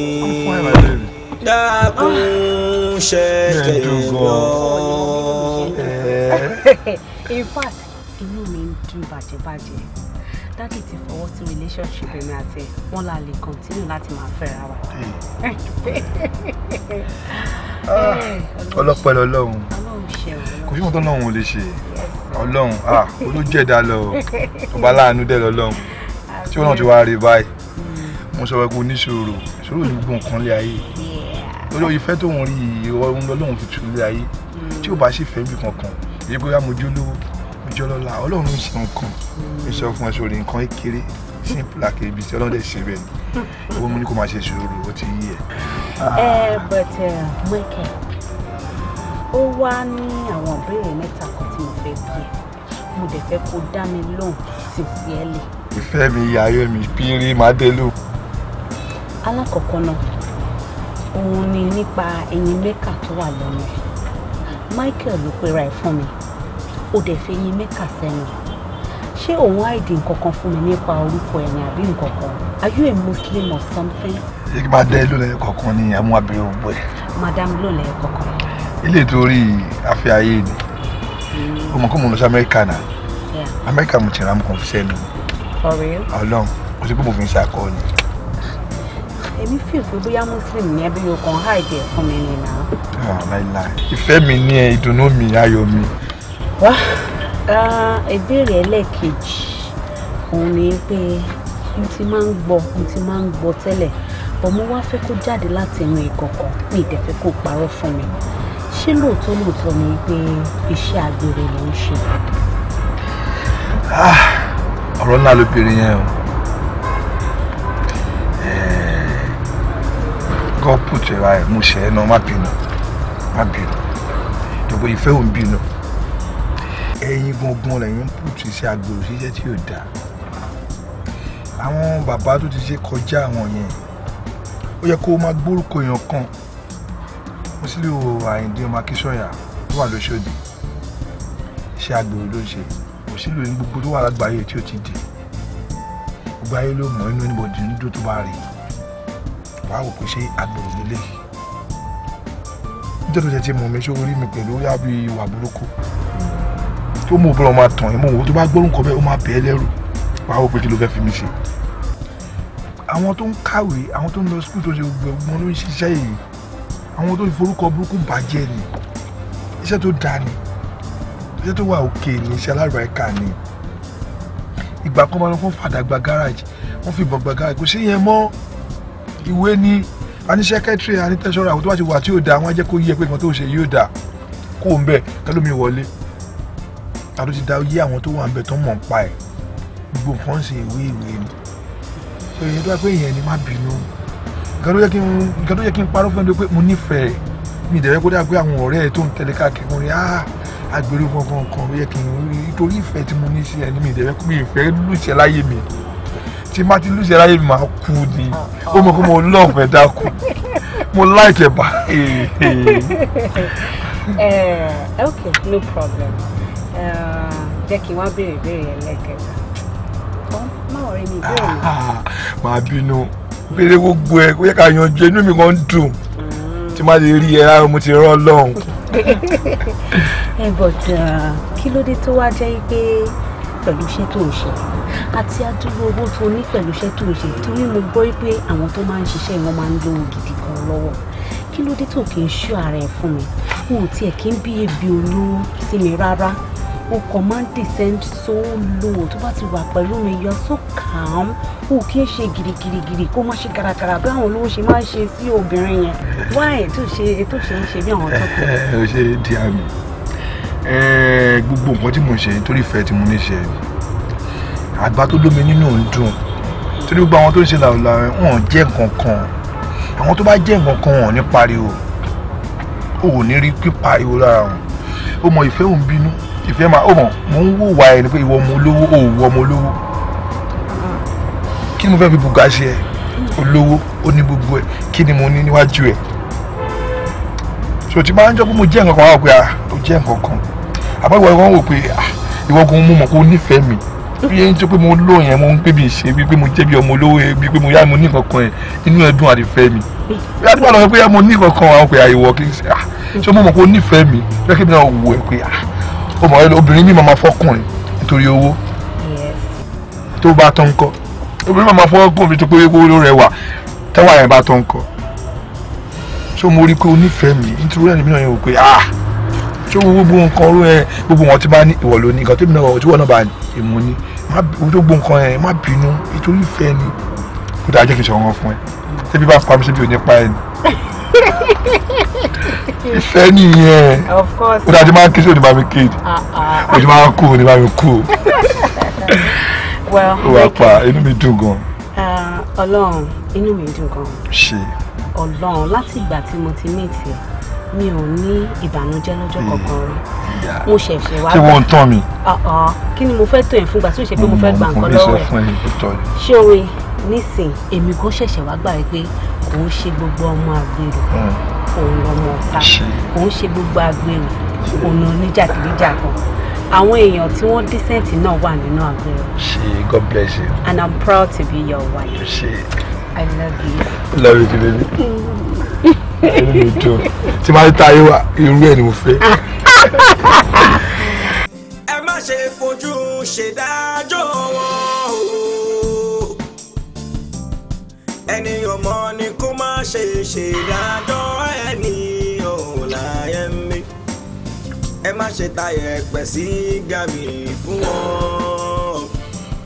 dákun ṣẹ̀ṣẹ̀ lọ. in relationship èmi àti wọn la lè continue láti máa fẹ́ra wa. Ah, eh, ọlọ́pẹ́ lọ́lọ́run kò sí ohun tó lọ́run ò lè ṣe ọlọ́run ah, olójẹ̀dá lọ ọba láàánú dẹ̀ lọ́lọ́run tí ó náà ti wá rí báyìí hmm. mo sọ pé oníṣòro ìṣòro yìí gbọ̀n kan lé ayé lórí ìfẹ́ tó ń rí ọ̀hún lọ́lọ́run fi tù lé ayé tí ò hmm. bá sì fẹ́ bí kankan èyí pé bá mo jó lówó mo jó lọ́lá ọlọ́run ń ṣe nǹkan ń sọ fún ẹ sórí nǹkan kékeré simple àkè ibi tí ọlọ́dẹ ṣe bẹ́ẹ̀ ni owó mú ní kó máa ṣe sùúrù ó ti yí ẹ. ẹ bẹ̀tẹ̀ wẹ́kẹ̀ ó wá ní àwọn ìbéèrè mẹ́ta kan tí mo fẹ́ bí mo dẹ̀ fẹ́ kó dá mi lóhùn sí fi ẹ́ lè. ìfẹ́ mi yayọ mi pírí mádélù. alákọ̀ọ́kọ́ náà òun ni nípa ẹyin mẹ́kà tó wà lọ́nà Michael ló pera ẹ̀ fún mi ó dẹ̀ fẹ́ ẹyin mẹ́kà sẹ́yìn ṣé òun àìdí nkankan fún mi nípa orúkọ ẹ̀yìn àbí nkankan are you a muslim or something. ṣé kí n máa dá ẹ lólè kọ̀ọ̀kan ni àmú abẹ́rẹ́ gbogbo ẹ̀. madam lólè kọ̀ọ̀kan. ilé torí afẹ́ ayé ni hmm. ọmọ kò mọ̀ lọ sí amẹ́ríkà náà amẹ́ríkà mo ti ra mo kàn fi sẹ́nu. for real. ọlọ́run kò sí pé mo fi ń ṣàkọ ni. èmi fi ìpè bóyá muslim ni ẹbí yóò kàn áìdí ẹ̀ fún mi nìyẹn náà. Ah, ìfẹ́ mi ni ẹ̀ ìdùnnú mi ayọ̀ mi. wá ìbéèrè ẹlẹ́ẹ̀kejì òun ni pé mo ti máa ń gbọ́ mo ti máa ń gbọ́ tẹ́lẹ̀ bọ̀ mo wá fẹ́ kó jáde láti inú ìkọ̀kọ̀ ní ìdẹ́fẹ́ kó parọ́ fún mi ṣé lóòótọ́ lóòótọ́ ni pé iṣẹ́ àgbèrè ló ń ṣe. Ah, ọ̀rọ̀ náà ló bèrè yẹn o eh, God put your eye mo ṣe é náà má bínú má bínú ìdògbò ìfẹ́ òun bínú ẹ̀yin gbọ̀ngbọ̀n lẹ́yìn pùtù iṣẹ́ agbèrò ṣiṣẹ́ tí ò dáa àwọn bàbá tó ti ṣe kọjá àwọn yẹn ó yẹ kó máa gbórúkọ èèyàn kan mo sì lè wo àyíndé ọmọ akíṣọ́yà tó wà lóṣòdì iṣẹ́ agbèrò ló ń ṣe kò sí lóyún gbogbo tó wà lágbàáyé tí ó ti dì gbogbo ayé ló mọ̀ inú anybody ń dùn tó bá rí wàá wò kó ṣe agbèrò lélẹ́yìí nítorí ó ti mọ̀ mí ṣó orí mi pẹ̀lú yá ìwà burúkú tó mú bọ́lá máa tàn ẹ́ mọ̀ wọ́n tó bá gbọ́rùn kọ́ bẹ́ẹ̀ ó máa bẹ̀ ẹ́ lẹ́rù wàá wò pé kí ló fẹ́ fi mí ṣe. àwọn tó ń kàwé àwọn tó ń lọ skul tó ṣe gbọ̀ngbọ̀n ló ń ṣiṣẹ́ yìí àwọn tó ń forúkọ burúkú bàjẹ́ ni iṣẹ́ tó dáa ni iṣẹ́ tó wà òkè ni iṣẹ́ aláràíkà ni ìgbà kan máa ń fún fàdàgbà gáràjì wọ́n fi bọ̀gbà gáràjì kò sí yẹn mọ́ ìwé ni aníṣẹ́kẹ́tìrì anítẹ́sọ́rọ̀ àwọn tó bá ti wà tí yóò dáa wọ́n á jẹ́ kó yẹ pé nǹkan tó ṣe yóò dáa kó ń bẹ̀ kẹ́lómi wọlé ta ló ti dá yé àwọn tó wà ń bẹ tó mọ̀ ń pa ẹ̀ gbogbo nǹkan ń ṣe ìwé ìwé ni èyí tó wá pé ìyẹn ni má bínú nǹkan tó yẹ kí n parọ́ fún ẹ pé mo nífẹ̀ẹ́ mi ìdẹ̀rẹ́ kó dà pé àwọn ọ̀rẹ́ ẹ tó ń tẹ̀lé káàkiri wọn rí ah agbèrè kankan kan ló yẹ kí n rí nítorí ìfẹ́ tí mo ní sí ẹni mi ìdẹ̀rẹ́ kó mi ìfẹ́ lùsẹ̀ láyé mi tí má ti lùsẹ̀ láyé mi máa kú ni ó mọ̀ pé mo lọ́ọ̀fẹ́ dákú mo láìkẹ̀ bá. Eh, ok no problem jẹ́ kí wọ́n béèrè béèrè ẹlẹ́kẹta. máa rí mi béèrè. màá bínú béèrè gbogbo ẹ kó yẹ ká yanjú inú mi kan ń dùn mm. tí má lè rí ẹ rárá mo ti rán lọ́hùn. ẹ but uh, kí ló dé tó wá jẹ́ pé pẹ̀lú iṣẹ́ tó ń ṣe àti adúgbò owó tó ní pẹ̀lú iṣẹ́ tó ń ṣe torí mo gbọ́ pé àwọn tó máa ń ṣiṣẹ́ wọn máa ń lówó gidi kan lọ́wọ́ kí ló dé tó kì í ṣú ara ẹ̀ fún mi wọn ò tiẹ̀ kí ń bí ebi olówó sí mi rárá o kàn máa ń descend so low tó bá ti wà pẹ̀lú mi you are so calm o kì í ṣe girigirigiri kó má ṣe karakara bí àwọn olówó ṣe máa ń ṣe sí obìnrin yẹn why tó ṣe tó ṣe ń ṣe bí àwọn tó kù. o ṣe di àmì gbogbo nǹkan tí mo ṣe torí ìfẹ́ tí mo ní ṣe àgbà tó lómi nínú ń dùn torí gbogbo àwọn tó ń ṣe làwùlàwù wọn jẹ́ nǹkan kan àwọn tó bá jẹ́ nǹkan kan wọn ní pariwo o ò ní rí pípariwo lára wọn o mọ ìfẹ́ òun bínú ìfẹ́ máa ó mọ̀ mò ń wùwà ẹ̀ ni pé ìwọ ọmọ olówó ò wọ ọmọ olówó kí ni mo fẹ́ fi bùgá ṣe ẹ olówó ó ní gbogbo ẹ kí ni mo ní níwájú ẹ sòtì máa ń jọ pé mo jẹ́ nǹkan kan wá pé ah ó jẹ́ nǹkan kan àmọ́ ìwọ ìwọ ń wò pé ah, ìwọ gan mo mọ̀ kó nífẹ̀ẹ́ mi bí yẹn ń jọ pé mo lò yẹn mo ń pè mí ṣe bí pé mo jẹ́ bí ọmọ olówó yẹn bí pé mo yá mo ní nǹkan yẹn inú ẹ àdìfẹ́ mi bí a ti bá lọ pé ah, mo ní nǹkan àwọn pé àìwọ ah, kì í ṣe ah ṣé mo mọ̀ kó nífẹ̀ẹ́ mi lọ́kẹ́ mi náà wù ẹ pé ah o mọ̀ obìnrin bí màmá fọkùnrin nítorí owó tó bá tán kọ́ obìnrin màmá fọkùnrin tó pé owó ló rẹwà tẹ́wà yẹn bá tán kọ́ ṣé mo rí i pé o nífẹ̀ẹ́ mi nítorí ẹ̀ níbi náà yẹn wò pé ah ṣé gbogbo nǹkan orú ẹ gbogbo wọn ti bá ní ìwọ lóní nǹkan tèmi náà òtíwọ́ náà bá èmu ni gbogbo nǹkan ẹ má bínú nítorí ìfẹ́ ni kó dáa jẹ́ kí n ṣọ̀rọ̀ fún ẹ tẹ́bí bá pa mi ṣe bí ò ní pa ẹ ni ìfẹ́ nìyẹn ó dájú máa ń kí sí òní bá mi kéde ah, ah, ah. òní máa ń kú òní bá mi kú ó wà pa inú mi dùn gan. ọlọ́run inú mi dùn gan. ṣe. ọlọ́run láti ìgbà tí mo ti meet ẹ mi ò ní ìbànújẹ́ lọ́jọ́ hmm. kankan mo ṣẹ̀ṣẹ̀ wá. ṣé wọ́n ń tán mi. kí ni mo fẹ́ tó yẹn fúngbà tó ṣe pé mo fẹ́ gba hmm, nǹkan lọ́wọ́ ẹ̀ ṣé orin nísìn èmi kan ṣẹ̀ṣẹ̀ wá gbà wípé kò ń ṣe gbogbo ọmọ àgbèrò hmm òun lọmọ ọ̀sá òun ṣe gbogbo agbèrò òun oníjàkidíjà àwọn èèyàn tí wọ́n decent náà wà nínú agbèrò. ṣe God bless you. and I'm proud to be your wife. ṣe I love you. love you too baby. I love you too. tí máa ń ta ayé wa irú ẹ̀ ni mo fẹ́. ẹ má ṣe fojú ṣèdájọ́ wọn o ẹni yóò mọ nípa ṣe ṣèdájọ́ ẹni ọ̀la ẹ̀mí ẹ má ṣe tayẹ̀pẹ̀ sí gàmì fún wọn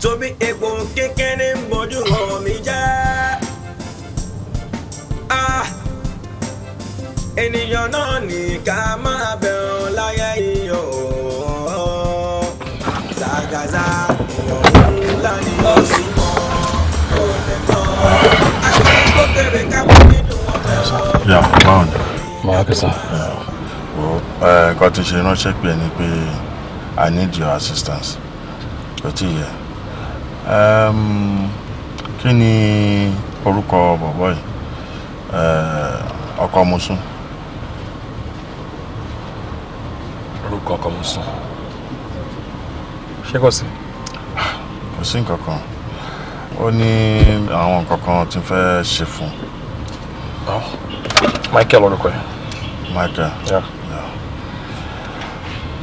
tóbi epo kékeré ń bójú wọn mi jẹ́ ah! ènìyàn náà ní ká máa bẹ̀rù láyé iyọ̀ ṣàgàzà ìyọ̀ ńlá ni ó sì mọ́ ọ̀rẹ́ kan àti kókèrè ká mọ́ yà báwo ni. màá kí sá. Uh, nǹkan tó ṣe ránṣẹ́ pé ni pé i need your assistance kò tí ì yẹ. Um, kí ni orúkọ bọ̀bọ̀ yìí uh, ọkọ Mosún. orúkọ ọkọ Mosún ṣé kò sí. kò sí nǹkan kan ó ní àwọn nǹkan kan tí ń fẹ́ ṣe fún un No. Michael orúkọ ẹ. Michael. Yeah. yeah.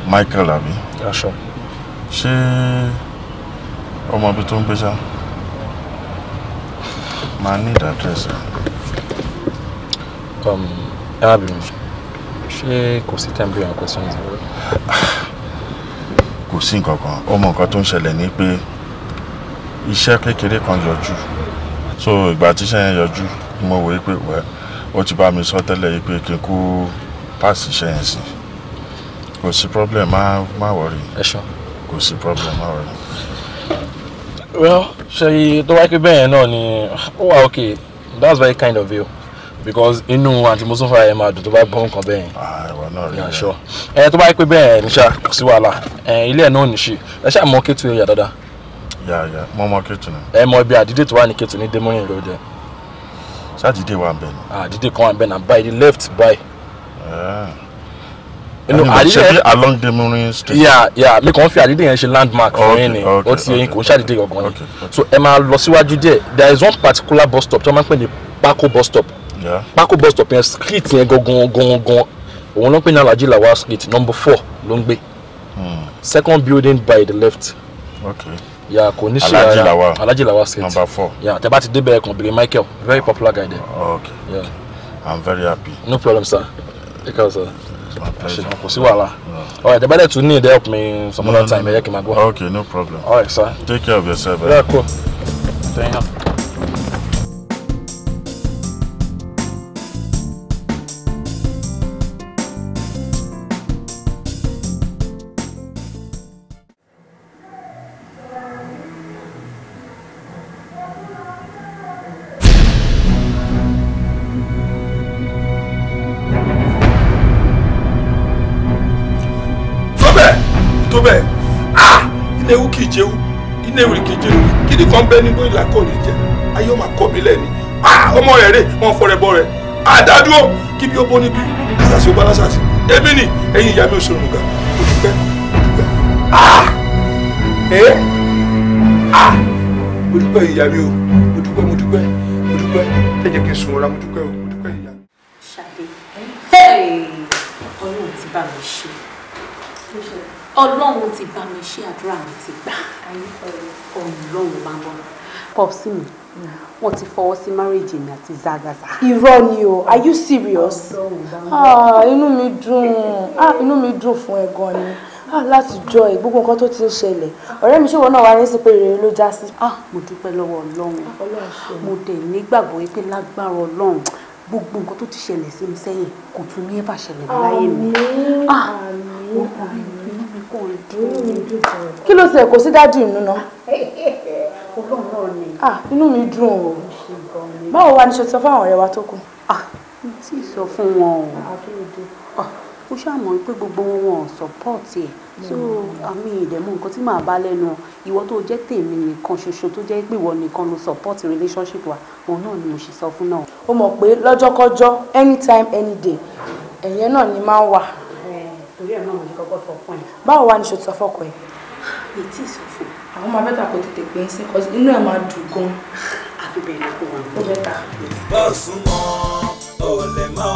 Michael àbí. Yeah, sure. Ṣé ọmọ ibi tó ń gbé ṣá? Máa ní ìdádírẹ́sì. Arábìnrin, um, ṣé kò sí temporary and questions? Kò sí nǹkan kan. Ọmọ nǹkan tó ń ṣẹlẹ̀ ni pé iṣẹ́ kékeré kan yọjú. So ìgbà tíṣẹ́ yẹn yọjú mo wò pé wẹ́ ó ti bá mi sọ tẹ́lẹ̀ yìí pé kí n kú páàsì iṣẹ́ sí kò sí problem má má wọrí kò sí problem má wọrí. well ṣe tó wáyé pé bẹ́ẹ̀ náà ni ó wà ok that's very kind of you because inú àti mo tún fara ẹ máa dùn tó bá gbọ́ nǹkan bẹ́ẹ̀ yẹn ah, ẹ tó bá yẹ pé bẹ́ẹ̀ ní ṣá kò sí wàhálà ilé ẹ̀ náà ní ṣe ẹ ṣáà mọ kéétù yẹn yà dáadáa. yà yà mọ mọ kéétù náà. ẹ mọ ibi àdídè tó wà ní kéétù ní démọ́yìn ló jẹ ṣáà dídé wa bẹ́ẹ̀ ni. ah dídé kan wa bẹ́ẹ̀ na by the left by. Yeah. You know, àdídé ṣe along the Demurin street. yà yà mi kàn fi àdídé yẹn ṣe landmark fún yín ni ó ti yẹn kò ń ṣàdídé gangan ni so ẹ máa lọ síwájú díẹ̀ there is one particular bus stop tí wọ́n máa ń pè Pako bus stop yeah. Pako bus stop yẹn street yẹn gangan gangan òun ló ń pè ní Alhaji Lawal street number four ló ń gbé hmm. second building by the left. Okay. Yeah, kò Alaji ṣe ya Alhaji Lawal street number four Yeah, tẹ bá ti débẹ̀ ẹ̀kan bèrè Michael very popular guy there. okay yeah. i'm very happy. no problem sir Because kọ́ sir kò sí wàhálà alright tẹ bá to need help me some other time ẹ okay no problem. alright sir. take care of yourself. yeah, cool. thank you. jèrè kìjì kí ni kan bẹ́ nígbó ìlà kò ní jẹ ayé ó máa kọ̀ mí lẹ́ni ah, ọmọ rẹ̀ rè wọ́n fọ̀rẹ̀ bọ̀ rẹ̀ àdádúró ah, kí bí ó bó níbí àṣàṣì ó bá láṣàṣì ẹbí ni ẹ̀yin ìyá mi ò ṣòro nùgà kò dúpẹ́ dúpẹ́ ẹ̀ ah! eh? mo dúpẹ́ ìyá mi o mo dúpẹ́ mo dúpẹ́ mo dúpẹ́ ẹ jẹ́ kí n sun ọ̀la mo dúpẹ́ o. ọlọ́run ti bá mi ṣe àdúrà mi ti gbà ọlọ́run bá bọ́ pọ́psì mi wọ́n ti fọwọ́ sí márèjì mi àti zagaza. irọ́ ni o are you serious? Ah, inú mi dùn ah, inú mi dùn fún ẹ gan ni ah, láti jọ ẹ gbogbo nǹkan tó ti ń ṣẹlẹ̀ ọ̀rẹ́ mi ṣòwò náà wá rí sí pé rere ló já sí. mo dúpẹ́ lọ́wọ́ ọlọ́run mo dẹ̀ nígbàgbọ́ pé lágbára ọlọ́run gbogbo nǹkan tó ti ṣẹlẹ̀ sí mi sẹ́yìn kò tún ní ẹ̀ bá ṣẹlẹ̀ láyé mi. àmín àmín kí ló ṣe kò sí dádì inú náà. ọlọ́run ah, inú mi dùn o báwo wá ní ṣe sọ fún àwọn ọ̀rẹ́ wa tó kù. mo ah, ti sọ fún wọn o ah, ó ṣàmọ̀ pé gbogbo wọn wọn sọ́pọ́ọ̀tì ẹ̀ tó hmm. àmì ìdẹ̀mú nǹkan tí màá bá lẹ́nu ìwọ tó jẹ́ tèmi nìkan ṣoṣo tó jẹ́ pé ìwọ nìkan ló sọ́pọ́ọ̀tì relationship wa òun náà ni mo ṣe sọ fún náà. ó mọ̀ pé lọ́jọ́kọ́jọ́ anytime any day ẹ̀yẹn náà ni máa ń wà torí ẹ̀ náà mo ti kọ́kọ́ sọ fún ẹ. báwo wá ni ṣe sọ fọkọ ẹ. mi tí ì sọ fún un. àwọn máa bẹ́tà kó tètè gbé ṣe kọ́ inú ẹ̀ máa dùn gan. àfi bẹ̀rẹ̀ ló kó wọn. ó bẹ́tà. bọ́ọ̀sù mọ́ ò lè mọ́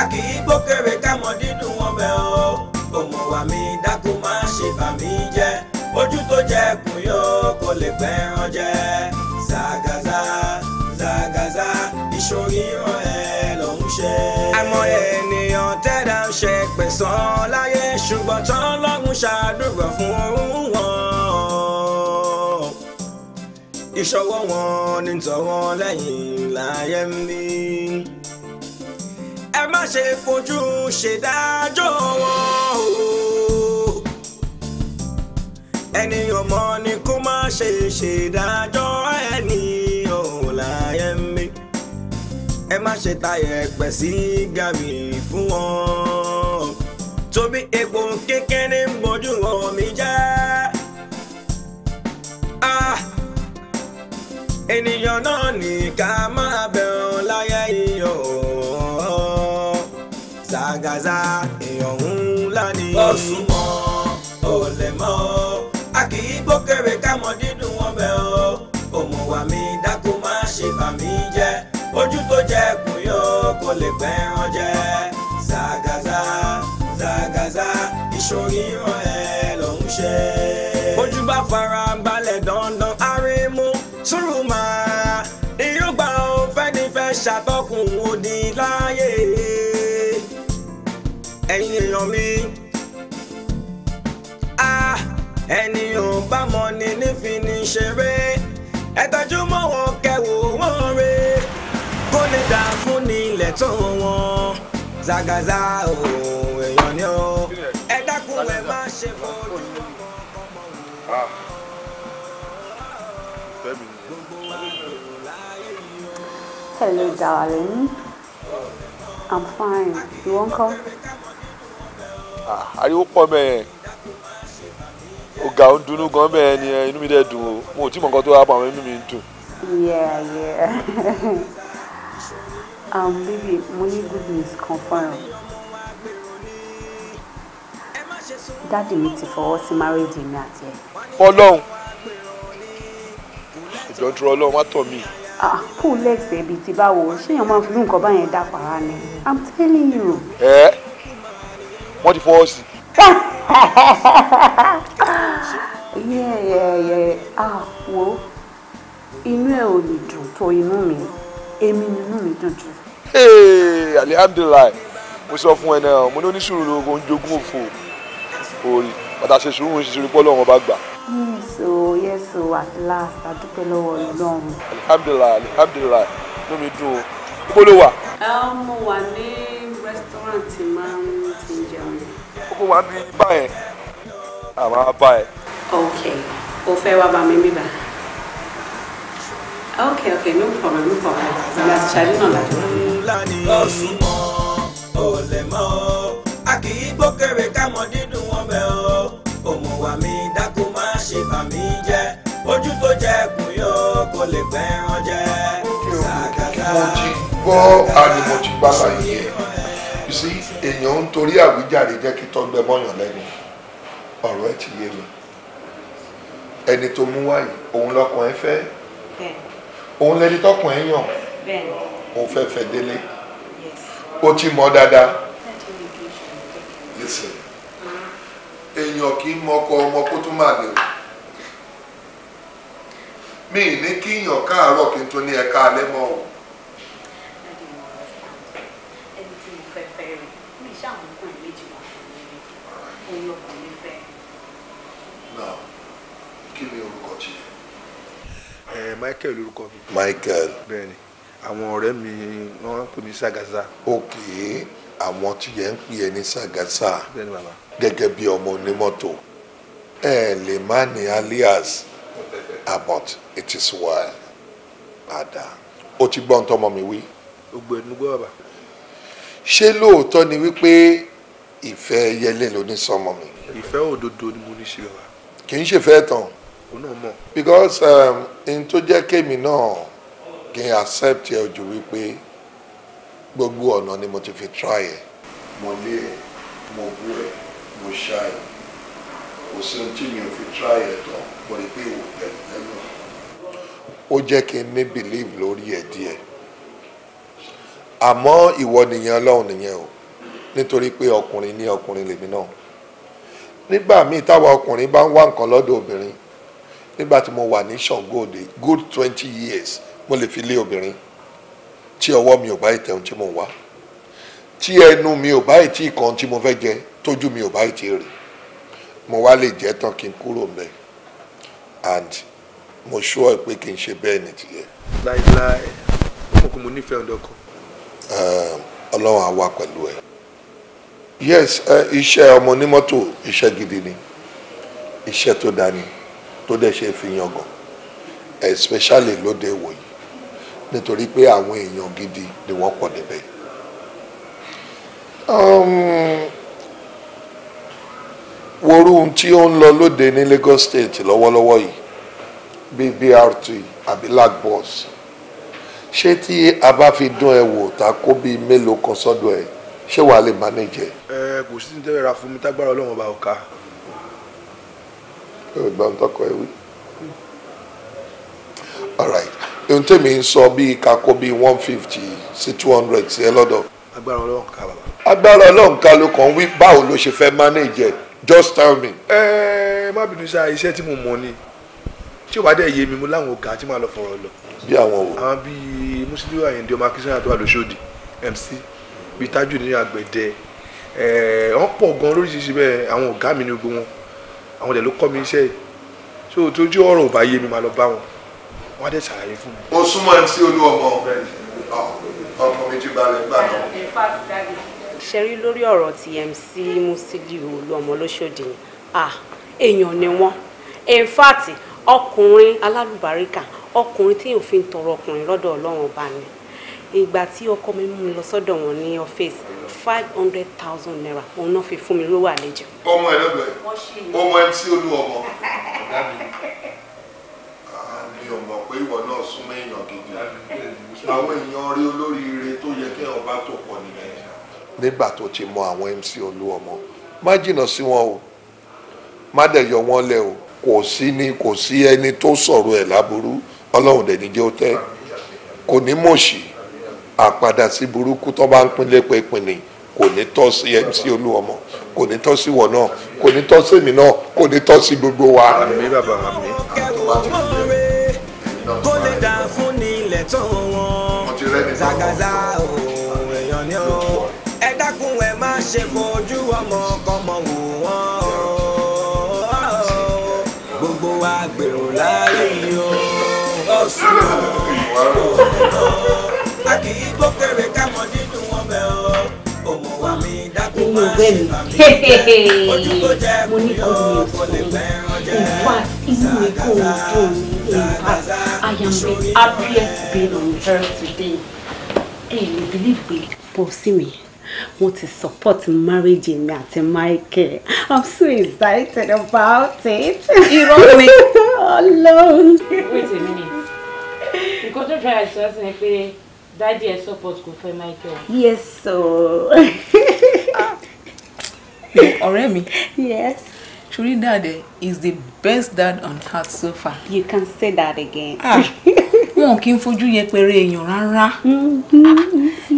a kì í gbókèrè kámọ́ dídùn wọn bẹ́ẹ̀ o ọmọ wa mi dákú má ṣe bà mí jẹ́ ojú tó jẹ kùn yóò kò lè pẹ́ ràn jẹ́ zàgàzà zàgàzà ìṣòrí ràn ẹ lòún ṣe. àmọ́ ènìyàn tẹ́ ṣe pẹ̀sán láyé ṣùgbọ́n tán lọ́hùn ṣàdúrà fún wọn. ìṣọwọ́ wọn ní tọwọ́ lẹ́yìn láyé ń bí. ẹ má ṣe fojú ṣèdájọ́ wọn o. ẹni ọmọ ni kó má ṣe ṣèdájọ́ ẹni ọ̀hún láyé ń ẹ má ṣe ta yẹ̀pẹ̀ sí gàrí fún wọn tóbi epo kékeré ń bójú omi jẹ́ ah! ènìyàn náà ní ká máa bẹ̀rùn láyé iyọ̀ ṣàgàzà èèyàn ńlá ni. bọ́sùn kó lè pẹ́ran jẹ́ Zagaza Zagaza ìṣòríran ẹ̀ ló ń ṣe. ojú bá fara balẹ̀ dandan arimu sùúrù máa ìrúgba òfẹ́ni fẹ́ ṣàtọkùn òdì láàyè. ẹ̀yin èèyàn mi ènìyàn bá mọ̀ ni nífi ní ṣeré ẹ tọ́jú mọ́ wọn kẹwò wọn re kó lè dà fún ẹ̀tọ́ wọn zagaza òun oh, èèyàn ni ó ẹ dákun ẹ má ṣe fojú ọmọ ọmọ wọn. Hello, darling. I'm fine. You won't come? Ah, ariwo pọ̀ bẹ́ẹ̀ ọ̀gá ń dunú gan bẹ́ẹ̀ ni inú mi dẹ̀ dùn o mo ò tí mọ̀ nǹkan tó wá pa inú mi dùn. yeah yeah. um, baby mo ní good news kan fún ọ dáàdì mi ti fọwọ́ sí márẹ́jì mi àti ẹ̀. ọlọ́run ìjọ dúró ọlọ́run wá tọ̀ mí. Ah, ah, pool lex baby ti báwo ṣéèyàn máa ń fi irú nǹkan báyẹn dá para ni i'm telling you. ẹ wọ́n ti fọwọ́ sí. yẹ́ẹ̀yẹ̀yẹ̀ àpò ah, inú ẹ̀ ò lè dùn tó inú mi èmi nínú mi dùn jù hey alihamdulilayi mo sọ fún ẹ náà mo ní oníṣòro lóògùn jogún òfò orí bàtà ṣe sùúrù ṣe sùúrù pọ́lọ́ wọn bá gbà. yéèso yéèso at last àdúpẹ́ lọ́wọ́ ọlọ́run. alihamdulilayi alihamdulilayi ló mi dùn o kó ló wà. mo wà ní rẹ́sítọ́rántì máa ń ti jẹun. ó kó wá bí bá yẹn àmọ́ á bá ẹ. ok o fẹ́ wá bá mi bíbá. ok ok no problem no problem ìgbà tí ṣáájú náà làjọ ńlá ni. ọ̀sùn mọ́ ò lè mọ́ ọ́ a kì í gbókèrè kámọ dídùn wọn bẹ̀ ọ́ òmùwà mi dákú má ṣe bà mí jẹ́ ojú tó jẹ́ kùn yọ kó lè pẹ́ ràn jẹ́. gbọ́ àlùmọ̀ ti gbà yẹ sí èèyàn ń torí àwíjàre jẹ́ kí tọ́gbẹ́ mọ́yàn lẹ́nu ọ̀rọ̀ ẹ ti yé mi ẹni tó mú wáyé òun lọkàn fẹ́ òun lẹni tọkàn yàn o fẹ́ fẹ́ délé o ti mọ̀ dáadáa listen èèyàn kì í mọkọ ọmọ kó tún máa lè wò mi ní kí èèyàn káàárọ̀ kí n tó ní ẹ̀ka alẹ́ mọ́ o. Eh, michael orúkọ mi. michael. bẹ́ẹ̀ni àwọn ọ̀rẹ́ mi wọ́n pè mí Sàgàsà. ok àwọn tí yẹn ń pè ẹ ní Sàgàsà gẹ́gẹ́ bí ọmọ onímọ́tò ẹ lè má ní alias about it is well ada o ti gbọ́ ntọ́mọ mi wí. gbogbo ẹnu gbọ́ bàbá. ṣé lóòótọ́ ni wípé ìfẹ́ yẹlé ló ní sọmọ mi. ìfẹ́ òdodo ni mo ní ṣe bàbá. kì í ṣe fẹ́ tán. òun náà mọ̀. because um, n tó jẹ́ kémi náà kí n accept ẹ ojú wípé gbogbo ọ̀nà ni mo ti fi try ẹ. mo lé ẹ mo bú ẹ mo ṣá ẹ kò sí ohun tí mi ò fi try ẹ tán mo rí pé ìwò pẹ̀lú ẹnu. ó jẹ́ kí n ní belief lórí ẹ díẹ̀ àmọ́ ìwọ nìyẹn ọlọ́run nìyẹn o nítorí pé ọkùnrin ní ọkùnrin lèmi náà nígbà míì táwa ọkùnrin bá ń wá nǹkan lọ́dọ̀ obìnrin nígbà tí mo wà ní Ṣàngó òde good twenty years mo lè fi lé obìnrin tí ọwọ́ mi ò bá ìtẹ̀ ohun tí mo wá tí ẹnu mi ò bá ìtì kan tí mo fẹ́ jẹ tójú mi ò bá ìtì rè mo wá lè jẹ́ tán kí n kúrò mẹ́ and mo ṣọ́ ẹ pé kí n ṣe bẹ́ẹ̀ ní tìyẹ. láíláí mo kò mo nífẹ̀ẹ́ ọ̀dọ́ um, ọlọ́run á wà pẹ̀lú ẹ. yes iṣẹ́ ọmọ onímọ́tò iṣẹ́ gidi ni iṣẹ́ tó dání tó dẹ̀ ṣe fi yan gan especially lóde ìwòyí nítorí pé àwọn èèyàn gidi ni wọ́n pọ̀ níbẹ̀. Um, worú tí ó ń lọ lóde ní Lagos State lọ́wọ́lọ́wọ́ yìí bíi BRT àbí lagbos ṣé tí a bá fi dún ẹ wò ta kó bíi mélòó kan sọ́dọ̀ ẹ ṣé wàá lè manage. ẹ kò sí ní tẹ́lẹ̀ ra fún mi tágbára ọlọ́run ọba ọ̀ka. ẹ gbà ń tọkọ ẹ wí. all right ohun tèmi ń sọ bíi kakó bíi one fifty sí two hundred sí ẹ lọ́dọ̀. agbára ọlọ́run ká bàbá. agbára ọlọ́run ká ló kàn wí báwo ló ṣe fẹ́ manage just tell me. ẹ ẹ má bínú sáà iṣẹ́ tí mo mọ̀ ni tí o bá dẹ̀ yé mi mo láwọn ọ̀gá tí màá lọ fọ̀rọ̀ lọ. bí àwọn wo. àwọn bíi Musiliu Ayinde ọmọ akínsánà tó wà lóṣòdì MC bíi tájù ní àgbẹ̀dẹ wọ́n pọ̀ gan lóríṣiríṣi bẹ́ẹ̀ àwọn ọ̀gá mi ni gbogbo wọn àwọn dẹ̀ ló kọ́ mi iṣẹ́ yìí so tójú ọ̀rọ̀ ò bá yé mi màá lọ bá wọn wọ́n dẹ̀ ṣàlàyé fún mi. ó súnmọ́ ẹni tí olú ọmọ ọkọ mi ti balẹ̀ nígbà náà. ṣe lórí ọ̀rọ̀ ti MC Musiliu olú ọmọ lọ́sọ̀dì èèyàn ni wọ́n in fact ọkùnrin alálùbáríkà ọkùnrin tí òfin tọrọ ọkùnrin lọ́dọ̀ ọlọ́run ọba ni ìgbà tí ọkọ mi mú mi lọ sọ́dọ̀ wọn ní ọ́fíìsì five hundred thousand naira òun náà fi fún mi lówó àlejò. ọmọ ẹ lọ́dọ̀ ọmọ ẹ tí olú ọmọ mi ò mọ̀ pé ìwọ náà súnmọ́ èèyàn gidi àwọn èèyàn rí olóríire tó yẹ kí ọba tó pọ̀ nìyẹn. nígbà tó ti mọ àwọn MC Olúọmọ má jìnnà sí wọn o má dẹ̀ yọ wọn lẹ o kò sí ni kò sí ẹni tó sọ̀rọ̀ ẹ̀ láburú ọlọ́run dẹ̀ níjẹ́ ó tẹ́ kò ní mọ̀ọ́sì àpadà sí burúkú tó bá ń pinlẹ̀ pé kò ní tọ́ sí MC Olúọmọ kò ní tọ́ sí wọ̀ náà kò ní tọ́ sí mi náà kò ní tọ́ sí gbogbo wa. àmín bàbá àmín. ṣe fojú ọmọ kọmọ wò wọ́n gbogbo wa gbèrò láyé yìí o ọ̀sùn ọ̀nà a kì í gbókèrè kámọ́ nínú ọbẹ̀ o ọmọ wa mi dákun máa ṣe bàmí jẹ́ ojú tó jẹ́ kú yọ kò lè pẹ́ ránjẹ́ sàgàsà sàgàsà ìṣòrí ọ̀rẹ́. I am happy to be on earth today. Hey, you believe me? Pọ̀ sí mi wọ́n ti support marriage mi àti Michael I'm so excited about it. irọ́ mi. ọlọ́run. wait a minute nǹkan tó try àìsàn ẹ̀sìn ni pé dádì ẹ̀ support kò fẹ́ Michael. yes o. Ah. ọ̀rẹ́ mi. yes. Trinidad Dad is the best dad on earth so far. You can say that again. Ah, wọn kì í fojú yẹpẹrẹ èèyàn rárá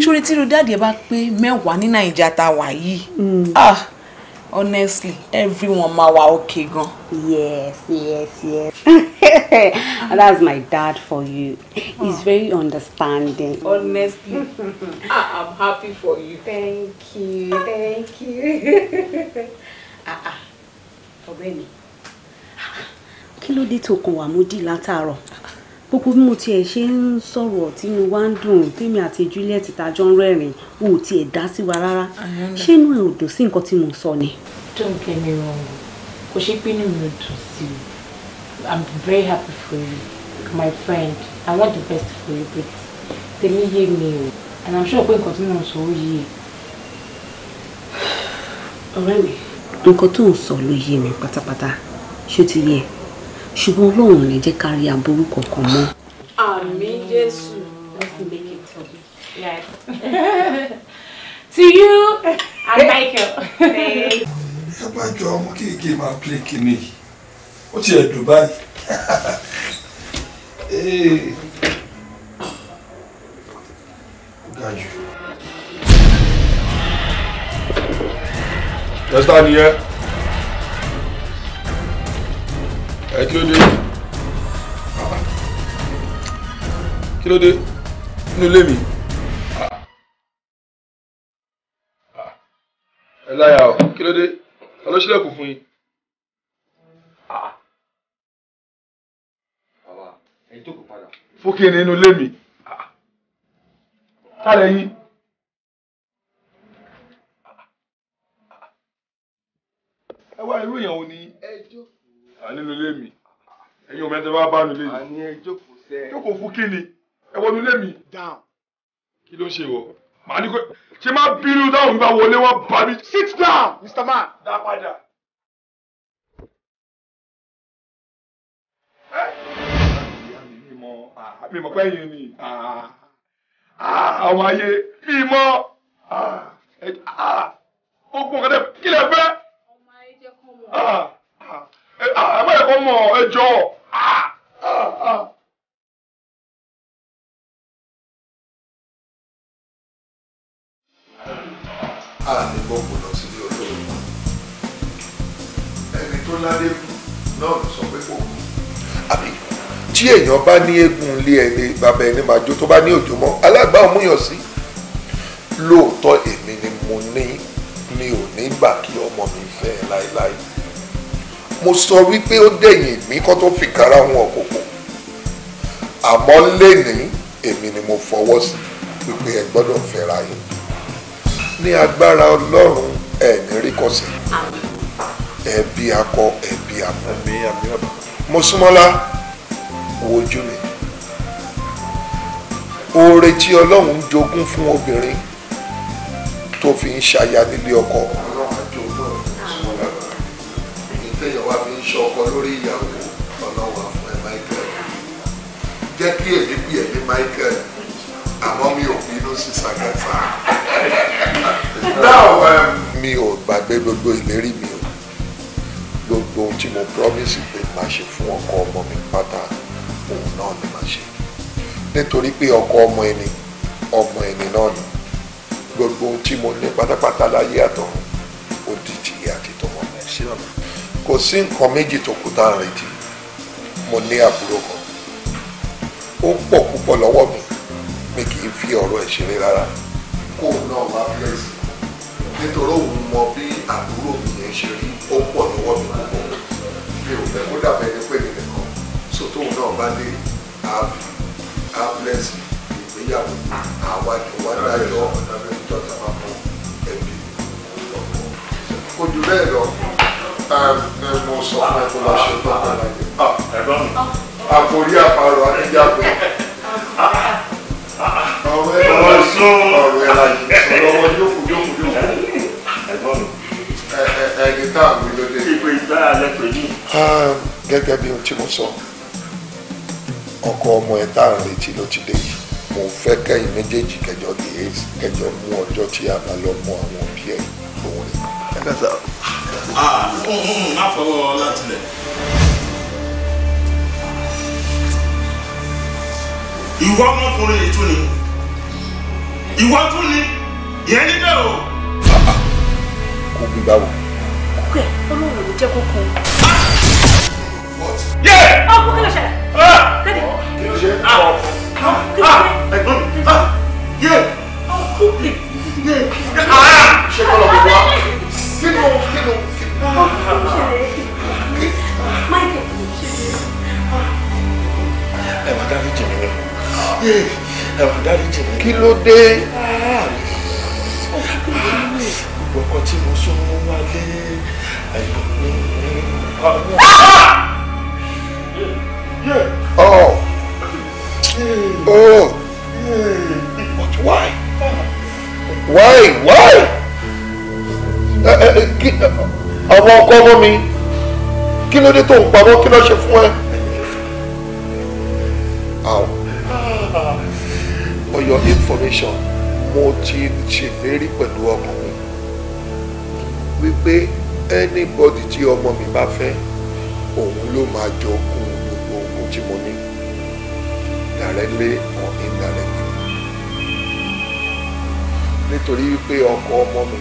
ṣórí tí Trinidad ẹ bá pé mẹ́wàá ní Nàìjíríà tá a wà yìí mm. ah, honestly everyone máa wà okay gan. yes yes yes that's my dad for you he's ah. very understanding. honestly I'm happy for you. thank you thank you. ah ọ̀rẹ́ mi kí ló dé tó kàn wá moody látàárọ̀ gbogbo bí mo tiẹ̀ ṣe ń sọ̀rọ̀ tí mi wá ń dùn tèmi àti Juliet ta jọ ń rẹ́rìn o ò tiẹ̀ dá sí wa rárá ṣé inú ẹ̀ ò dùn sí nǹkan tí mo sọ ni. don't get me wrong kò ṣe pé inú mi ò dùn sí i i'm very happy for you my friend i want the best for you but tèmi yé mi o and i'm sure pé nǹkan tí mo sọ ó yé e. ọ̀rẹ́ mi nǹkan tó ń sọ ló yé mi pátápátá ṣó ti yẹ ṣùgbọ́n ọlọ́run lè jẹ́ ká rí aburú kankan mọ́. àmín jésù to you and michael. ẹ bá jọ ọmọ kéèké máa play kínní ó ti ẹ̀ dùn báyìí. Gájú. tẹ́sítà nìyẹn ẹ kí ló dé kí ló dé nínú ilé mi ẹ láyà o kí ló dé ta ló ṣílẹ̀kùn fún wá irú èèyàn ò ní. ànílò ilé mi ẹ̀yin ò mẹ́tẹ́ bá bá nu lé mi. àní ẹ jókòó sẹ́. jókòó fún kí ẹ wọnú lé mi. kí ló ṣe wọ màá ní kó ṣe máa bínú dáhùn mi wọlé wọn bá mi. sit down mr man. dá padà. mi mọ̀ pé ẹ̀yin ni àwọn ayé mi mọ̀ gbogbo nǹkan tẹ kí lè fẹ́ ẹ má mọ̀ ẹ a lè gbọ́kù lọ sílé olóòrùn ẹni tó ládé náà sọ pé kò kú. àbí tí èèyàn bá ní eégún ilé ẹni bàbá ẹni máa jó tó bá ní òjò mọ́ alágbá òmúyàn sí lóòótọ́ èmi ni mo ní mi ò ní gbà kí ọmọ mi fẹ́ láéláé mo sọ wípé ó dẹ̀yìn mí kó tó fi kára wọn òkòkò àmọ́ lẹ́nìí èmi ni mo fọwọ́ sí wípé ẹ gbọ́dọ̀ fẹ́ra yín ní agbára ọlọ́run ẹ̀mí rí kọsẹ̀ ẹbí akọ ẹbí akọ mo súnmọ́lá wojú mi oore tí ọlọ́run jogún fún obìnrin tó fi ń ṣaya nílé ọkọ kéèyàn wá fi ń ṣe ọkọ lórí ìyàwó ọlọ́wà fún ẹ Michael jẹ́ kí èmi pè é Michael àmọ́ mi ò bínú sí Sagasa náà um, mi ò gbàgbé gbogbo ìlérí mi o gbogbo ohun tí mo promise pé máa ṣe fún ọkọ ọmọ mi pátá òun náà ni máa ṣe nítorí pé ọkọ ọmọ ẹni ọmọ ẹni náà ni gbogbo tí mo ní pátápátá láyé àtọ̀run ó di tìyẹ àti tọmọ kò sí nǹkan méjì tó kù tá à ń retí mo ní àbúrò kan ó pọ̀ púpọ̀ lọ́wọ́ mi mi kì í fi ọ̀rọ̀ ẹ̀ ṣeré rárá kó náà wá bẹ́ẹ̀sì nítorí òun mọ bí àbúrò mi yẹn ṣe rí ó pọ̀ lọ́wọ́ mi púpọ̀ mi ò fẹ́ kó dàbẹ́ ní pé mi nìkan so tóun náà bá dé àbí àbúlẹ́sì ìgbéyàwó àwájú wádájọ́ ọ̀dàbẹ́ni tọ́ta máa mọ ẹbí kò jù bẹ́ẹ̀ lọ mo sọ fún ẹ kó lọ ṣe tó pẹ́ láyé. àkórí àparò àdíjàgbé. Ah, ah, ah. ọ̀rọ̀ ẹ lọ́wọ́ sún ọ̀rọ̀ ẹ láyé sọ lọ́wọ́ yókù yókù yókù. ẹni tá a wí lóde. ìpè ìgbà alẹ́ pè ní. gẹ́gẹ́ bí ohun tí mo sọ ọkọ ọmọ ẹ̀ tá à ń retí ló ti dé yìí mo fẹ́ kẹ́yìn méjèèjì kẹjọ dé kẹjọ mú ọjọ́ tí a bá lọ mú àwọn òbí ẹ̀ òun rẹ̀. má fọwọ́ látilẹ̀. ìwọ ọmọkùnrin yìí tún ni ìwọ tún ni yẹn ní o. Ah, ah. kò gbígbà wò. kókè ọlọ́run ò jẹ́ kókó. Ah! Yeah! Ọkùn ah, kí ló ṣẹlẹ̀? Tẹ́lẹ̀. Ah! Oh, kí ló ṣe? Ah. Oh. Kí ló ṣe? Ẹ̀gbọ́n mi. Yé! Ọkùn mi. Yé! Ṣé kọ́ lọ gbogbo wa? Kí ló kí ló kí ló? Ọkùn ṣẹlẹ̀. Máìkì ṣẹlẹ̀. Ẹ máa dárí jì mí ni. Ẹ máa dárí jì mí. Kí ló Ah! Oh. Oh. But why? Why? Why? Àwọn eh, eh, eh, ọkọ ọmọ mi, kí ló dé tó ń pamọ́ kí ló ṣe fún ẹ? Àwọn for your information mo ti ṣèlérí pẹ̀lú ọmọ mi wípé anybody tí ọmọ mi bá fẹ́ òun ló máa jogún ohun tí mo ní directly or indirectly nítorí wípé ọkọ ọmọ mi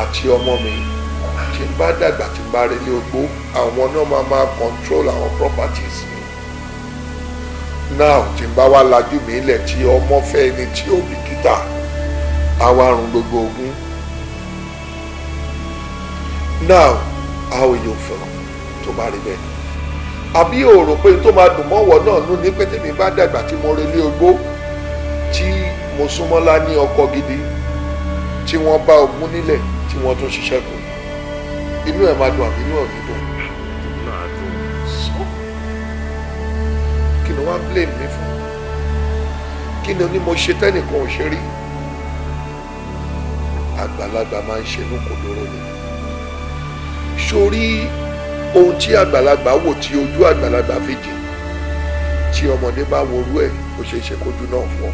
àti ọmọ mi tí n bá dàgbà tí n bá relé ogbó àwọn náà máa máa control àwọn properties mi now tí n bá wá lajú mi ilẹ̀ tí ọmọ fẹ́ ni tí ò bìkítà àwa àrùn gbogbo ogun now how you feel tó bá rí bẹ́ẹ̀ àbí o rò pé tó máa dùn mọ́wọ́ náà nú ní pé tèmi bá dàgbà tí mo relé ogbó tí mo súnmọ́lá ní ọkọ gidi tí wọ́n bá ogún nílẹ̀ tí wọ́n tún ṣiṣẹ́ kù inú ẹ̀ máa dùn àbí inú ọ̀dùn dùn. kí ni wọ́n á blame mi fún kí ni mo ṣe tẹ́nìkan ò ṣe rí àgbàlagbà máa ń ṣe lóko lóró ni sórí ohun tí àgbàlagbà wò tí ojú àgbàlagbà fi jìn tí ọmọdé bá worú ẹ̀ ó ṣeé ṣe kójú náà fọ́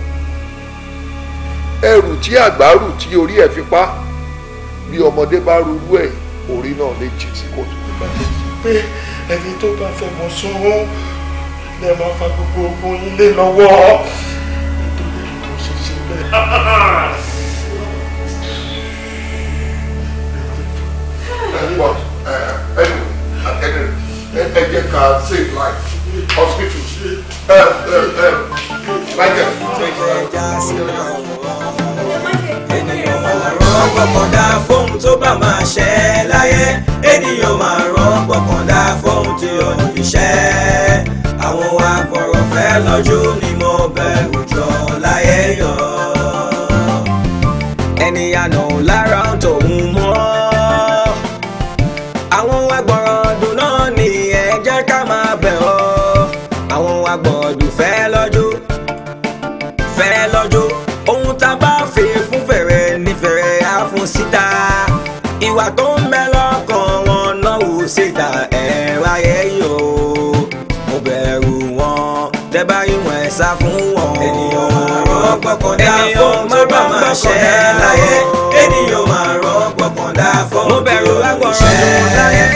ẹrù tí àgbà rù tí orí ẹ̀ fi pa bí ọmọdé bá rurú ẹ̀ orí náà lè jìn sí kòtò pé ẹni tó bá fẹ́ mọ̀ sọ́wọ́ lè máa fa gbogbo ogun ilé lọ́wọ́ nítorí ètò ṣíṣe bẹ́ẹ̀. Anyway, uh, anyway anyway ẹ jẹ́ ká save life hospital ẹ uh, ẹ uh, uh, tó bá máa ṣẹ́ láyé ènìyàn máa rán gbọ̀kàndá fóun tí ò ní iṣẹ́ àwọn wa fọ̀rọ̀ fẹ́ lọ́jọ́ ni mo bẹ̀rù jọ. ìwà tó ń bẹ lọ́kàn wọn náwó síta ẹ̀rọ ayé yìí o mo bẹ̀rù wọn tẹ́ bá ìwọ̀n ẹ̀ sá fún wọn. ènìyàn máa rọ gbọ́kàndá fún tó bá máa ṣẹ́ láyé ènìyàn máa rọ gbọ́kàndá fún tó bá máa ṣẹ́ láyé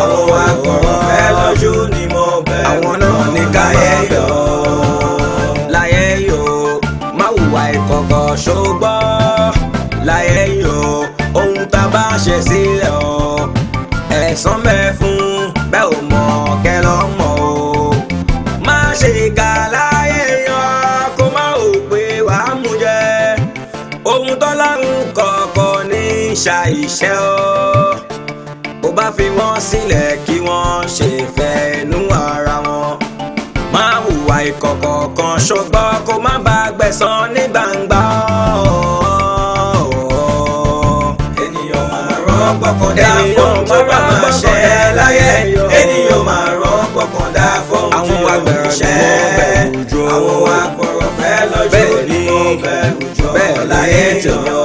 àwọn àgbọ̀rọ̀ fẹ́ lọ́jọ́ ni mo bẹ̀rù àwọn ní káyé yọ. ṣe sílẹ̀ o ẹ̀san bẹ́ẹ̀ fún bẹ́ẹ̀ ò mọ̀ kẹ́ lọ mọ̀ o má ṣe kà láyé yan kó má ò pé wàá mú jẹ ohun tọ́lọ́run kọ̀ọ̀kan ní ṣàìṣẹ́ o ó bá fi wọ́n sílẹ̀ kí wọ́n ṣe fẹ́ inú ara wọn má hùwà ìkọ̀kọ̀ kan ṣùgbọ́n kó má bàa gbẹ̀san ní gbangba o. rán gbọ̀kàndá fóun tó bá máa ṣẹ́ láyé ènìyàn máa rán gbọ̀kàndá fóun tí wàá bẹ̀rù ṣẹ́ àwọn akọ̀rọ̀ fẹ́ lọ́jọ́ ní wọ́n bẹ̀rù jọ láyé jọ.